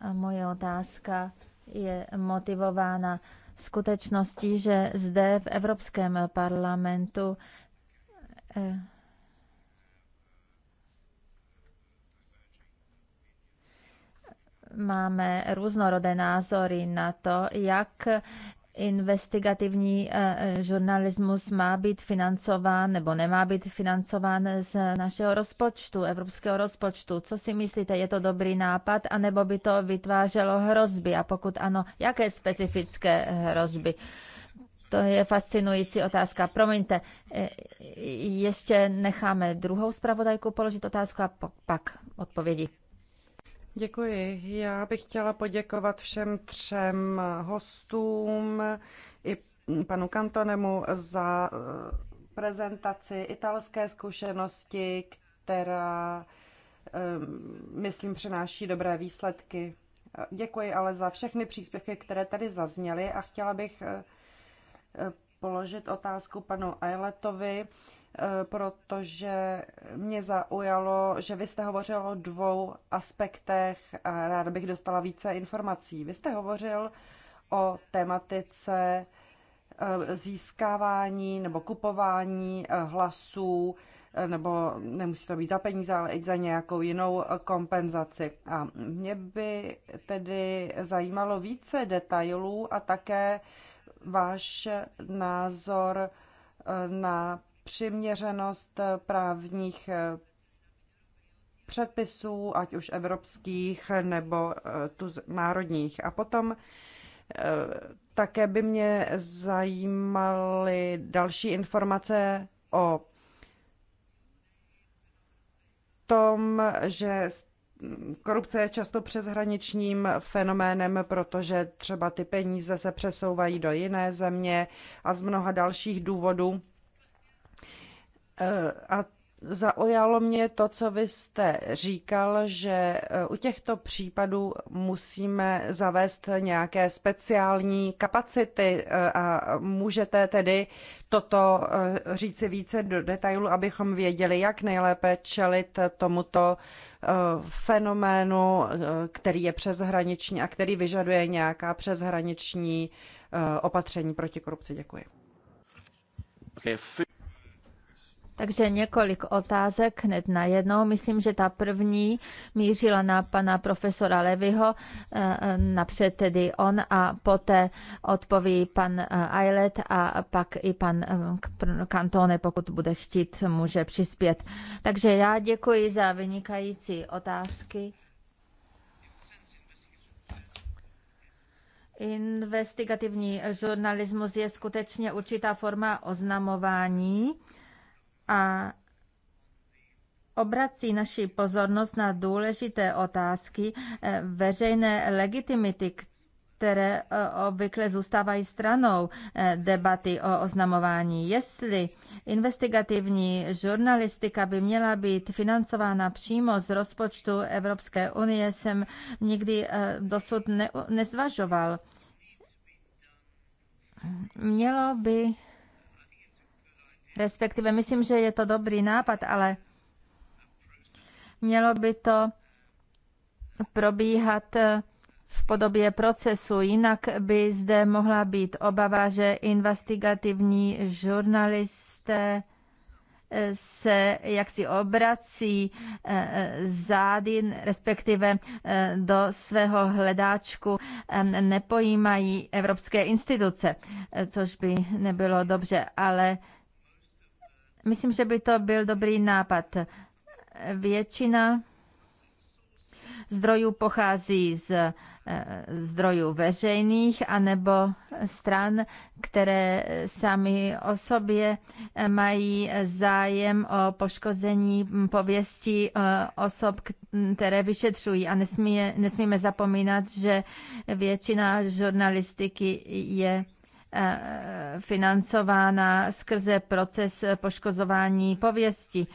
A moje otázka je motivována skutečností, že zde v Evropském parlamentu eh, máme různorodé názory na to, jak investigativní eh, žurnalismus má být financován nebo nemá být financován z našeho rozpočtu, evropského rozpočtu. Co si myslíte, je to dobrý nápad, anebo by to vytvářelo hrozby? A pokud ano, jaké specifické hrozby? To je fascinující otázka. Promiňte, eh, ještě necháme druhou zpravodajku položit otázku a pak odpovědi. Děkuji. Já bych chtěla poděkovat všem třem hostům i panu Kantonemu za eh, prezentaci italské zkušenosti, která, eh, myslím, přináší dobré výsledky. Děkuji ale za všechny příspěvky, které tady zazněly a chtěla bych eh, položit otázku panu Eiletovi. Eh, protože mě zaujalo, že vy jste hovořil o dvou aspektech a ráda bych dostala více informací. Vy jste hovořil o tematice eh, získávání nebo kupování eh, hlasů, nebo nemusí to být za peníze, ale i za nějakou jinou kompenzaci. A mě by tedy zajímalo více detailů a také váš názor na přiměřenost eh, právních eh, předpisů, ať už evropských nebo eh, tu národních. A potom také by mě zajímaly další informace o tom, že korupce je často přeshraničním fenoménem, protože třeba ty peníze se přesouvají do jiné země a z mnoha dalších důvodů Eh, a zaujalo mě to, co vy jste říkal, že eh, u těchto případů musíme zavést nějaké speciální kapacity eh, a můžete tedy toto říci více do detailu, abychom věděli, jak nejlépe čelit tomuto fenoménu, který je přeshraniční a který vyžaduje nějaká přeshraniční opatření proti korupci. Děkuji. Okay, takže několik otázek hned na jednou. Myslím, že ta první mířila na pana profesora Levyho, eh, eh, napřed tedy on a poté odpoví pan eh, Ailet a pak i pan Kantone, pokud bude chtít, může přispět. Takže já děkuji za vynikající otázky. Investigativní žurnalismus je skutečně určitá forma oznamování a obrací naši pozornost na důležité otázky eh, veřejné legitimity, které eh, obvykle zůstávají stranou eh, debaty o oznamování. Jestli investigativní žurnalistika by měla být financována přímo z rozpočtu Evropské unie, jsem nikdy dosud ne, nezvažoval. Mělo by Respektive myslím, že je to dobrý nápad, ale mělo by to probíhat eh, v podobě procesu, jinak by zde mohla být obava, že investigativní žurnalisté eh, se jaksi obrací eh, zády, respektive do svého hledáčku nepojímají evropské instituce, což by nebylo dobře, ale Myslím, že by to byl dobrý nápad. Většina zdrojů pochází z eh, zdrojů veřejných anebo stran, které sami o sobě eh, mají zájem o poškození pověsti eh, osob, které vyšetřují. A nesmí, nesmíme zapomínat, že většina žurnalistiky je Eh, financována skrze proces poškozování pověsti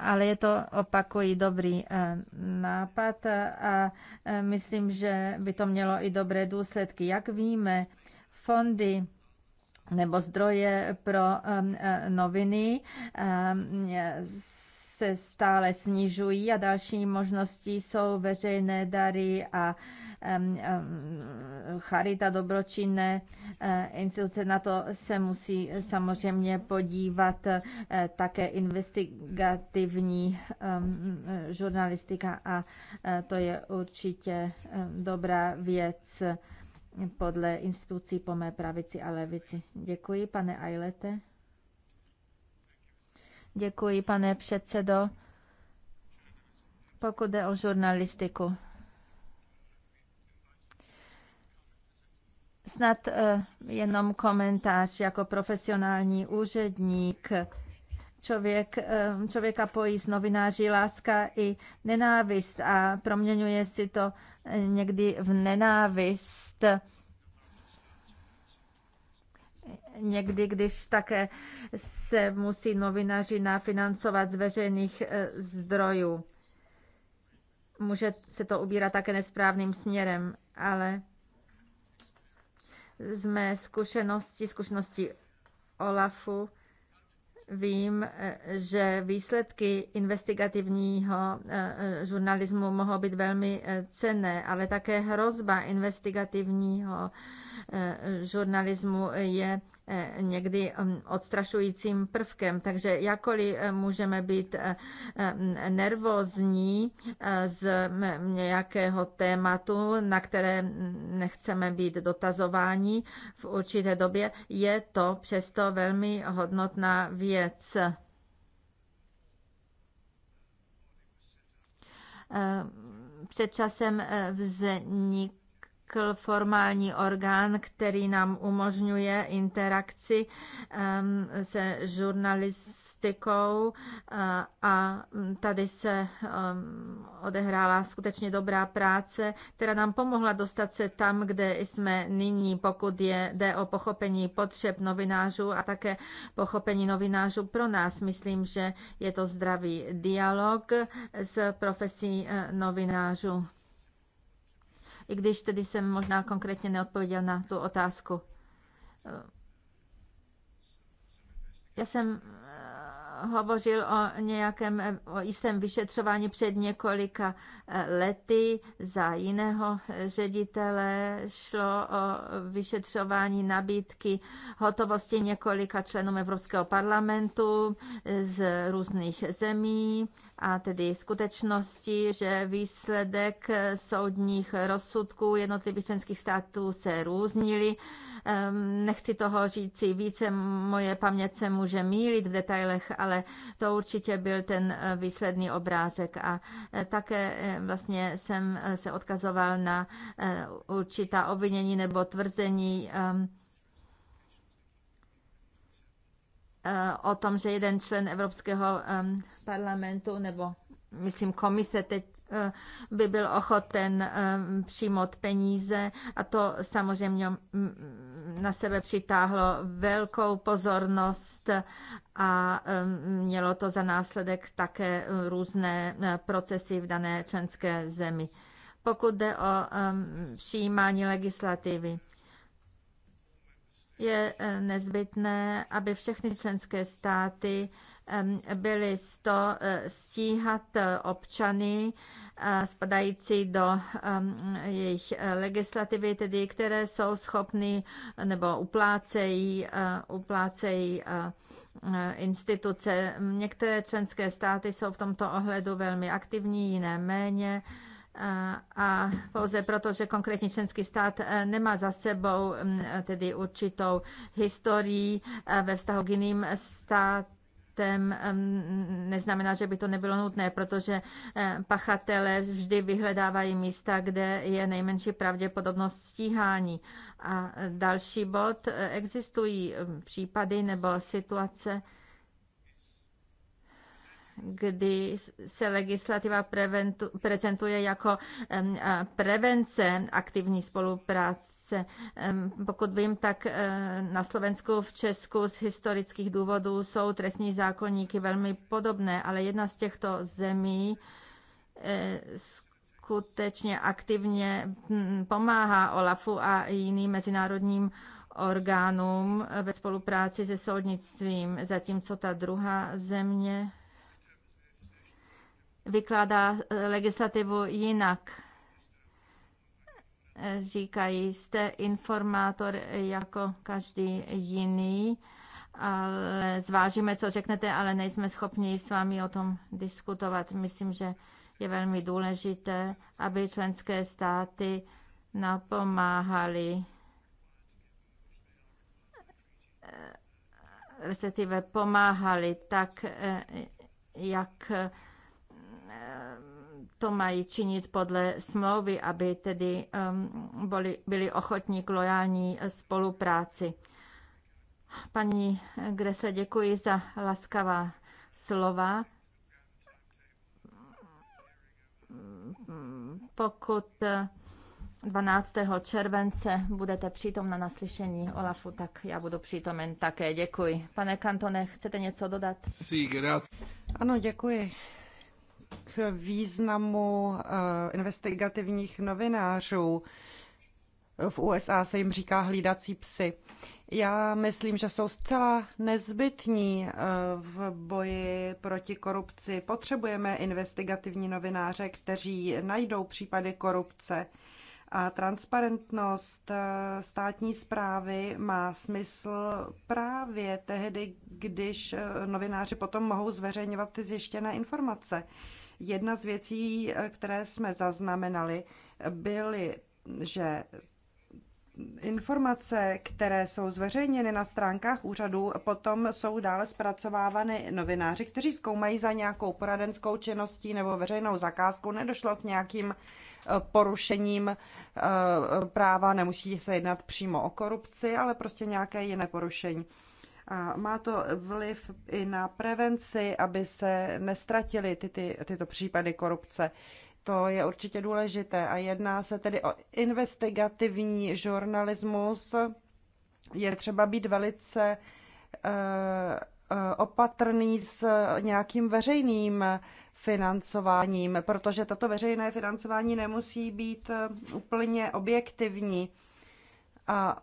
ale je to, opakují dobrý eh, nápad a eh, myslím, že by to mělo i dobré důsledky. Jak víme, fondy nebo zdroje pro noviny se stále snižují a další možnosti jsou veřejné dary a charita, dobročinné eh, instituce. Na to se musí samozřejmě podívat eh, také investigativní žurnalistika a eh, to je určitě dobrá věc podle institucí po mé pravici a levici. Děkuji, pane Ailete. Děkuji, pane předsedo. Pokud jde o žurnalistiku, Snad eh, jenom komentář jako profesionální úředník. Člověk, eh, člověka pojí z novináři láska i nenávist a proměňuje si to eh, někdy v nenávist někdy, když také se musí novináři nafinancovat z veřejných zdrojů. Může se to ubírat také nesprávným směrem, ale z mé zkušenosti, zkušenosti OLAFu, vím, eh, že výsledky investigativního eh, eh, žurnalismu mohou být velmi cenné, ale také hrozba investigativního Eh, žurnalismu je eh, někdy mm, odstrašujícím prvkem. Takže jakoli eh, můžeme být mm, nervózní z nějakého tématu, na které mm, nechceme být dotazováni v určité době, je to přesto velmi hodnotná věc. Před časem vznik vznikl formální orgán, který nám umožňuje interakci se žurnalistikou eh, a tady se odehrála skutečně dobrá práce, která nám pomohla dostat se tam, kde jsme nyní, pokud je, jde o pochopení potřeb novinářů a také pochopení novinářů pro nás. Myslím, že je to zdravý dialog s profesí eh, novinářů i když tedy jsem možná konkrétně neodpověděl na tu otázku. Já jsem eh, hovořil o nějakém o jistém vyšetřování před několika eh, lety za jiného eh, ředitele. Šlo o vyšetřování nabídky hotovosti několika členů Evropského parlamentu z různých zemí a tedy skutečnosti, že výsledek eh, soudních rozsudků jednotlivých členských států se různili. Ehm, nechci toho říci více, moje paměť se může mílit v detailech, ale to určitě byl ten eh, výsledný obrázek. A eh, také vlastně jsem se odkazoval na určitá obvinění nebo tvrzení ehm, o tom, že jeden člen Evropského ehm, parlamentu nebo myslím komise teď eh, by byl ochoten eh, přijmout peníze a to samozřejmě mm, mm, na sebe přitáhlo velkou pozornost a eh, mělo to za následek také různé procesy v dané členské zemi. Pokud jde o přijímání legislativy, je nezbytné, aby všechny členské státy byly 100 eh, stíhat eh, občany eh, spadající do jejich legislativy, tedy které jsou schopny nebo uplácejí, uplácejí instituce. Některé členské státy jsou v tomto ohledu velmi aktivní, jiné méně a pouze proto, že konkrétní členský stát nemá za sebou tedy určitou historii ve vztahu k jiným státům, trestem neznamená, že by to nebylo nutné, protože eh, pachatele vždy vyhledávají místa, kde je nejmenší pravděpodobnost stíhání. A eh, další bod, eh, existují případy nebo situace, kdy se legislativa prezentuje jako prevence aktivní spolupráce se, pokud vím, tak eh, na Slovensku, v Česku z historických důvodů jsou trestní zákonníky velmi podobné, ale jedna z těchto zemí eh, skutečně aktivně hm, pomáhá OLAFu a jiným mezinárodním orgánům ve spolupráci se soudnictvím, zatímco ta druhá země vykládá eh, legislativu jinak Říkají, jste informátor jako každý jiný, ale zvážíme, co řeknete, ale nejsme schopni s vámi o tom diskutovat. Myslím, že je velmi důležité, aby členské státy napomáhali respektive pomáhali tak, jak to mají činit podle smlouvy, aby tedy um, byli, byli ochotní k lojální spolupráci. Paní Grese, děkuji za laskavá slova. Pokud 12. Eh, července budete přítom na naslyšení Olafu, tak já budu přítomen také. Děkuji. Pane Kantone, chcete něco dodat? ano, děkuji k významu eh, investigativních novinářů. V USA se jim říká hlídací psy. Já myslím, že jsou zcela nezbytní eh, v boji proti korupci. Potřebujeme investigativní novináře, kteří najdou případy korupce. A transparentnost eh, státní zprávy má smysl právě tehdy, když novináři potom mohou zveřejňovat ty zjištěné informace. Jedna z věcí, eh, které jsme zaznamenali, byly, že informace, které jsou zveřejněny na stránkách úřadu, potom jsou dále zpracovávány novináři, kteří zkoumají za nějakou poradenskou činností nebo veřejnou zakázkou. Nedošlo k nějakým eh, porušením eh, práva, nemusí se jednat přímo o korupci, ale prostě nějaké jiné porušení. A má to vliv i na prevenci, aby se nestratily ty, ty, tyto případy korupce. To je určitě důležité. A jedná se tedy o investigativní žurnalismus. Je třeba být velice eh, eh, opatrný s nějakým veřejným financováním, protože tato veřejné financování nemusí být eh, úplně objektivní. A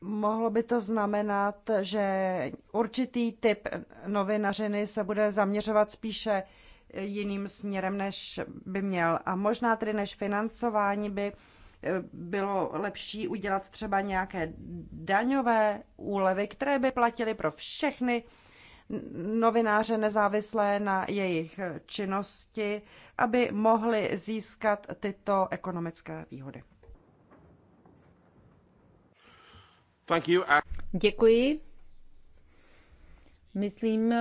Mohlo by to znamenat, že určitý typ novinařiny se bude zaměřovat spíše jiným směrem, než by měl. A možná tedy než financování by eh, bylo lepší udělat třeba nějaké daňové úlevy, které by platily pro všechny novináře nezávislé na jejich činnosti, aby mohli získat tyto ekonomické výhody. Děkuji. Myslím,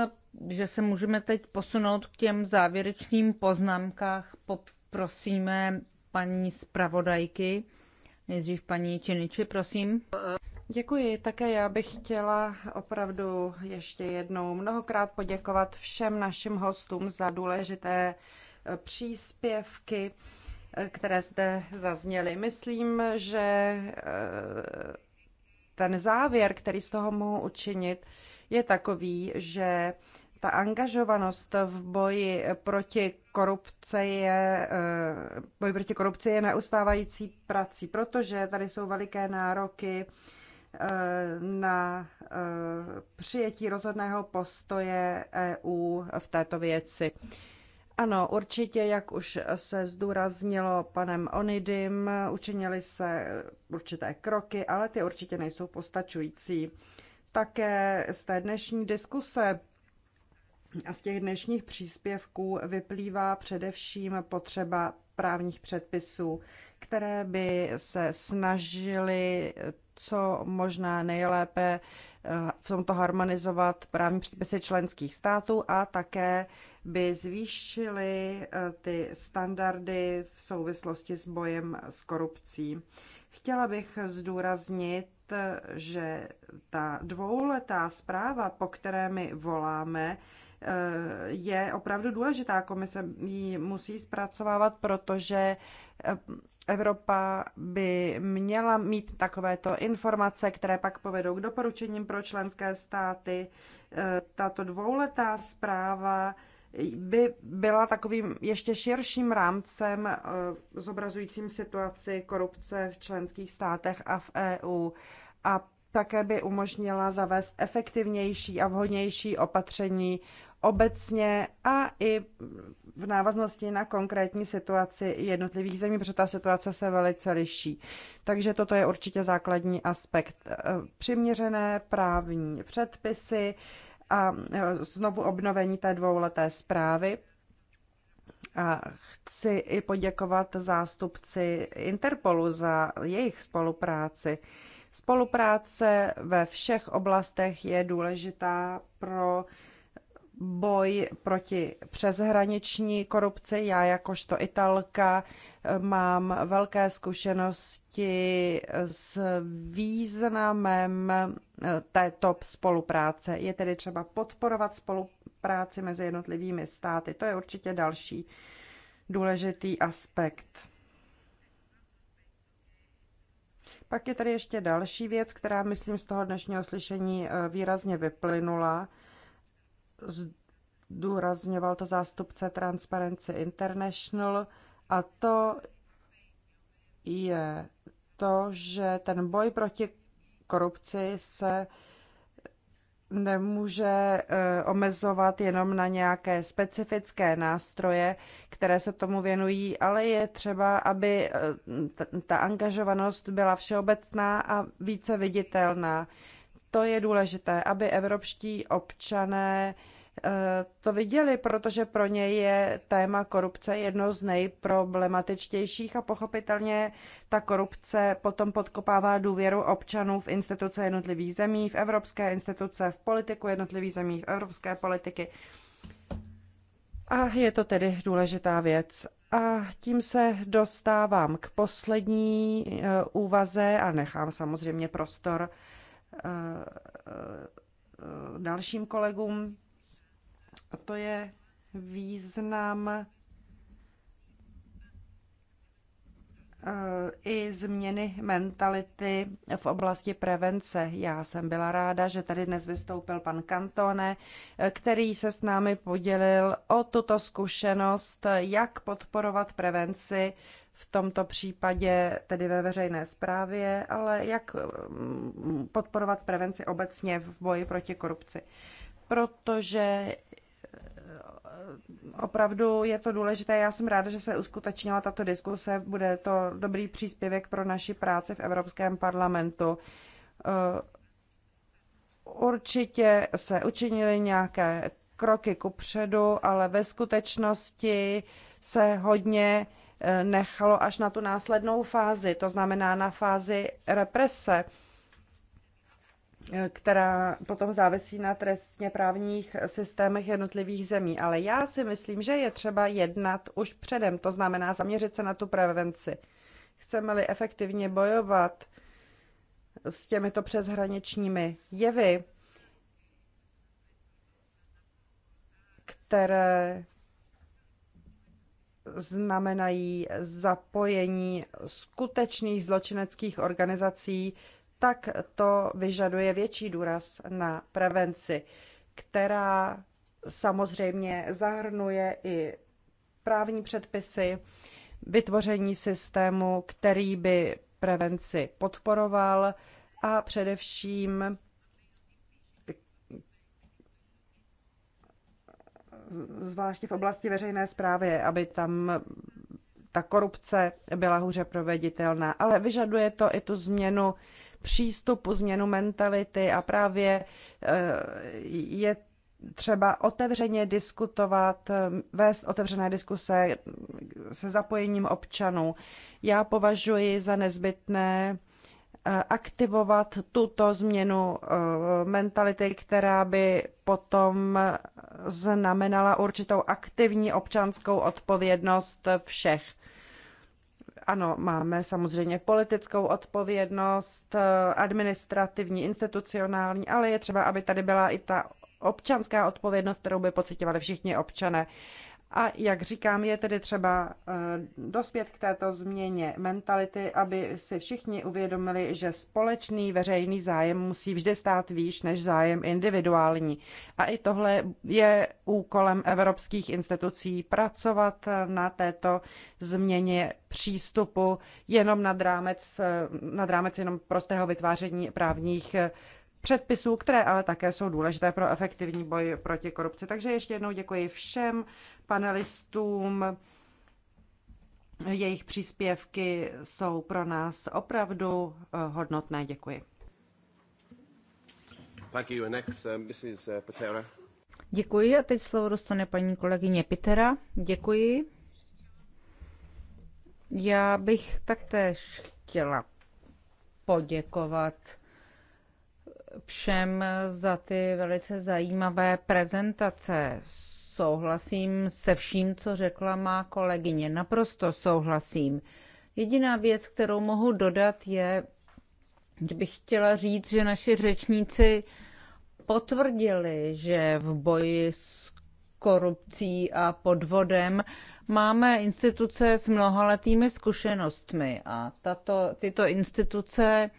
že se můžeme teď posunout k těm závěrečným poznámkám. Poprosíme paní zpravodajky, nejdřív paní Činiči, prosím. Děkuji. Také já bych chtěla opravdu ještě jednou mnohokrát poděkovat všem našim hostům za důležité eh, příspěvky, eh, které zde zazněly. Myslím, že eh, ten závěr, který z toho mohu učinit, je takový, že ta angažovanost v boji proti korupce je, eh, boj proti korupci je neustávající prací, protože tady jsou veliké nároky eh, na eh, přijetí rozhodného postoje EU v této věci. Ano, určitě, jak už se zdůraznilo panem Onidym, učinili se určité kroky, ale ty určitě nejsou postačující. Také z té dnešní diskuse a z těch dnešních příspěvků vyplývá především potřeba právních předpisů, které by se snažily co možná nejlépe eh, v tomto harmonizovat právní předpisy členských států a také by zvýšily eh, ty standardy v souvislosti s bojem s korupcí. Chtěla bych zdůraznit, že ta dvouletá zpráva, po které my voláme, eh, je opravdu důležitá. Komise ji musí zpracovávat, protože eh, Evropa by měla mít takovéto informace, které pak povedou k doporučením pro členské státy. Tato dvouletá zpráva by byla takovým ještě širším rámcem eh, zobrazujícím situaci korupce v členských státech a v EU a také by umožnila zavést efektivnější a vhodnější opatření obecně a i v návaznosti na konkrétní situaci jednotlivých zemí, protože ta situace se velice liší. Takže toto je určitě základní aspekt. Eh, přiměřené právní předpisy, a e, znovu obnovení té dvouleté zprávy. A chci i poděkovat zástupci Interpolu za jejich spolupráci. Spolupráce ve všech oblastech je důležitá pro boj proti přeshraniční korupci. Já jakožto italka Mám velké zkušenosti s významem eh, této spolupráce. Je tedy třeba podporovat spolupráci mezi jednotlivými státy. To je určitě další důležitý aspekt. Pak je tady ještě další věc, která, myslím, z toho dnešního slyšení eh, výrazně vyplynula. Zdůrazňoval to zástupce Transparency International – a to je to, že ten boj proti korupci se nemůže eh, omezovat jenom na nějaké specifické nástroje, které se tomu věnují, ale je třeba, aby eh, ta angažovanost byla všeobecná a více viditelná. To je důležité, aby evropští občané Eh, to viděli, protože pro ně je téma korupce jedno z nejproblematičtějších a pochopitelně ta korupce potom podkopává důvěru občanů v instituce jednotlivých zemí, v evropské instituce, v politiku jednotlivých zemí, v evropské politiky. A je to tedy důležitá věc. A tím se dostávám k poslední eh, úvaze a nechám samozřejmě prostor eh, dalším kolegům. A to je význam eh, i změny mentality v oblasti prevence. Já jsem byla ráda, že tady dnes vystoupil pan Kantone, eh, který se s námi podělil o tuto zkušenost, jak podporovat prevenci v tomto případě tedy ve veřejné správě, ale jak mm, podporovat prevenci obecně v boji proti korupci. Protože opravdu je to důležité. Já jsem ráda, že se uskutečnila tato diskuse. Bude to dobrý příspěvek pro naši práci v Evropském parlamentu. Eh, určitě se učinily nějaké kroky předu, ale ve skutečnosti se hodně eh, nechalo až na tu následnou fázi, to znamená na fázi represe která potom závisí na trestně právních systémech jednotlivých zemí. Ale já si myslím, že je třeba jednat už předem, to znamená zaměřit se na tu prevenci. Chceme-li efektivně bojovat s těmito přeshraničními jevy, které znamenají zapojení skutečných zločineckých organizací tak to vyžaduje větší důraz na prevenci, která samozřejmě zahrnuje i právní předpisy, vytvoření systému, který by prevenci podporoval a především zvláště v oblasti veřejné zprávy, aby tam ta korupce byla hůře proveditelná. Ale vyžaduje to i tu změnu přístupu, změnu mentality a právě eh, je třeba otevřeně diskutovat, eh, vést otevřené diskuse se zapojením občanů. Já považuji za nezbytné eh, aktivovat tuto změnu mentality, která by potom znamenala určitou aktivní občanskou odpovědnost všech. Ano, máme samozřejmě politickou odpovědnost, eh, administrativní, institucionální, ale je třeba, aby tady byla i ta občanská odpovědnost, kterou by pocitovali všichni občané. A jak říkám, je tedy třeba eh, dospět k této změně mentality, aby si všichni uvědomili, že společný veřejný zájem musí vždy stát výš než zájem individuální. A i tohle je úkolem evropských institucí pracovat na této změně přístupu jenom nad rámec, eh, nad rámec jenom prostého vytváření právních eh, předpisů, které ale také jsou důležité pro efektivní boj proti korupci. Takže ještě jednou děkuji všem panelistům. Jejich příspěvky jsou pro nás opravdu eh, hodnotné. Děkuji. Thank you. Next, um, Mrs. Uh, Patera. Děkuji a teď slovo dostane paní kolegyně Pitera. Děkuji. Já bych taktéž chtěla poděkovat všem za ty velice zajímavé prezentace. Souhlasím se vším, co řekla má kolegyně. Naprosto souhlasím. Jediná věc, kterou mohu dodat, je, že bych chtěla říct, že naši řečníci potvrdili, že v boji s korupcí a podvodem máme instituce s mnohaletými zkušenostmi a tato, tyto instituce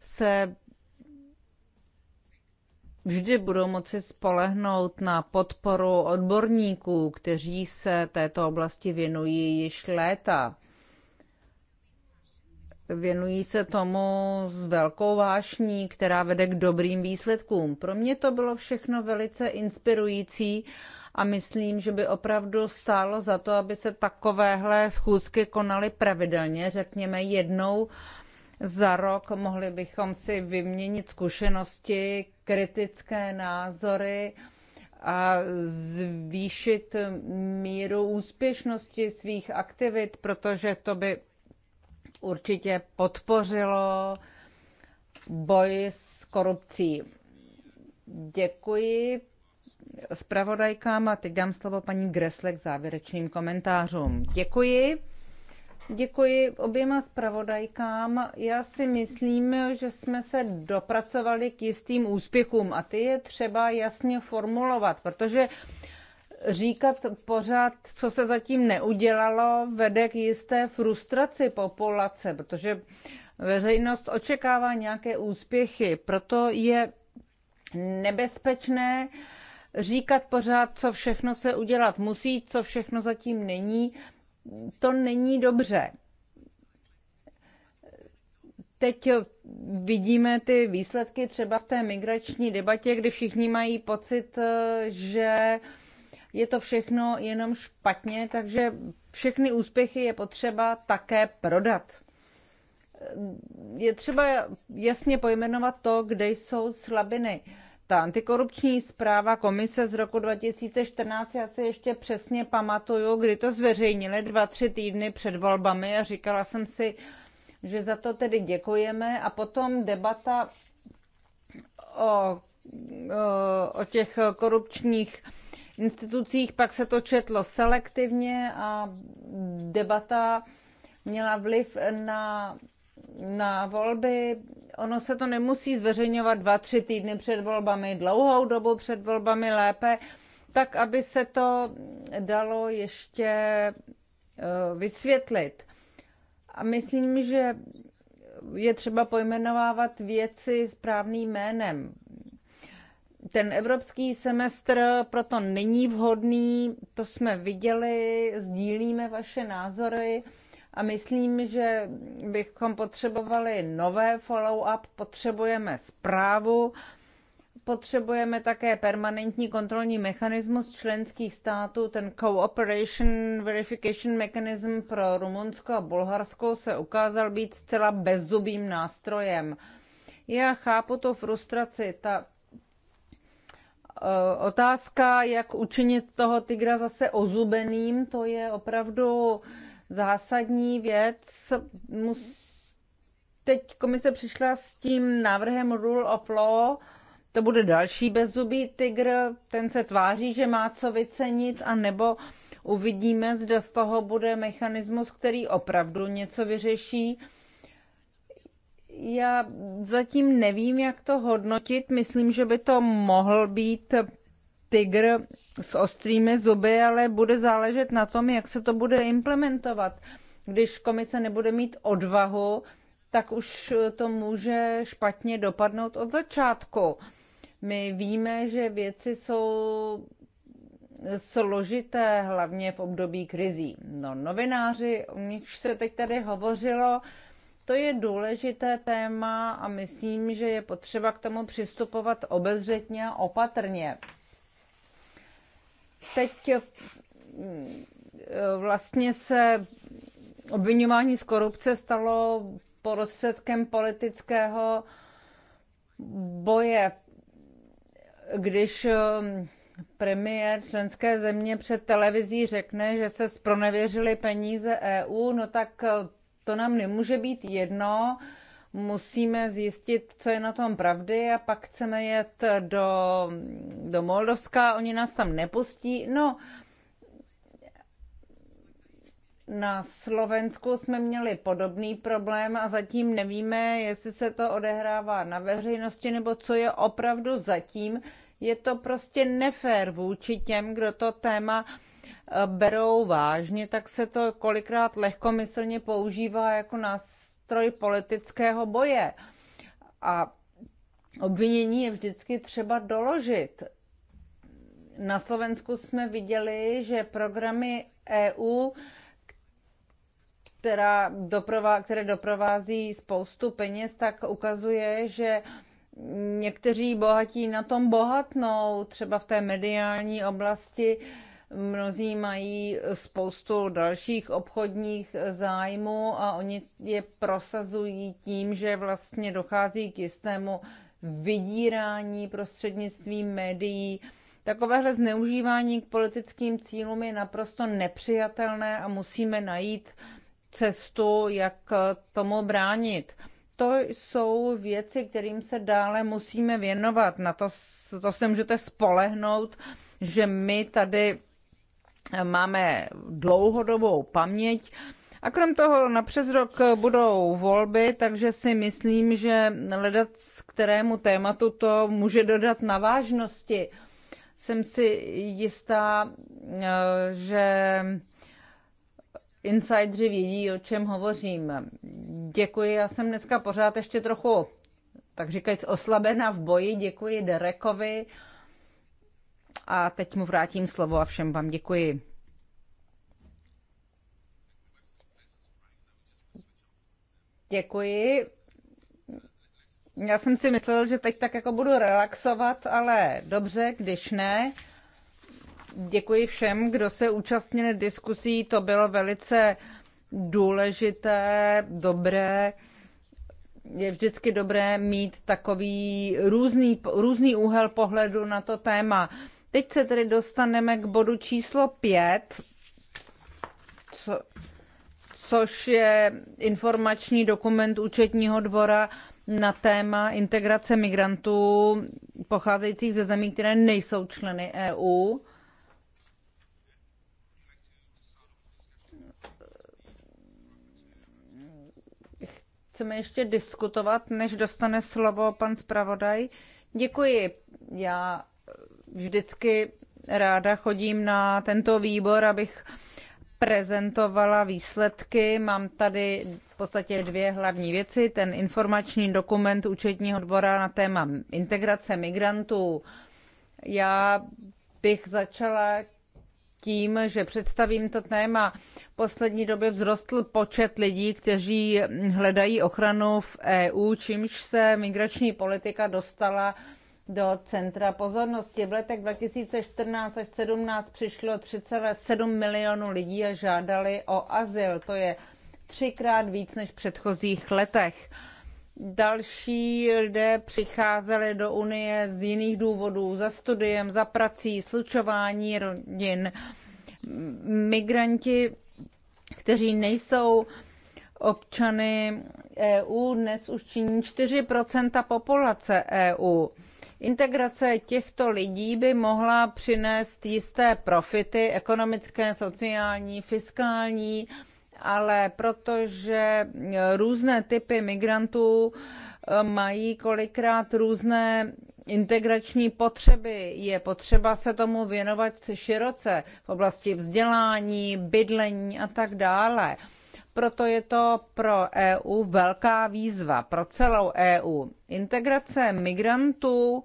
se vždy budou moci spolehnout na podporu odborníků, kteří se této oblasti věnují již léta. Věnují se tomu s velkou vášní, která vede k dobrým výsledkům. Pro mě to bylo všechno velice inspirující a myslím, že by opravdu stálo za to, aby se takovéhle schůzky konaly pravidelně, řekněme jednou za rok. Mohli bychom si vyměnit zkušenosti, kritické názory a zvýšit míru úspěšnosti svých aktivit, protože to by určitě podpořilo boj s korupcí. Děkuji zpravodajkám a teď dám slovo paní Gresle k závěrečným komentářům. Děkuji. Děkuji oběma zpravodajkám. Já si myslím, že jsme se dopracovali k jistým úspěchům a ty je třeba jasně formulovat, protože říkat pořád, co se zatím neudělalo, vede k jisté frustraci populace, protože veřejnost očekává nějaké úspěchy. Proto je nebezpečné říkat pořád, co všechno se udělat musí, co všechno zatím není to není dobře. Teď vidíme ty výsledky třeba v té migrační debatě, kdy všichni mají pocit, eh, že je to všechno jenom špatně, takže všechny úspěchy je potřeba také prodat. Je třeba jasně pojmenovat to, kde jsou slabiny. Ta antikorupční zpráva komise z roku 2014, já si ještě přesně pamatuju, kdy to zveřejnili dva, tři týdny před volbami a říkala jsem si, že za to tedy děkujeme. A potom debata o, o těch korupčních institucích, pak se to četlo selektivně a debata měla vliv na na volby. Ono se to nemusí zveřejňovat dva, tři týdny před volbami, dlouhou dobu před volbami lépe, tak aby se to dalo ještě eh, vysvětlit. A myslím, že je třeba pojmenovávat věci správným jménem. Ten evropský semestr proto není vhodný, to jsme viděli, sdílíme vaše názory a myslím, že bychom potřebovali nové follow-up, potřebujeme zprávu, potřebujeme také permanentní kontrolní mechanismus členských států, ten Cooperation Verification Mechanism pro Rumunsko a Bulharsko se ukázal být zcela bezzubým nástrojem. Já chápu tu frustraci, ta e, otázka, jak učinit toho tygra zase ozubeným, to je opravdu uh, zásadní věc. Teď komise přišla s tím návrhem Rule of Law, to bude další bezubý tygr, ten se tváří, že má co vycenit, nebo uvidíme, zda z toho bude mechanismus, který opravdu něco vyřeší. Já zatím nevím, jak to hodnotit. Myslím, že by to mohl být tygr s ostrými zuby, ale bude záležet na tom, jak se to bude implementovat. Když komise nebude mít odvahu, tak už to může špatně dopadnout od začátku. My víme, že věci jsou složité, hlavně v období krizí. No, novináři, o nich se teď tady hovořilo, to je důležité téma a myslím, že je potřeba k tomu přistupovat obezřetně a opatrně teď eh, vlastně se obvinování z korupce stalo prostředkem politického boje. Když eh, premiér členské země před televizí řekne, že se spronevěřily peníze EU, no tak eh, to nám nemůže být jedno, musíme zjistit, co je na tom pravdy a pak chceme jet do, do Moldovska, oni nás tam nepustí. No, na Slovensku jsme měli podobný problém a zatím nevíme, jestli se to odehrává na veřejnosti nebo co je opravdu zatím. Je to prostě nefér vůči těm, kdo to téma eh, berou vážně, tak se to kolikrát lehkomyslně používá jako nás nástroj politického boje. A obvinění je vždycky třeba doložit. Na Slovensku jsme viděli, že programy EU, která doprová, které doprovází spoustu peněz, tak ukazuje, že někteří bohatí na tom bohatnou, třeba v té mediální oblasti Mnozí mají spoustu dalších obchodních zájmů a oni je prosazují tím, že vlastně dochází k jistému vydírání prostřednictvím médií. Takovéhle zneužívání k politickým cílům je naprosto nepřijatelné a musíme najít cestu, jak tomu bránit. To jsou věci, kterým se dále musíme věnovat. Na to, to se můžete spolehnout, že my tady máme dlouhodobou paměť. A krom toho na přes rok budou volby, takže si myslím, že hledat z kterému tématu to může dodat na vážnosti. Jsem si jistá, že insidři vědí, o čem hovořím. Děkuji, já jsem dneska pořád ještě trochu, tak říkajíc, oslabená v boji. Děkuji Derekovi. A teď mu vrátím slovo a všem vám děkuji. Děkuji. Já jsem si myslel, že teď tak jako budu relaxovat, ale dobře, když ne. Děkuji všem, kdo se účastnili diskusí, to bylo velice důležité, dobré. Je vždycky dobré mít takový různý, různý úhel pohledu na to téma. Teď se tedy dostaneme k bodu číslo 5, co, což je informační dokument účetního dvora na téma integrace migrantů pocházejících ze zemí, které nejsou členy EU. Chceme ještě diskutovat, než dostane slovo pan zpravodaj. Děkuji. Já vždycky ráda chodím na tento výbor, abych prezentovala výsledky. Mám tady v podstatě dvě hlavní věci. Ten informační dokument účetního dvora na téma integrace migrantů. Já bych začala tím, že představím to téma. V poslední době vzrostl počet lidí, kteří hledají ochranu v EU, čímž se migrační politika dostala do centra pozornosti. V letech 2014 až 17 přišlo 3,7 milionu lidí a žádali o azyl. To je třikrát víc než v předchozích letech. Další lidé přicházeli do Unie z jiných důvodů, za studiem, za prací, slučování rodin. Migranti, kteří nejsou občany EU, dnes už činí 4 populace EU. Integrace těchto lidí by mohla přinést jisté profity ekonomické, sociální, fiskální, ale protože různé typy migrantů eh, mají kolikrát různé integrační potřeby. Je potřeba se tomu věnovat široce v oblasti vzdělání, bydlení a tak dále. Proto je to pro EU velká výzva, pro celou EU. Integrace migrantů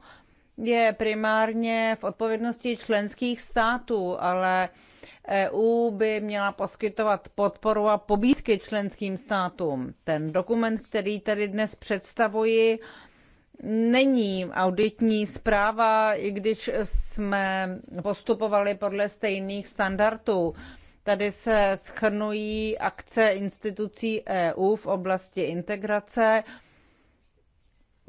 je primárně v odpovědnosti členských států, ale EU by měla poskytovat podporu a pobídky členským státům. Ten dokument, který tady dnes představuji, není auditní zpráva, i když jsme postupovali podle stejných standardů. Tady se schrnují akce institucí EU v oblasti integrace.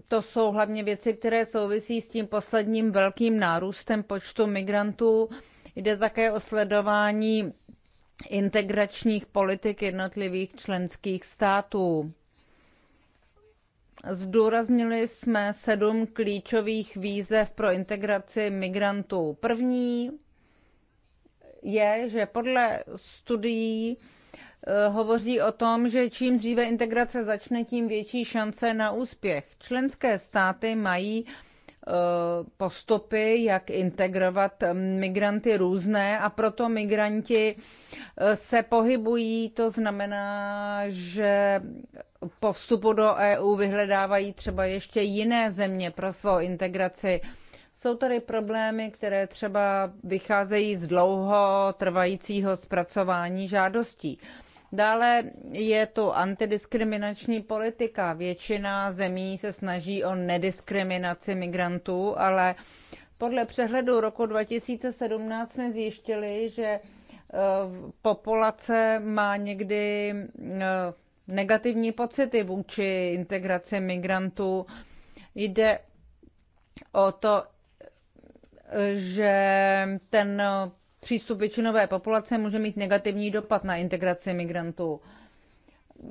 To jsou hlavně věci, které souvisí s tím posledním velkým nárůstem počtu migrantů. Jde také o sledování integračních politik jednotlivých členských států. Zdůraznili jsme sedm klíčových výzev pro integraci migrantů. První je, že podle studií eh, hovoří o tom, že čím dříve integrace začne, tím větší šance na úspěch. Členské státy mají eh, postupy, jak integrovat eh, migranty různé a proto migranti se pohybují. To znamená, že po vstupu do EU vyhledávají třeba ještě jiné země pro svou integraci. Jsou tady problémy, které třeba vycházejí z dlouho trvajícího zpracování žádostí. Dále je tu antidiskriminační politika. Většina zemí se snaží o nediskriminaci migrantů, ale podle přehledu roku 2017 jsme zjištili, že eh, populace má někdy eh, negativní pocity vůči integraci migrantů. Jde o to, že ten přístup většinové populace může mít negativní dopad na integraci migrantů.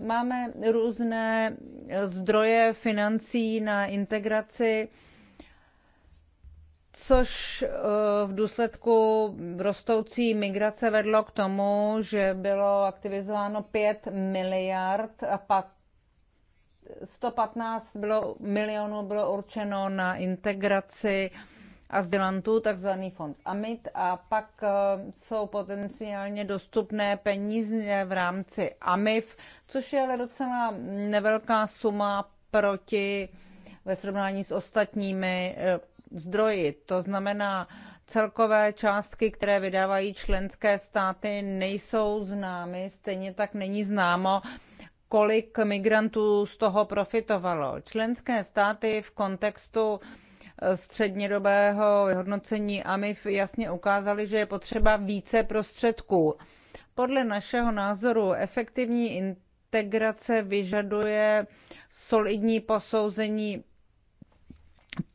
Máme různé zdroje financí na integraci, což eh, v důsledku rostoucí migrace vedlo k tomu, že bylo aktivizováno 5 miliard a pak 115 bylo, milionů bylo určeno na integraci azylantů, takzvaný fond AMIT, a pak eh, jsou potenciálně dostupné peníze v rámci AMIF, což je ale docela nevelká suma proti ve srovnání s ostatními eh, zdroji. To znamená, celkové částky, které vydávají členské státy, nejsou známy, stejně tak není známo, kolik migrantů z toho profitovalo. Členské státy v kontextu střednědobého vyhodnocení AMIF jasně ukázaly, že je potřeba více prostředků. Podle našeho názoru efektivní integrace vyžaduje solidní posouzení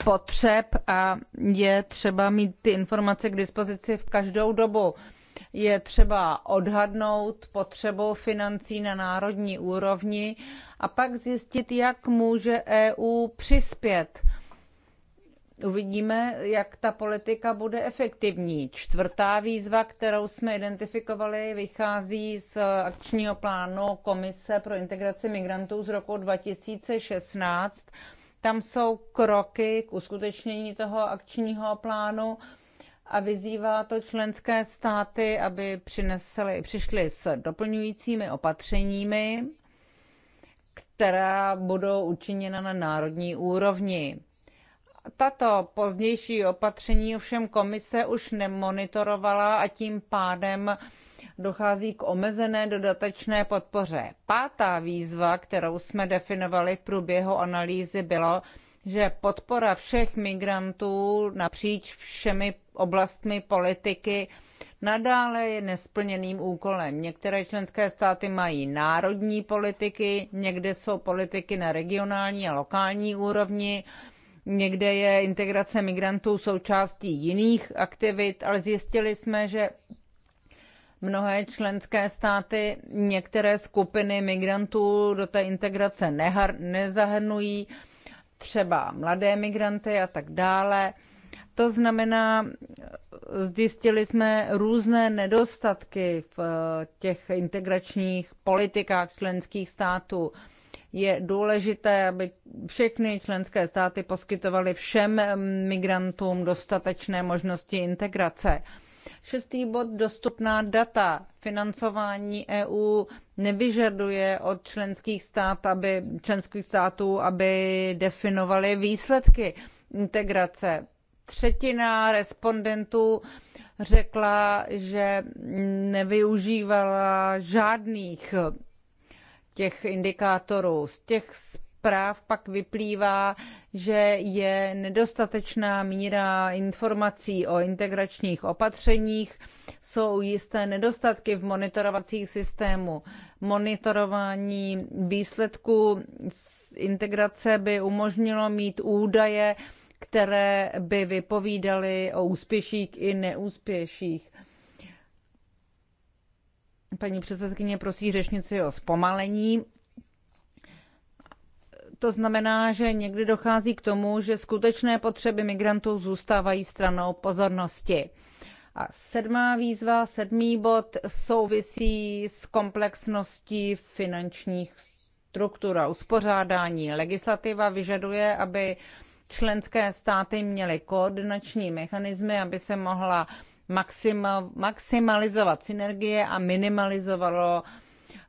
potřeb a je třeba mít ty informace k dispozici v každou dobu. Je třeba odhadnout potřebu financí na národní úrovni a pak zjistit, jak může EU přispět uvidíme, jak ta politika bude efektivní. Čtvrtá výzva, kterou jsme identifikovali, vychází z akčního plánu Komise pro integraci migrantů z roku 2016. Tam jsou kroky k uskutečnění toho akčního plánu a vyzývá to členské státy, aby přinesly, přišli s doplňujícími opatřeními, která budou učiněna na národní úrovni tato pozdější opatření ovšem komise už nemonitorovala a tím pádem dochází k omezené dodatečné podpoře. Pátá výzva, kterou jsme definovali v průběhu analýzy, bylo, že podpora všech migrantů napříč všemi oblastmi politiky nadále je nesplněným úkolem. Některé členské státy mají národní politiky, někde jsou politiky na regionální a lokální úrovni, Někde je integrace migrantů součástí jiných aktivit, ale zjistili jsme, že mnohé členské státy některé skupiny migrantů do té integrace nehar- nezahrnují, třeba mladé migranty a tak dále. To znamená, zjistili jsme různé nedostatky v eh, těch integračních politikách členských států je důležité, aby všechny členské státy poskytovaly všem mm, migrantům dostatečné možnosti integrace. Šestý bod dostupná data. Financování EU nevyžaduje od členských, stát, aby, členských států, aby definovali výsledky integrace. Třetina respondentů řekla, že nevyužívala žádných těch indikátorů. Z těch zpráv pak vyplývá, že je nedostatečná míra informací o integračních opatřeních, jsou jisté nedostatky v monitorovacích systému. Monitorování výsledků z integrace by umožnilo mít údaje, které by vypovídaly o úspěších i neúspěších. Paní předsedkyně prosí řečnici o zpomalení. To znamená, že někdy dochází k tomu, že skutečné potřeby migrantů zůstávají stranou pozornosti. A sedmá výzva, sedmý bod souvisí s komplexností finančních struktur a uspořádání. Legislativa vyžaduje, aby členské státy měly koordinační mechanismy, aby se mohla maximalizovat synergie a minimalizovalo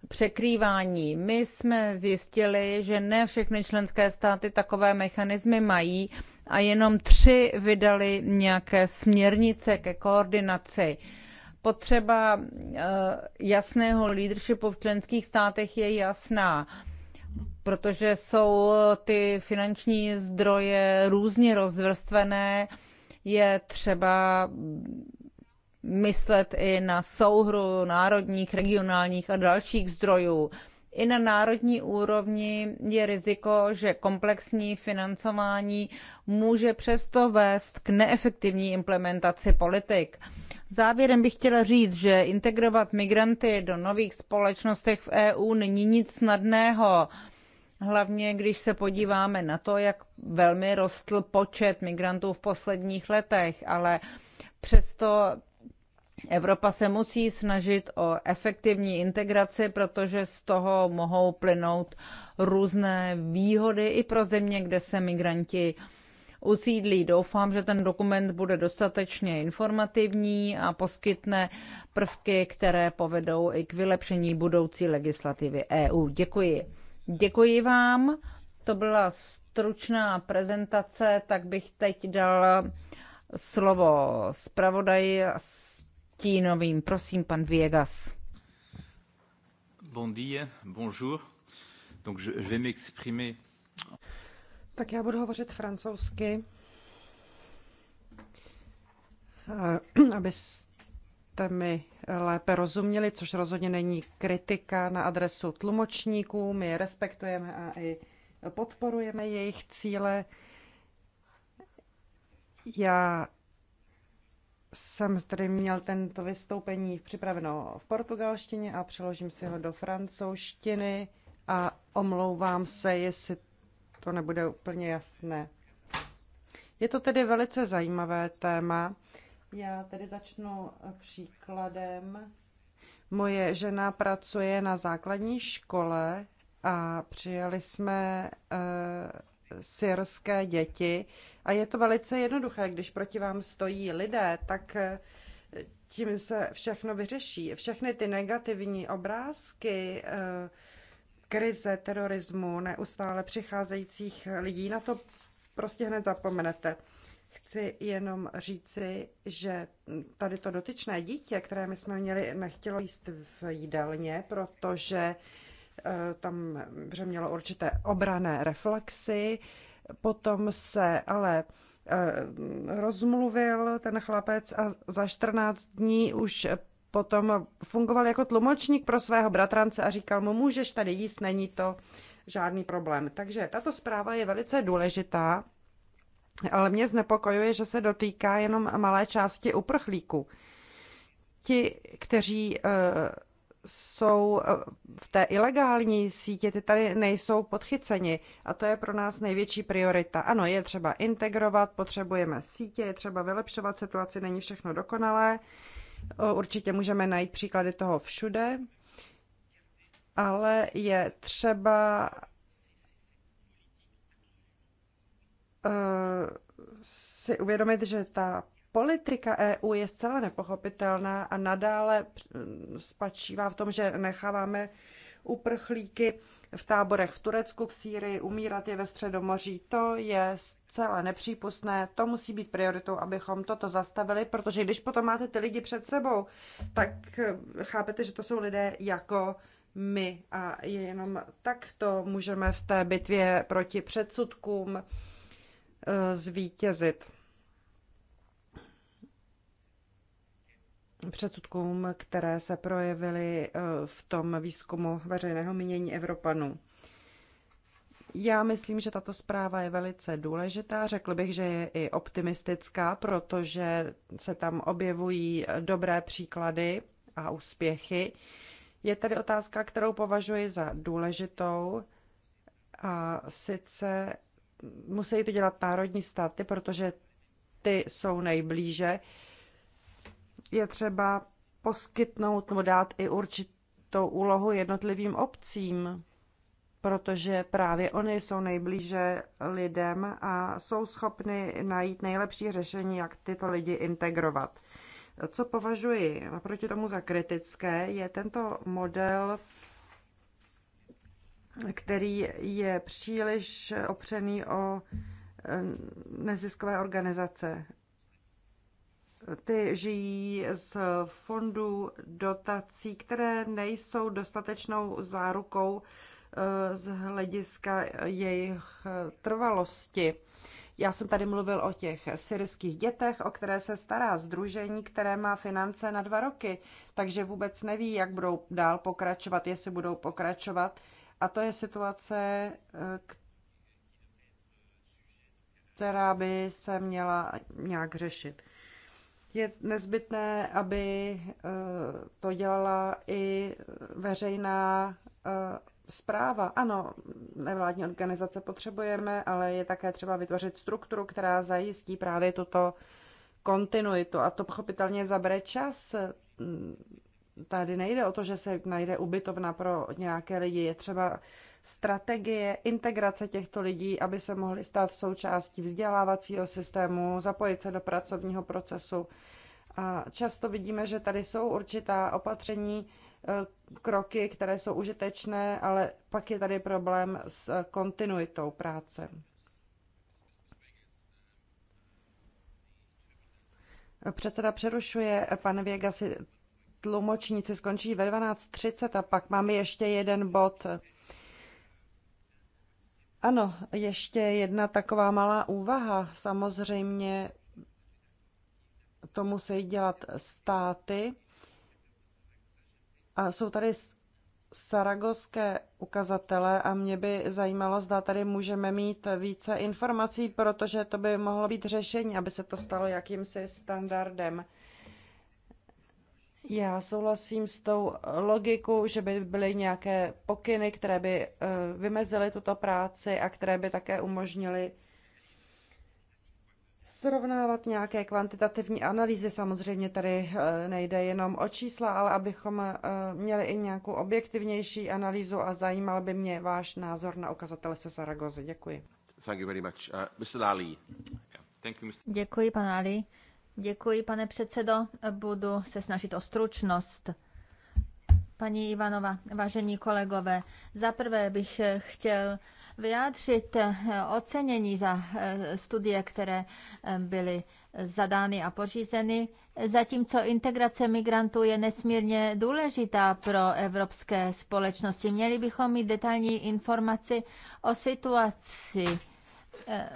překrývání. My jsme zjistili, že ne všechny členské státy takové mechanismy mají a jenom tři vydali nějaké směrnice ke koordinaci. Potřeba eh, jasného leadershipu v členských státech je jasná, protože jsou ty finanční zdroje různě rozvrstvené, je třeba myslet i na souhru národních, regionálních a dalších zdrojů. I na národní úrovni je riziko, že komplexní financování může přesto vést k neefektivní implementaci politik. Závěrem bych chtěla říct, že integrovat migranty do nových společnostech v EU není nic snadného. Hlavně když se podíváme na to, jak velmi rostl počet migrantů v posledních letech, ale přesto Evropa se musí snažit o efektivní integraci, protože z toho mohou plynout různé výhody i pro země, kde se migranti usídlí. Doufám, že ten dokument bude dostatečně informativní a poskytne prvky, které povedou i k vylepšení budoucí legislativy EU. Děkuji. Děkuji vám. To byla stručná prezentace, tak bych teď dal slovo zpravodaji stínovým. Prosím, pan Viegas. Bon dia, bonjour. Donc je, je vais m'exprimer. Tak já budu hovořit francouzsky, eh, abyste mi lépe rozuměli, což rozhodně není kritika na adresu tlumočníků. My je respektujeme a i podporujeme jejich cíle. Já jsem tedy měl tento vystoupení připraveno v portugalštině a přeložím si ho do francouzštiny a omlouvám se, jestli to nebude úplně jasné. Je to tedy velice zajímavé téma. Já tedy začnu příkladem. Moje žena pracuje na základní škole a přijeli jsme eh, syrské děti. A je to velice jednoduché, když proti vám stojí lidé, tak eh, tím se všechno vyřeší. Všechny ty negativní obrázky, eh, krize terorismu, neustále přicházejících lidí, na to prostě hned zapomenete. Chci jenom říci, že tady to dotyčné dítě, které my jsme měli, nechtělo jíst v jídelně, protože Eh, tam že mělo určité obrané reflexy, potom se ale eh, rozmluvil ten chlapec a za 14 dní už potom fungoval jako tlumočník pro svého bratrance a říkal mu, můžeš tady jíst, není to žádný problém. Takže tato zpráva je velice důležitá, ale mě znepokojuje, že se dotýká jenom malé části uprchlíků. Ti, kteří eh, jsou eh, v té ilegální sítě, ty tady nejsou podchyceni. A to je pro nás největší priorita. Ano, je třeba integrovat, potřebujeme sítě, je třeba vylepšovat situaci, není všechno dokonalé. Určitě můžeme najít příklady toho všude, ale je třeba eh, si uvědomit, že ta politika EU je zcela nepochopitelná a nadále spačívá v tom, že necháváme uprchlíky v táborech v Turecku, v Sýrii, umírat je ve Středomoří. To je zcela nepřípustné, to musí být prioritou, abychom toto zastavili, protože když potom máte ty lidi před sebou, tak eh, chápete, že to jsou lidé jako my a jenom tak to můžeme v té bitvě proti předsudkům eh, zvítězit. předsudkům, které se projevily eh, v tom výzkumu veřejného mínění Evropanů. Já myslím, že tato zpráva je velice důležitá. Řekl bych, že je i optimistická, protože se tam objevují dobré příklady a úspěchy. Je tady otázka, kterou považuji za důležitou, a sice musí to dělat národní státy, protože ty jsou nejblíže je třeba poskytnout nebo dát i určitou úlohu jednotlivým obcím, protože právě oni jsou nejblíže lidem a jsou schopni najít nejlepší řešení, jak tyto lidi integrovat. Co považuji naproti tomu za kritické, je tento model, který je příliš opřený o neziskové organizace ty žijí z fondů dotací, které nejsou dostatečnou zárukou eh, z hlediska jejich trvalosti. Já jsem tady mluvil o těch syrských dětech, o které se stará združení, které má finance na dva roky, takže vůbec neví, jak budou dál pokračovat, jestli budou pokračovat. A to je situace, eh, která by se měla nějak řešit je nezbytné, aby eh, to dělala i veřejná zpráva. Eh, ano, nevládní organizace potřebujeme, ale je také třeba vytvořit strukturu, která zajistí právě tuto kontinuitu. A to pochopitelně zabere čas. Tady nejde o to, že se najde ubytovna pro nějaké lidi. Je třeba strategie integrace těchto lidí, aby se mohli stát součástí vzdělávacího systému, zapojit se do pracovního procesu. A často vidíme, že tady jsou určitá opatření, e, kroky, které jsou užitečné, ale pak je tady problém s kontinuitou práce. Předseda přerušuje, pan Věga si tlumočníci skončí ve 12.30 a pak máme ještě jeden bod. Ano, ještě jedna taková malá úvaha. Samozřejmě to musí dělat státy. A jsou tady saragoské ukazatele a mě by zajímalo, zda tady můžeme mít více informací, protože to by mohlo být řešení, aby se to stalo jakýmsi standardem. Já souhlasím s tou logikou, že by byly nějaké pokyny, které by eh, vymezily tuto práci a které by také umožnily srovnávat nějaké kvantitativní analýzy. Samozřejmě tady eh, nejde jenom o čísla, ale abychom eh, měli i nějakou objektivnější analýzu a zajímal by mě váš názor na ukazatele se Saragozy. Děkuji. Thank you very much. Uh, Mr. Ali. Yeah. Thank you, Mr. Děkuji, pan Ali. Děkuji, pane předsedo. Budu se snažit o stručnost. Paní Ivanova, vážení kolegové, zaprvé bych chtěl vyjádřit ocenění za eh, studie, které eh, byly zadány a pořízeny, zatímco integrace migrantů je nesmírně důležitá pro evropské společnosti. Měli bychom mít detailní informaci o situaci eh,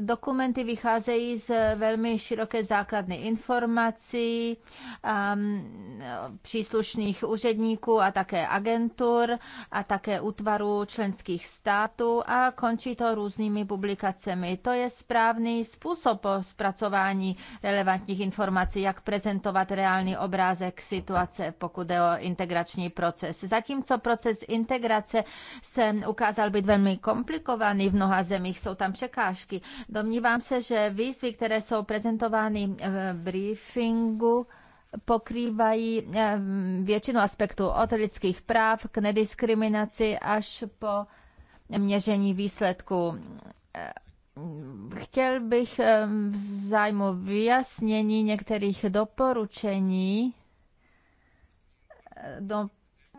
dokumenty vycházejí z velmi široké základny informací, um, příslušných úředníků a také agentur a také útvarů členských států a končí to různými publikacemi. To je správný způsob zpracování relevantních informací, jak prezentovat reálný obrázek situace, pokud je o integrační proces. Zatímco proces integrace se ukázal být velmi komplikovaný v mnoha zemích, jsou tam překážky. Domnívám se, že výzvy, které jsou prezentovány eh, v briefingu, pokrývají eh, většinu aspektů od lidských práv k nediskriminaci až po měření výsledků. Eh, chtěl bych v zájmu vyjasnění některých doporučení do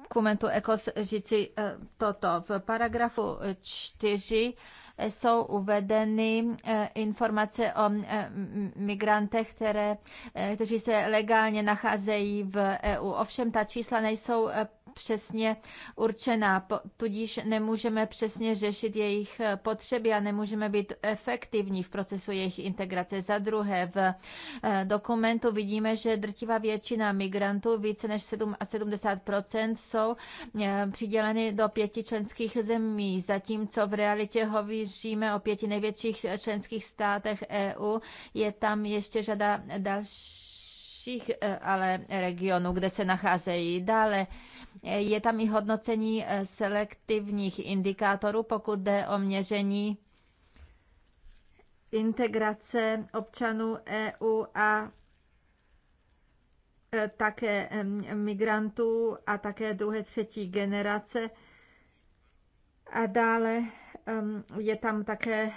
dokumentu ECOS říci toto. V paragrafu 4 jsou uvedeny eh, informace o eh, migrantech, které, eh, kteří se legálně nacházejí v EU. Ovšem ta čísla nejsou přesně určená, tudíž nemůžeme přesně řešit jejich potřeby a nemůžeme být efektivní v procesu jejich integrace. Za druhé, v eh, dokumentu vidíme, že drtivá většina migrantů, více než 70 jsou eh, přiděleny do pěti členských zemí, zatímco v realitě hovíříme o pěti největších členských státech EU, je tam ještě řada dalších eh, ale regionů, kde se nacházejí dále je tam i hodnocení eh, selektivních indikátorů, pokud jde o měření integrace občanů EU a eh, také migrantů a také druhé, třetí generace. A dále je tam také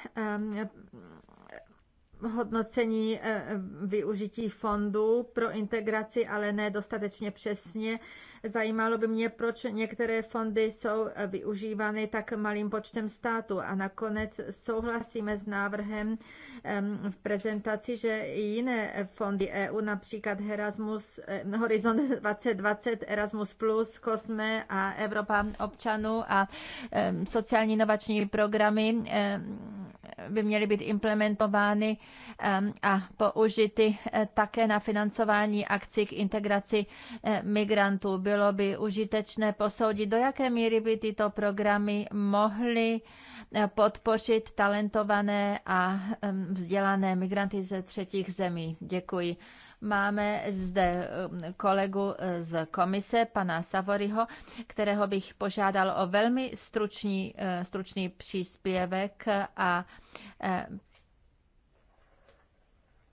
hodnocení eh, využití fondů pro integraci, ale ne dostatečně přesně. Zajímalo by mě, proč některé fondy jsou využívány tak malým počtem států. A nakonec souhlasíme s návrhem v prezentaci, že i jiné fondy EU, například Erasmus, Horizon 2020, Erasmus+, Kosme a Evropa občanů a sociální inovační programy by měly být implementovány a použity eh, také na financování akcí k integraci eh, migrantů. Bylo bylo by užitečné posoudit, do jaké míry by tyto programy mohly eh, podpořit talentované a vzdělané migranty ze třetích zemí. Děkuji. Máme zde kolegu eh, z komise, pana Savoryho, kterého bych požádal o velmi stručný, eh, stručný příspěvek a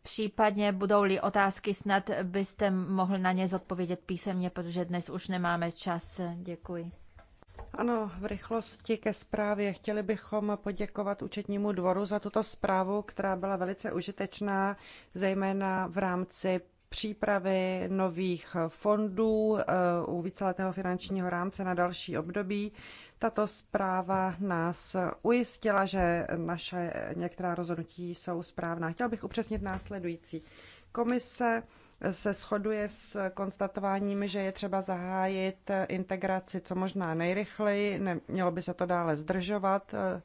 Případně budou-li otázky, snad byste mohl na ně zodpovědět písemně, protože dnes už nemáme čas. Děkuji. Ano, v rychlosti ke zprávě. Chtěli bychom poděkovat účetnímu dvoru za tuto zprávu, která byla velice užitečná, zejména v rámci přípravy nových fondů eh, u víceletého finančního rámce na další období. Tato zpráva nás ujistila, že naše některá rozhodnutí jsou správná. Chtěl bych upřesnit následující. Komise se shoduje s konstatováním, že je třeba zahájit integraci co možná nejrychleji, nemělo by se to dále zdržovat. Eh,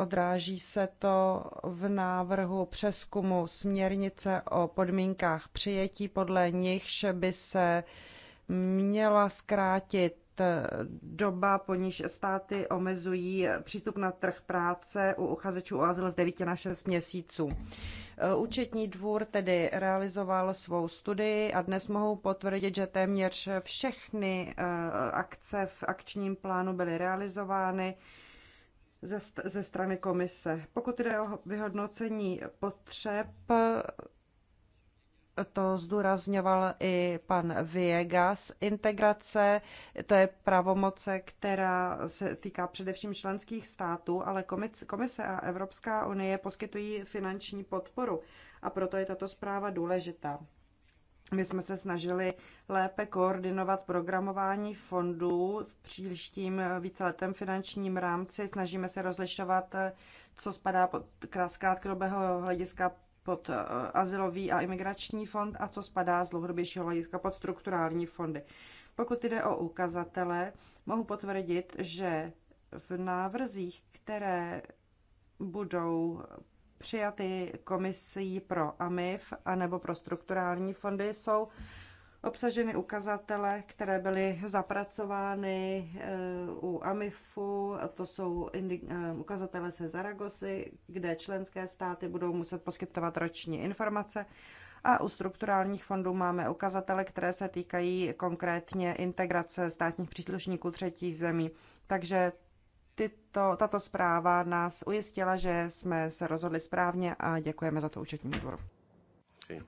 Odráží se to v návrhu přeskumu směrnice o podmínkách přijetí, podle nichž by se měla zkrátit doba, po níž státy omezují přístup na trh práce u uchazečů o azyl z 9 na 6 měsíců. Účetní dvůr tedy realizoval svou studii a dnes mohu potvrdit, že téměř všechny eh, akce v akčním plánu byly realizovány ze strany komise. Pokud jde o vyhodnocení potřeb, to zdůrazňoval i pan Viegas. Integrace, to je pravomoce, která se týká především členských států, ale Komise a Evropská unie poskytují finanční podporu a proto je tato zpráva důležitá. My jsme se snažili lépe koordinovat programování fondů v příštím víceletém finančním rámci. Snažíme se rozlišovat, co spadá pod, krátkodobého hlediska pod eh, azylový a imigrační fond a co spadá z dlouhodobějšího hlediska pod strukturální fondy. Pokud jde o ukazatele, mohu potvrdit, že v návrzích, které budou přijaty komisí pro AMIF a nebo pro strukturální fondy jsou obsaženy ukazatele, které byly zapracovány eh, u AMIFu. To jsou eh, ukazatele se Zaragosy, kde členské státy budou muset poskytovat roční informace. A u strukturálních fondů máme ukazatele, které se týkají konkrétně integrace státních příslušníků třetích zemí. Takže Tyto, tato zpráva nás ujistila, že jsme se rozhodli správně a děkujeme za to účetnímu dvoru. Okay.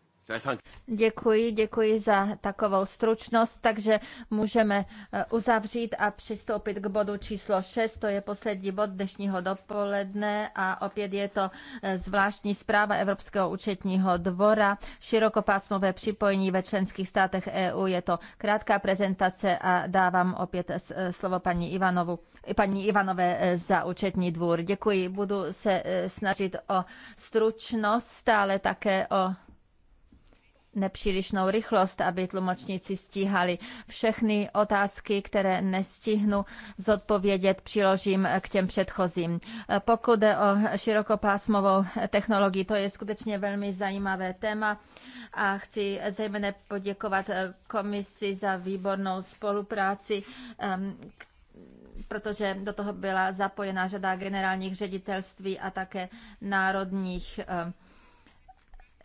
Děkuji, děkuji za takovou stručnost, takže můžeme eh, uzavřít a přistoupit k bodu číslo 6, to je poslední bod dnešního dopoledne a opět je to eh, zvláštní zpráva Evropského účetního dvora, širokopásmové připojení ve členských státech EU, je to krátká prezentace a dávám opět eh, slovo paní, Ivanovu, paní Ivanové za účetní dvůr. Děkuji, budu se snažit o stručnost, ale také o nepřílišnou rychlost, aby tlumočníci stíhali. Všechny otázky, které nestihnu zodpovědět, přiložím k těm předchozím. Pokud jde o širokopásmovou technologii, to je skutečně velmi zajímavé téma a chci zejména poděkovat eh, komisi za výbornou spolupráci, ehm, protože do toho byla zapojena řada generálních ředitelství a také národních ehm,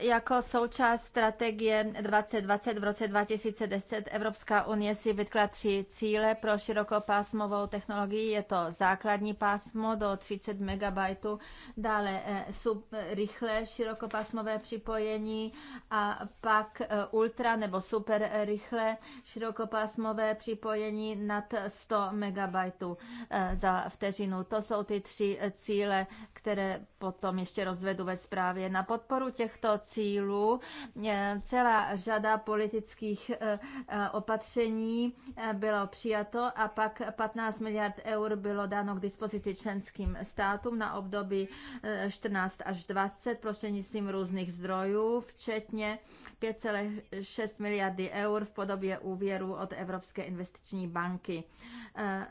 jako součást strategie 2020 v roce 2010 Evropská unie si vytkla tři cíle pro širokopásmovou technologii. Je to základní pásmo do 30 MB, dále eh, sub, eh, rychlé širokopásmové připojení a pak eh, ultra nebo super rychlé širokopásmové připojení nad 100 MB za vteřinu. To jsou ty tři cíle, které potom ještě rozvedu ve zprávě. Na podporu těchto cílů cílu. Eh, Celá řada politických eh, eh, opatření bylo přijato a pak 15 miliard eur bylo dáno k dispozici členským státům na období 14 až 20 prostřednictvím různých zdrojů, včetně 5,6 miliardy eur v podobě úvěru od Evropské investiční banky.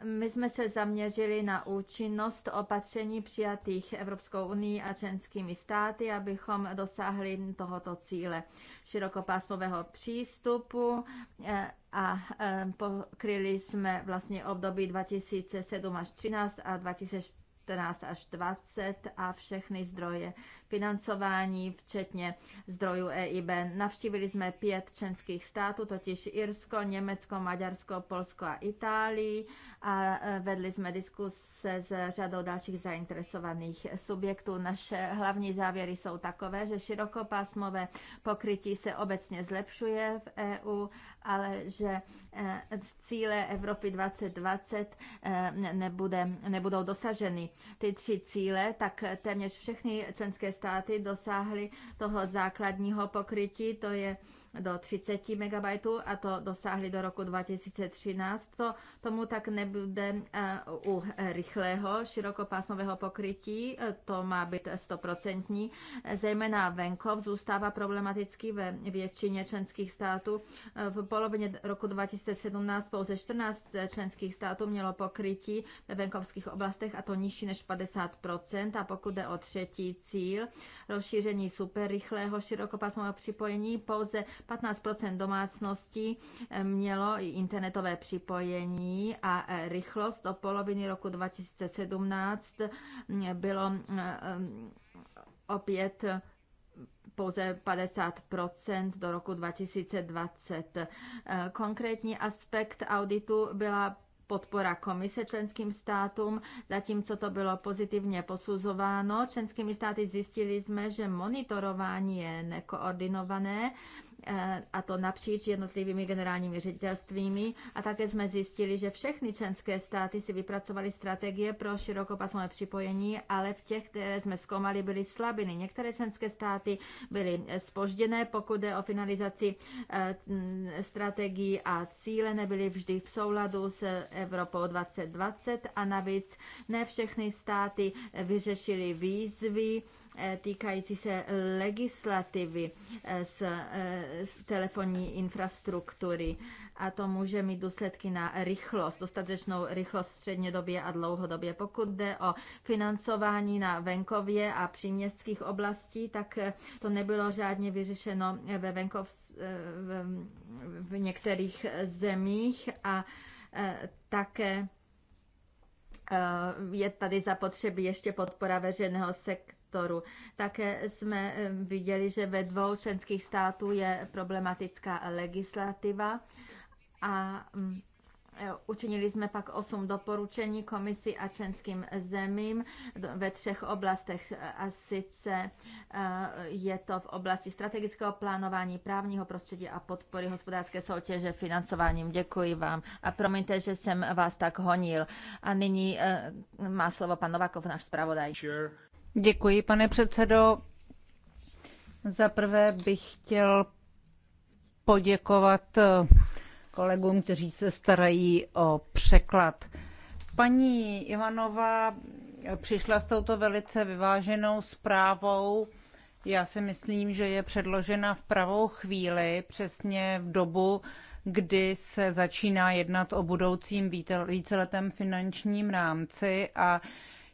My jsme se zaměřili na účinnost opatření přijatých Evropskou unii a členskými státy, abychom dosáhli tohoto cíle širokopásmového přístupu eh, a eh, pokryli jsme vlastně období 2007 až 13 a 2014 až 2020 a všechny zdroje financování, včetně zdrojů EIB. Navštívili jsme pět členských států, totiž Irsko, Německo, Maďarsko, Polsko a Itálii a e, vedli jsme diskuse s řadou dalších zainteresovaných subjektů. Naše hlavní závěry jsou takové, že širokopásmové pokrytí se obecně zlepšuje v EU, ale že e, cíle Evropy 2020 e, nebude, nebudou dosaženy. Ty tři cíle, tak téměř všechny členské státy dosáhly toho základního pokrytí, to je do 30 MB a to dosáhli do roku 2013. To, tomu tak nebude eh, u rychlého širokopásmového pokrytí, to má být 100% Zejména venkov zůstává problematický ve většině členských států. Eh, v polovině roku 2017 pouze 14 členských států mělo pokrytí ve venkovských oblastech a to nižší než 50 A pokud jde o třetí cíl, rozšíření superrychlého širokopásmového připojení, pouze 15 domácností eh, mělo internetové připojení a eh, rychlost do poloviny roku 2017 mm, bylo mm, eh, opět pouze 50 do roku 2020. Konkrétní aspekt auditu byla podpora komise členským státům, zatímco to bylo pozitivně posuzováno. Členskými státy zjistili jsme, že monitorování je nekoordinované Eh, a to napříč jednotlivými generálními ředitelstvími. A také jsme zjistili, že všechny členské státy si vypracovaly strategie pro širokopasmové připojení, ale v těch, které jsme zkoumali, byly slabiny. Některé členské státy byly spožděné, pokud jde o finalizaci eh, strategií a cíle nebyly vždy v souladu s Evropou 2020 a navíc ne všechny státy vyřešily výzvy, Eh, týkající se legislativy z, eh, z eh, telefonní infrastruktury a to může mít důsledky na rychlost, dostatečnou rychlost střednědobě a dlouhodobě. Pokud jde o financování na venkově a příměstských oblastí, tak to nebylo řádně vyřešeno ve venkov, v, v některých zemích a také je tady zapotřebí ještě podpora veřejného sektoru prostoru. Také jsme viděli, že ve dvou členských států je problematická legislativa a mm, e, Učinili jsme pak osm doporučení komisi a členským zemím ve třech oblastech a sice e, je to v oblasti strategického plánování právního prostředí a podpory hospodářské soutěže financováním. Děkuji vám a promiňte, že jsem vás tak honil. A nyní e, má slovo pan Novakov, náš zpravodaj. Sure. Děkuji, pane předsedo. Za prvé bych chtěl poděkovat eh, kolegům, kteří se starají o překlad. Paní Ivanová přišla s touto velice vyváženou zprávou. Já si myslím, že je předložena v pravou chvíli, přesně v dobu, kdy se začíná jednat o budoucím víceletém finančním rámci a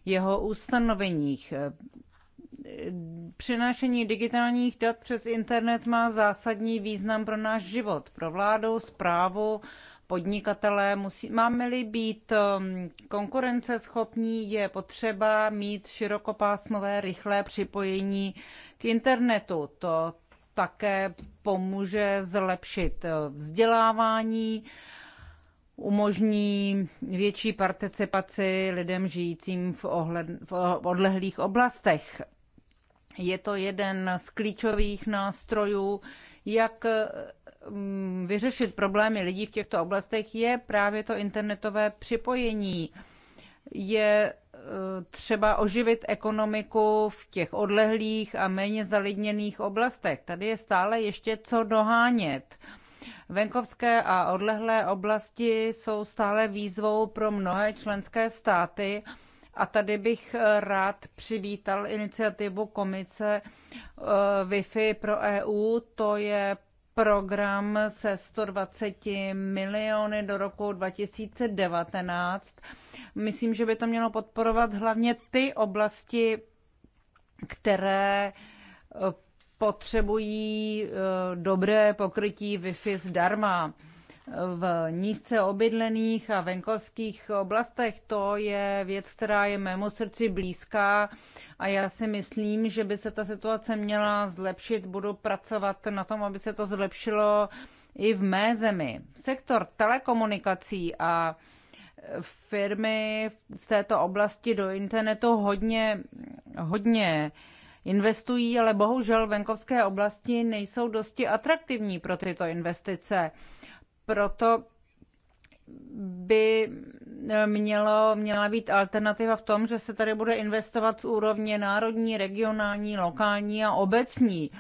jeho ustanoveních. Eh, Přenášení digitálních dat přes internet má zásadní význam pro náš život, pro vládu, zprávu, podnikatelé. Musí, máme-li být ehm, konkurenceschopní, je potřeba mít širokopásmové rychlé připojení k internetu. To také pomůže zlepšit eh, vzdělávání, umožní větší participaci lidem žijícím v, ohled, v odlehlých oblastech. Je to jeden z klíčových nástrojů, jak mm, vyřešit problémy lidí v těchto oblastech, je právě to internetové připojení. Je e, třeba oživit ekonomiku v těch odlehlých a méně zalidněných oblastech. Tady je stále ještě co dohánět. Venkovské a odlehlé oblasti jsou stále výzvou pro mnohé členské státy a tady bych eh, rád přivítal iniciativu komise eh, Wi-Fi pro EU. To je program se 120 miliony do roku 2019. Myslím, že by to mělo podporovat hlavně ty oblasti, které eh, potřebují eh, dobré pokrytí Wi-Fi zdarma. V nízce obydlených a venkovských oblastech to je věc, která je mému srdci blízká a já si myslím, že by se ta situace měla zlepšit. Budu pracovat na tom, aby se to zlepšilo i v mé zemi. Sektor telekomunikací a firmy z této oblasti do internetu hodně, hodně investují, ale bohužel venkovské oblasti nejsou dosti atraktivní pro tyto investice. Proto by eh, mělo, měla být alternativa v tom, že se tady bude investovat z úrovně národní, regionální, lokální a obecní.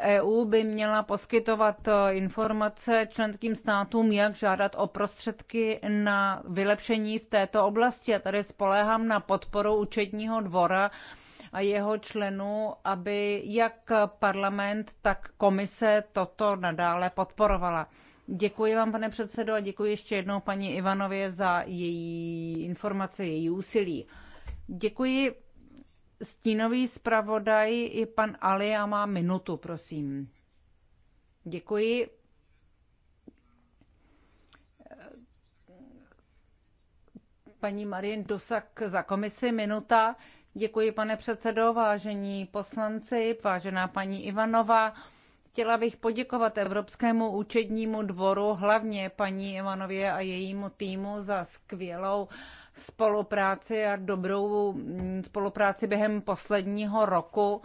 EU by měla poskytovat eh, informace členským státům, jak žádat o prostředky na vylepšení v této oblasti. A tady spoléhám na podporu účetního dvora a jeho členů, aby jak parlament, tak komise toto nadále podporovala. Děkuji vám, pane předsedo, a děkuji ještě jednou paní Ivanově za její informace, její úsilí. Děkuji. Stínový zpravodaj i pan Ali a má minutu, prosím. Děkuji. Paní Marin Dusak za komisi minuta. Děkuji, pane předsedo, vážení poslanci, vážená paní Ivanova. Chtěla bych poděkovat Evropskému účetnímu dvoru, hlavně paní Ivanově a jejímu týmu za skvělou spolupráci a dobrou spolupráci během posledního roku.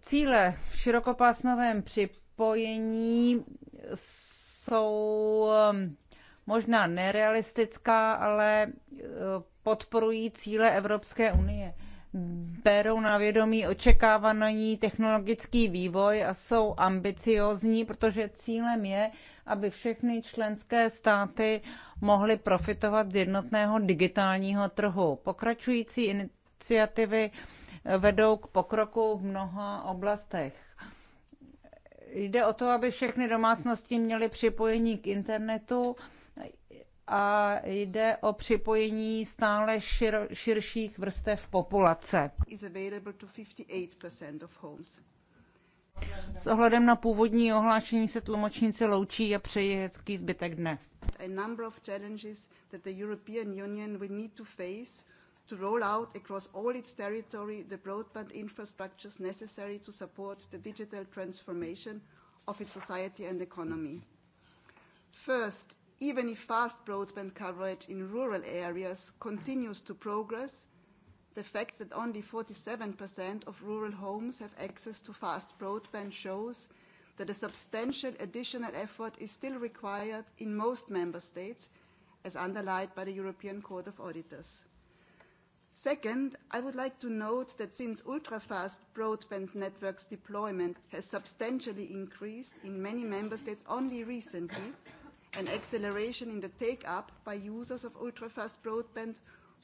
Cíle v širokopásmovém připojení jsou možná nerealistická, ale e, podporují cíle Evropské unie. Berou na vědomí očekávaný technologický vývoj a jsou ambiciozní, protože cílem je, aby všechny členské státy mohly profitovat z jednotného digitálního trhu. Pokračující iniciativy vedou k pokroku v mnoha oblastech. Jde o to, aby všechny domácnosti měly připojení k internetu, a jde o připojení stále šir, širších vrstev populace. S ohledem na původní ohlášení se tlumočníci loučí a přeji hezký zbytek dne. A number of challenges that the European Union will need to face to roll out across all its territory the broadband infrastructures necessary to support the digital transformation of its society and economy. First, even if fast broadband coverage in rural areas continues to progress, the fact that only 47% of rural homes have access to fast broadband shows that a substantial additional effort is still required in most member states, as underlined by the European Court of Auditors. Second, I would like to note that since ultra-fast broadband networks deployment has substantially increased in many member states only recently, An acceleration in the take-up by users of ultra-fast broadband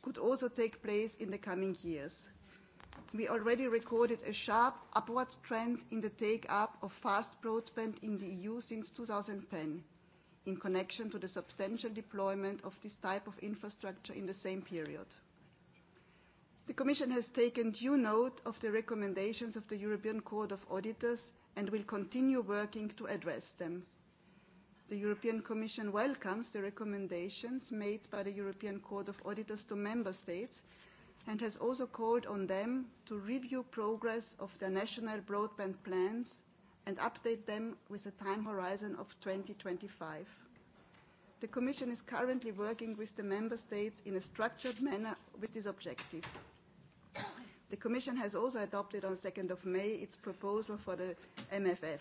could also take place in the coming years. We already recorded a sharp upward trend in the take-up of fast broadband in the EU since 2010, in connection to the substantial deployment of this type of infrastructure in the same period. The Commission has taken due note of the recommendations of the European Court of Auditors and will continue working to address them. The European Commission welcomes the recommendations made by the European Court of Auditors to member states and has also called on them to review progress of their national broadband plans and update them with a time horizon of 2025. The Commission is currently working with the Member States in a structured manner with this objective. The Commission has also adopted on 2nd of May its proposal for the MFF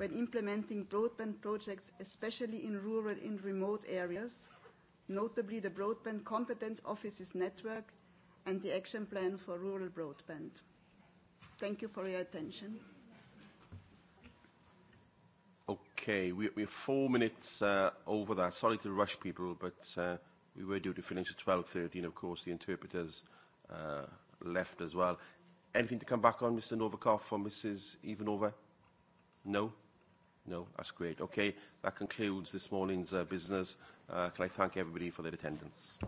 when implementing broadband projects, especially in rural and remote areas, notably the Broadband Competence Offices Network and the Action Plan for Rural Broadband. Thank you for your attention. Okay, we, we're four minutes uh, over that. Sorry to rush people, but uh, we were due to finish at 12.30, and of course the interpreters uh, left as well. Anything to come back on, Mr Novikov or Mrs Ivanova? No? No, that's great. Okay, that concludes this morning's uh, business. Uh, can I thank everybody for their attendance?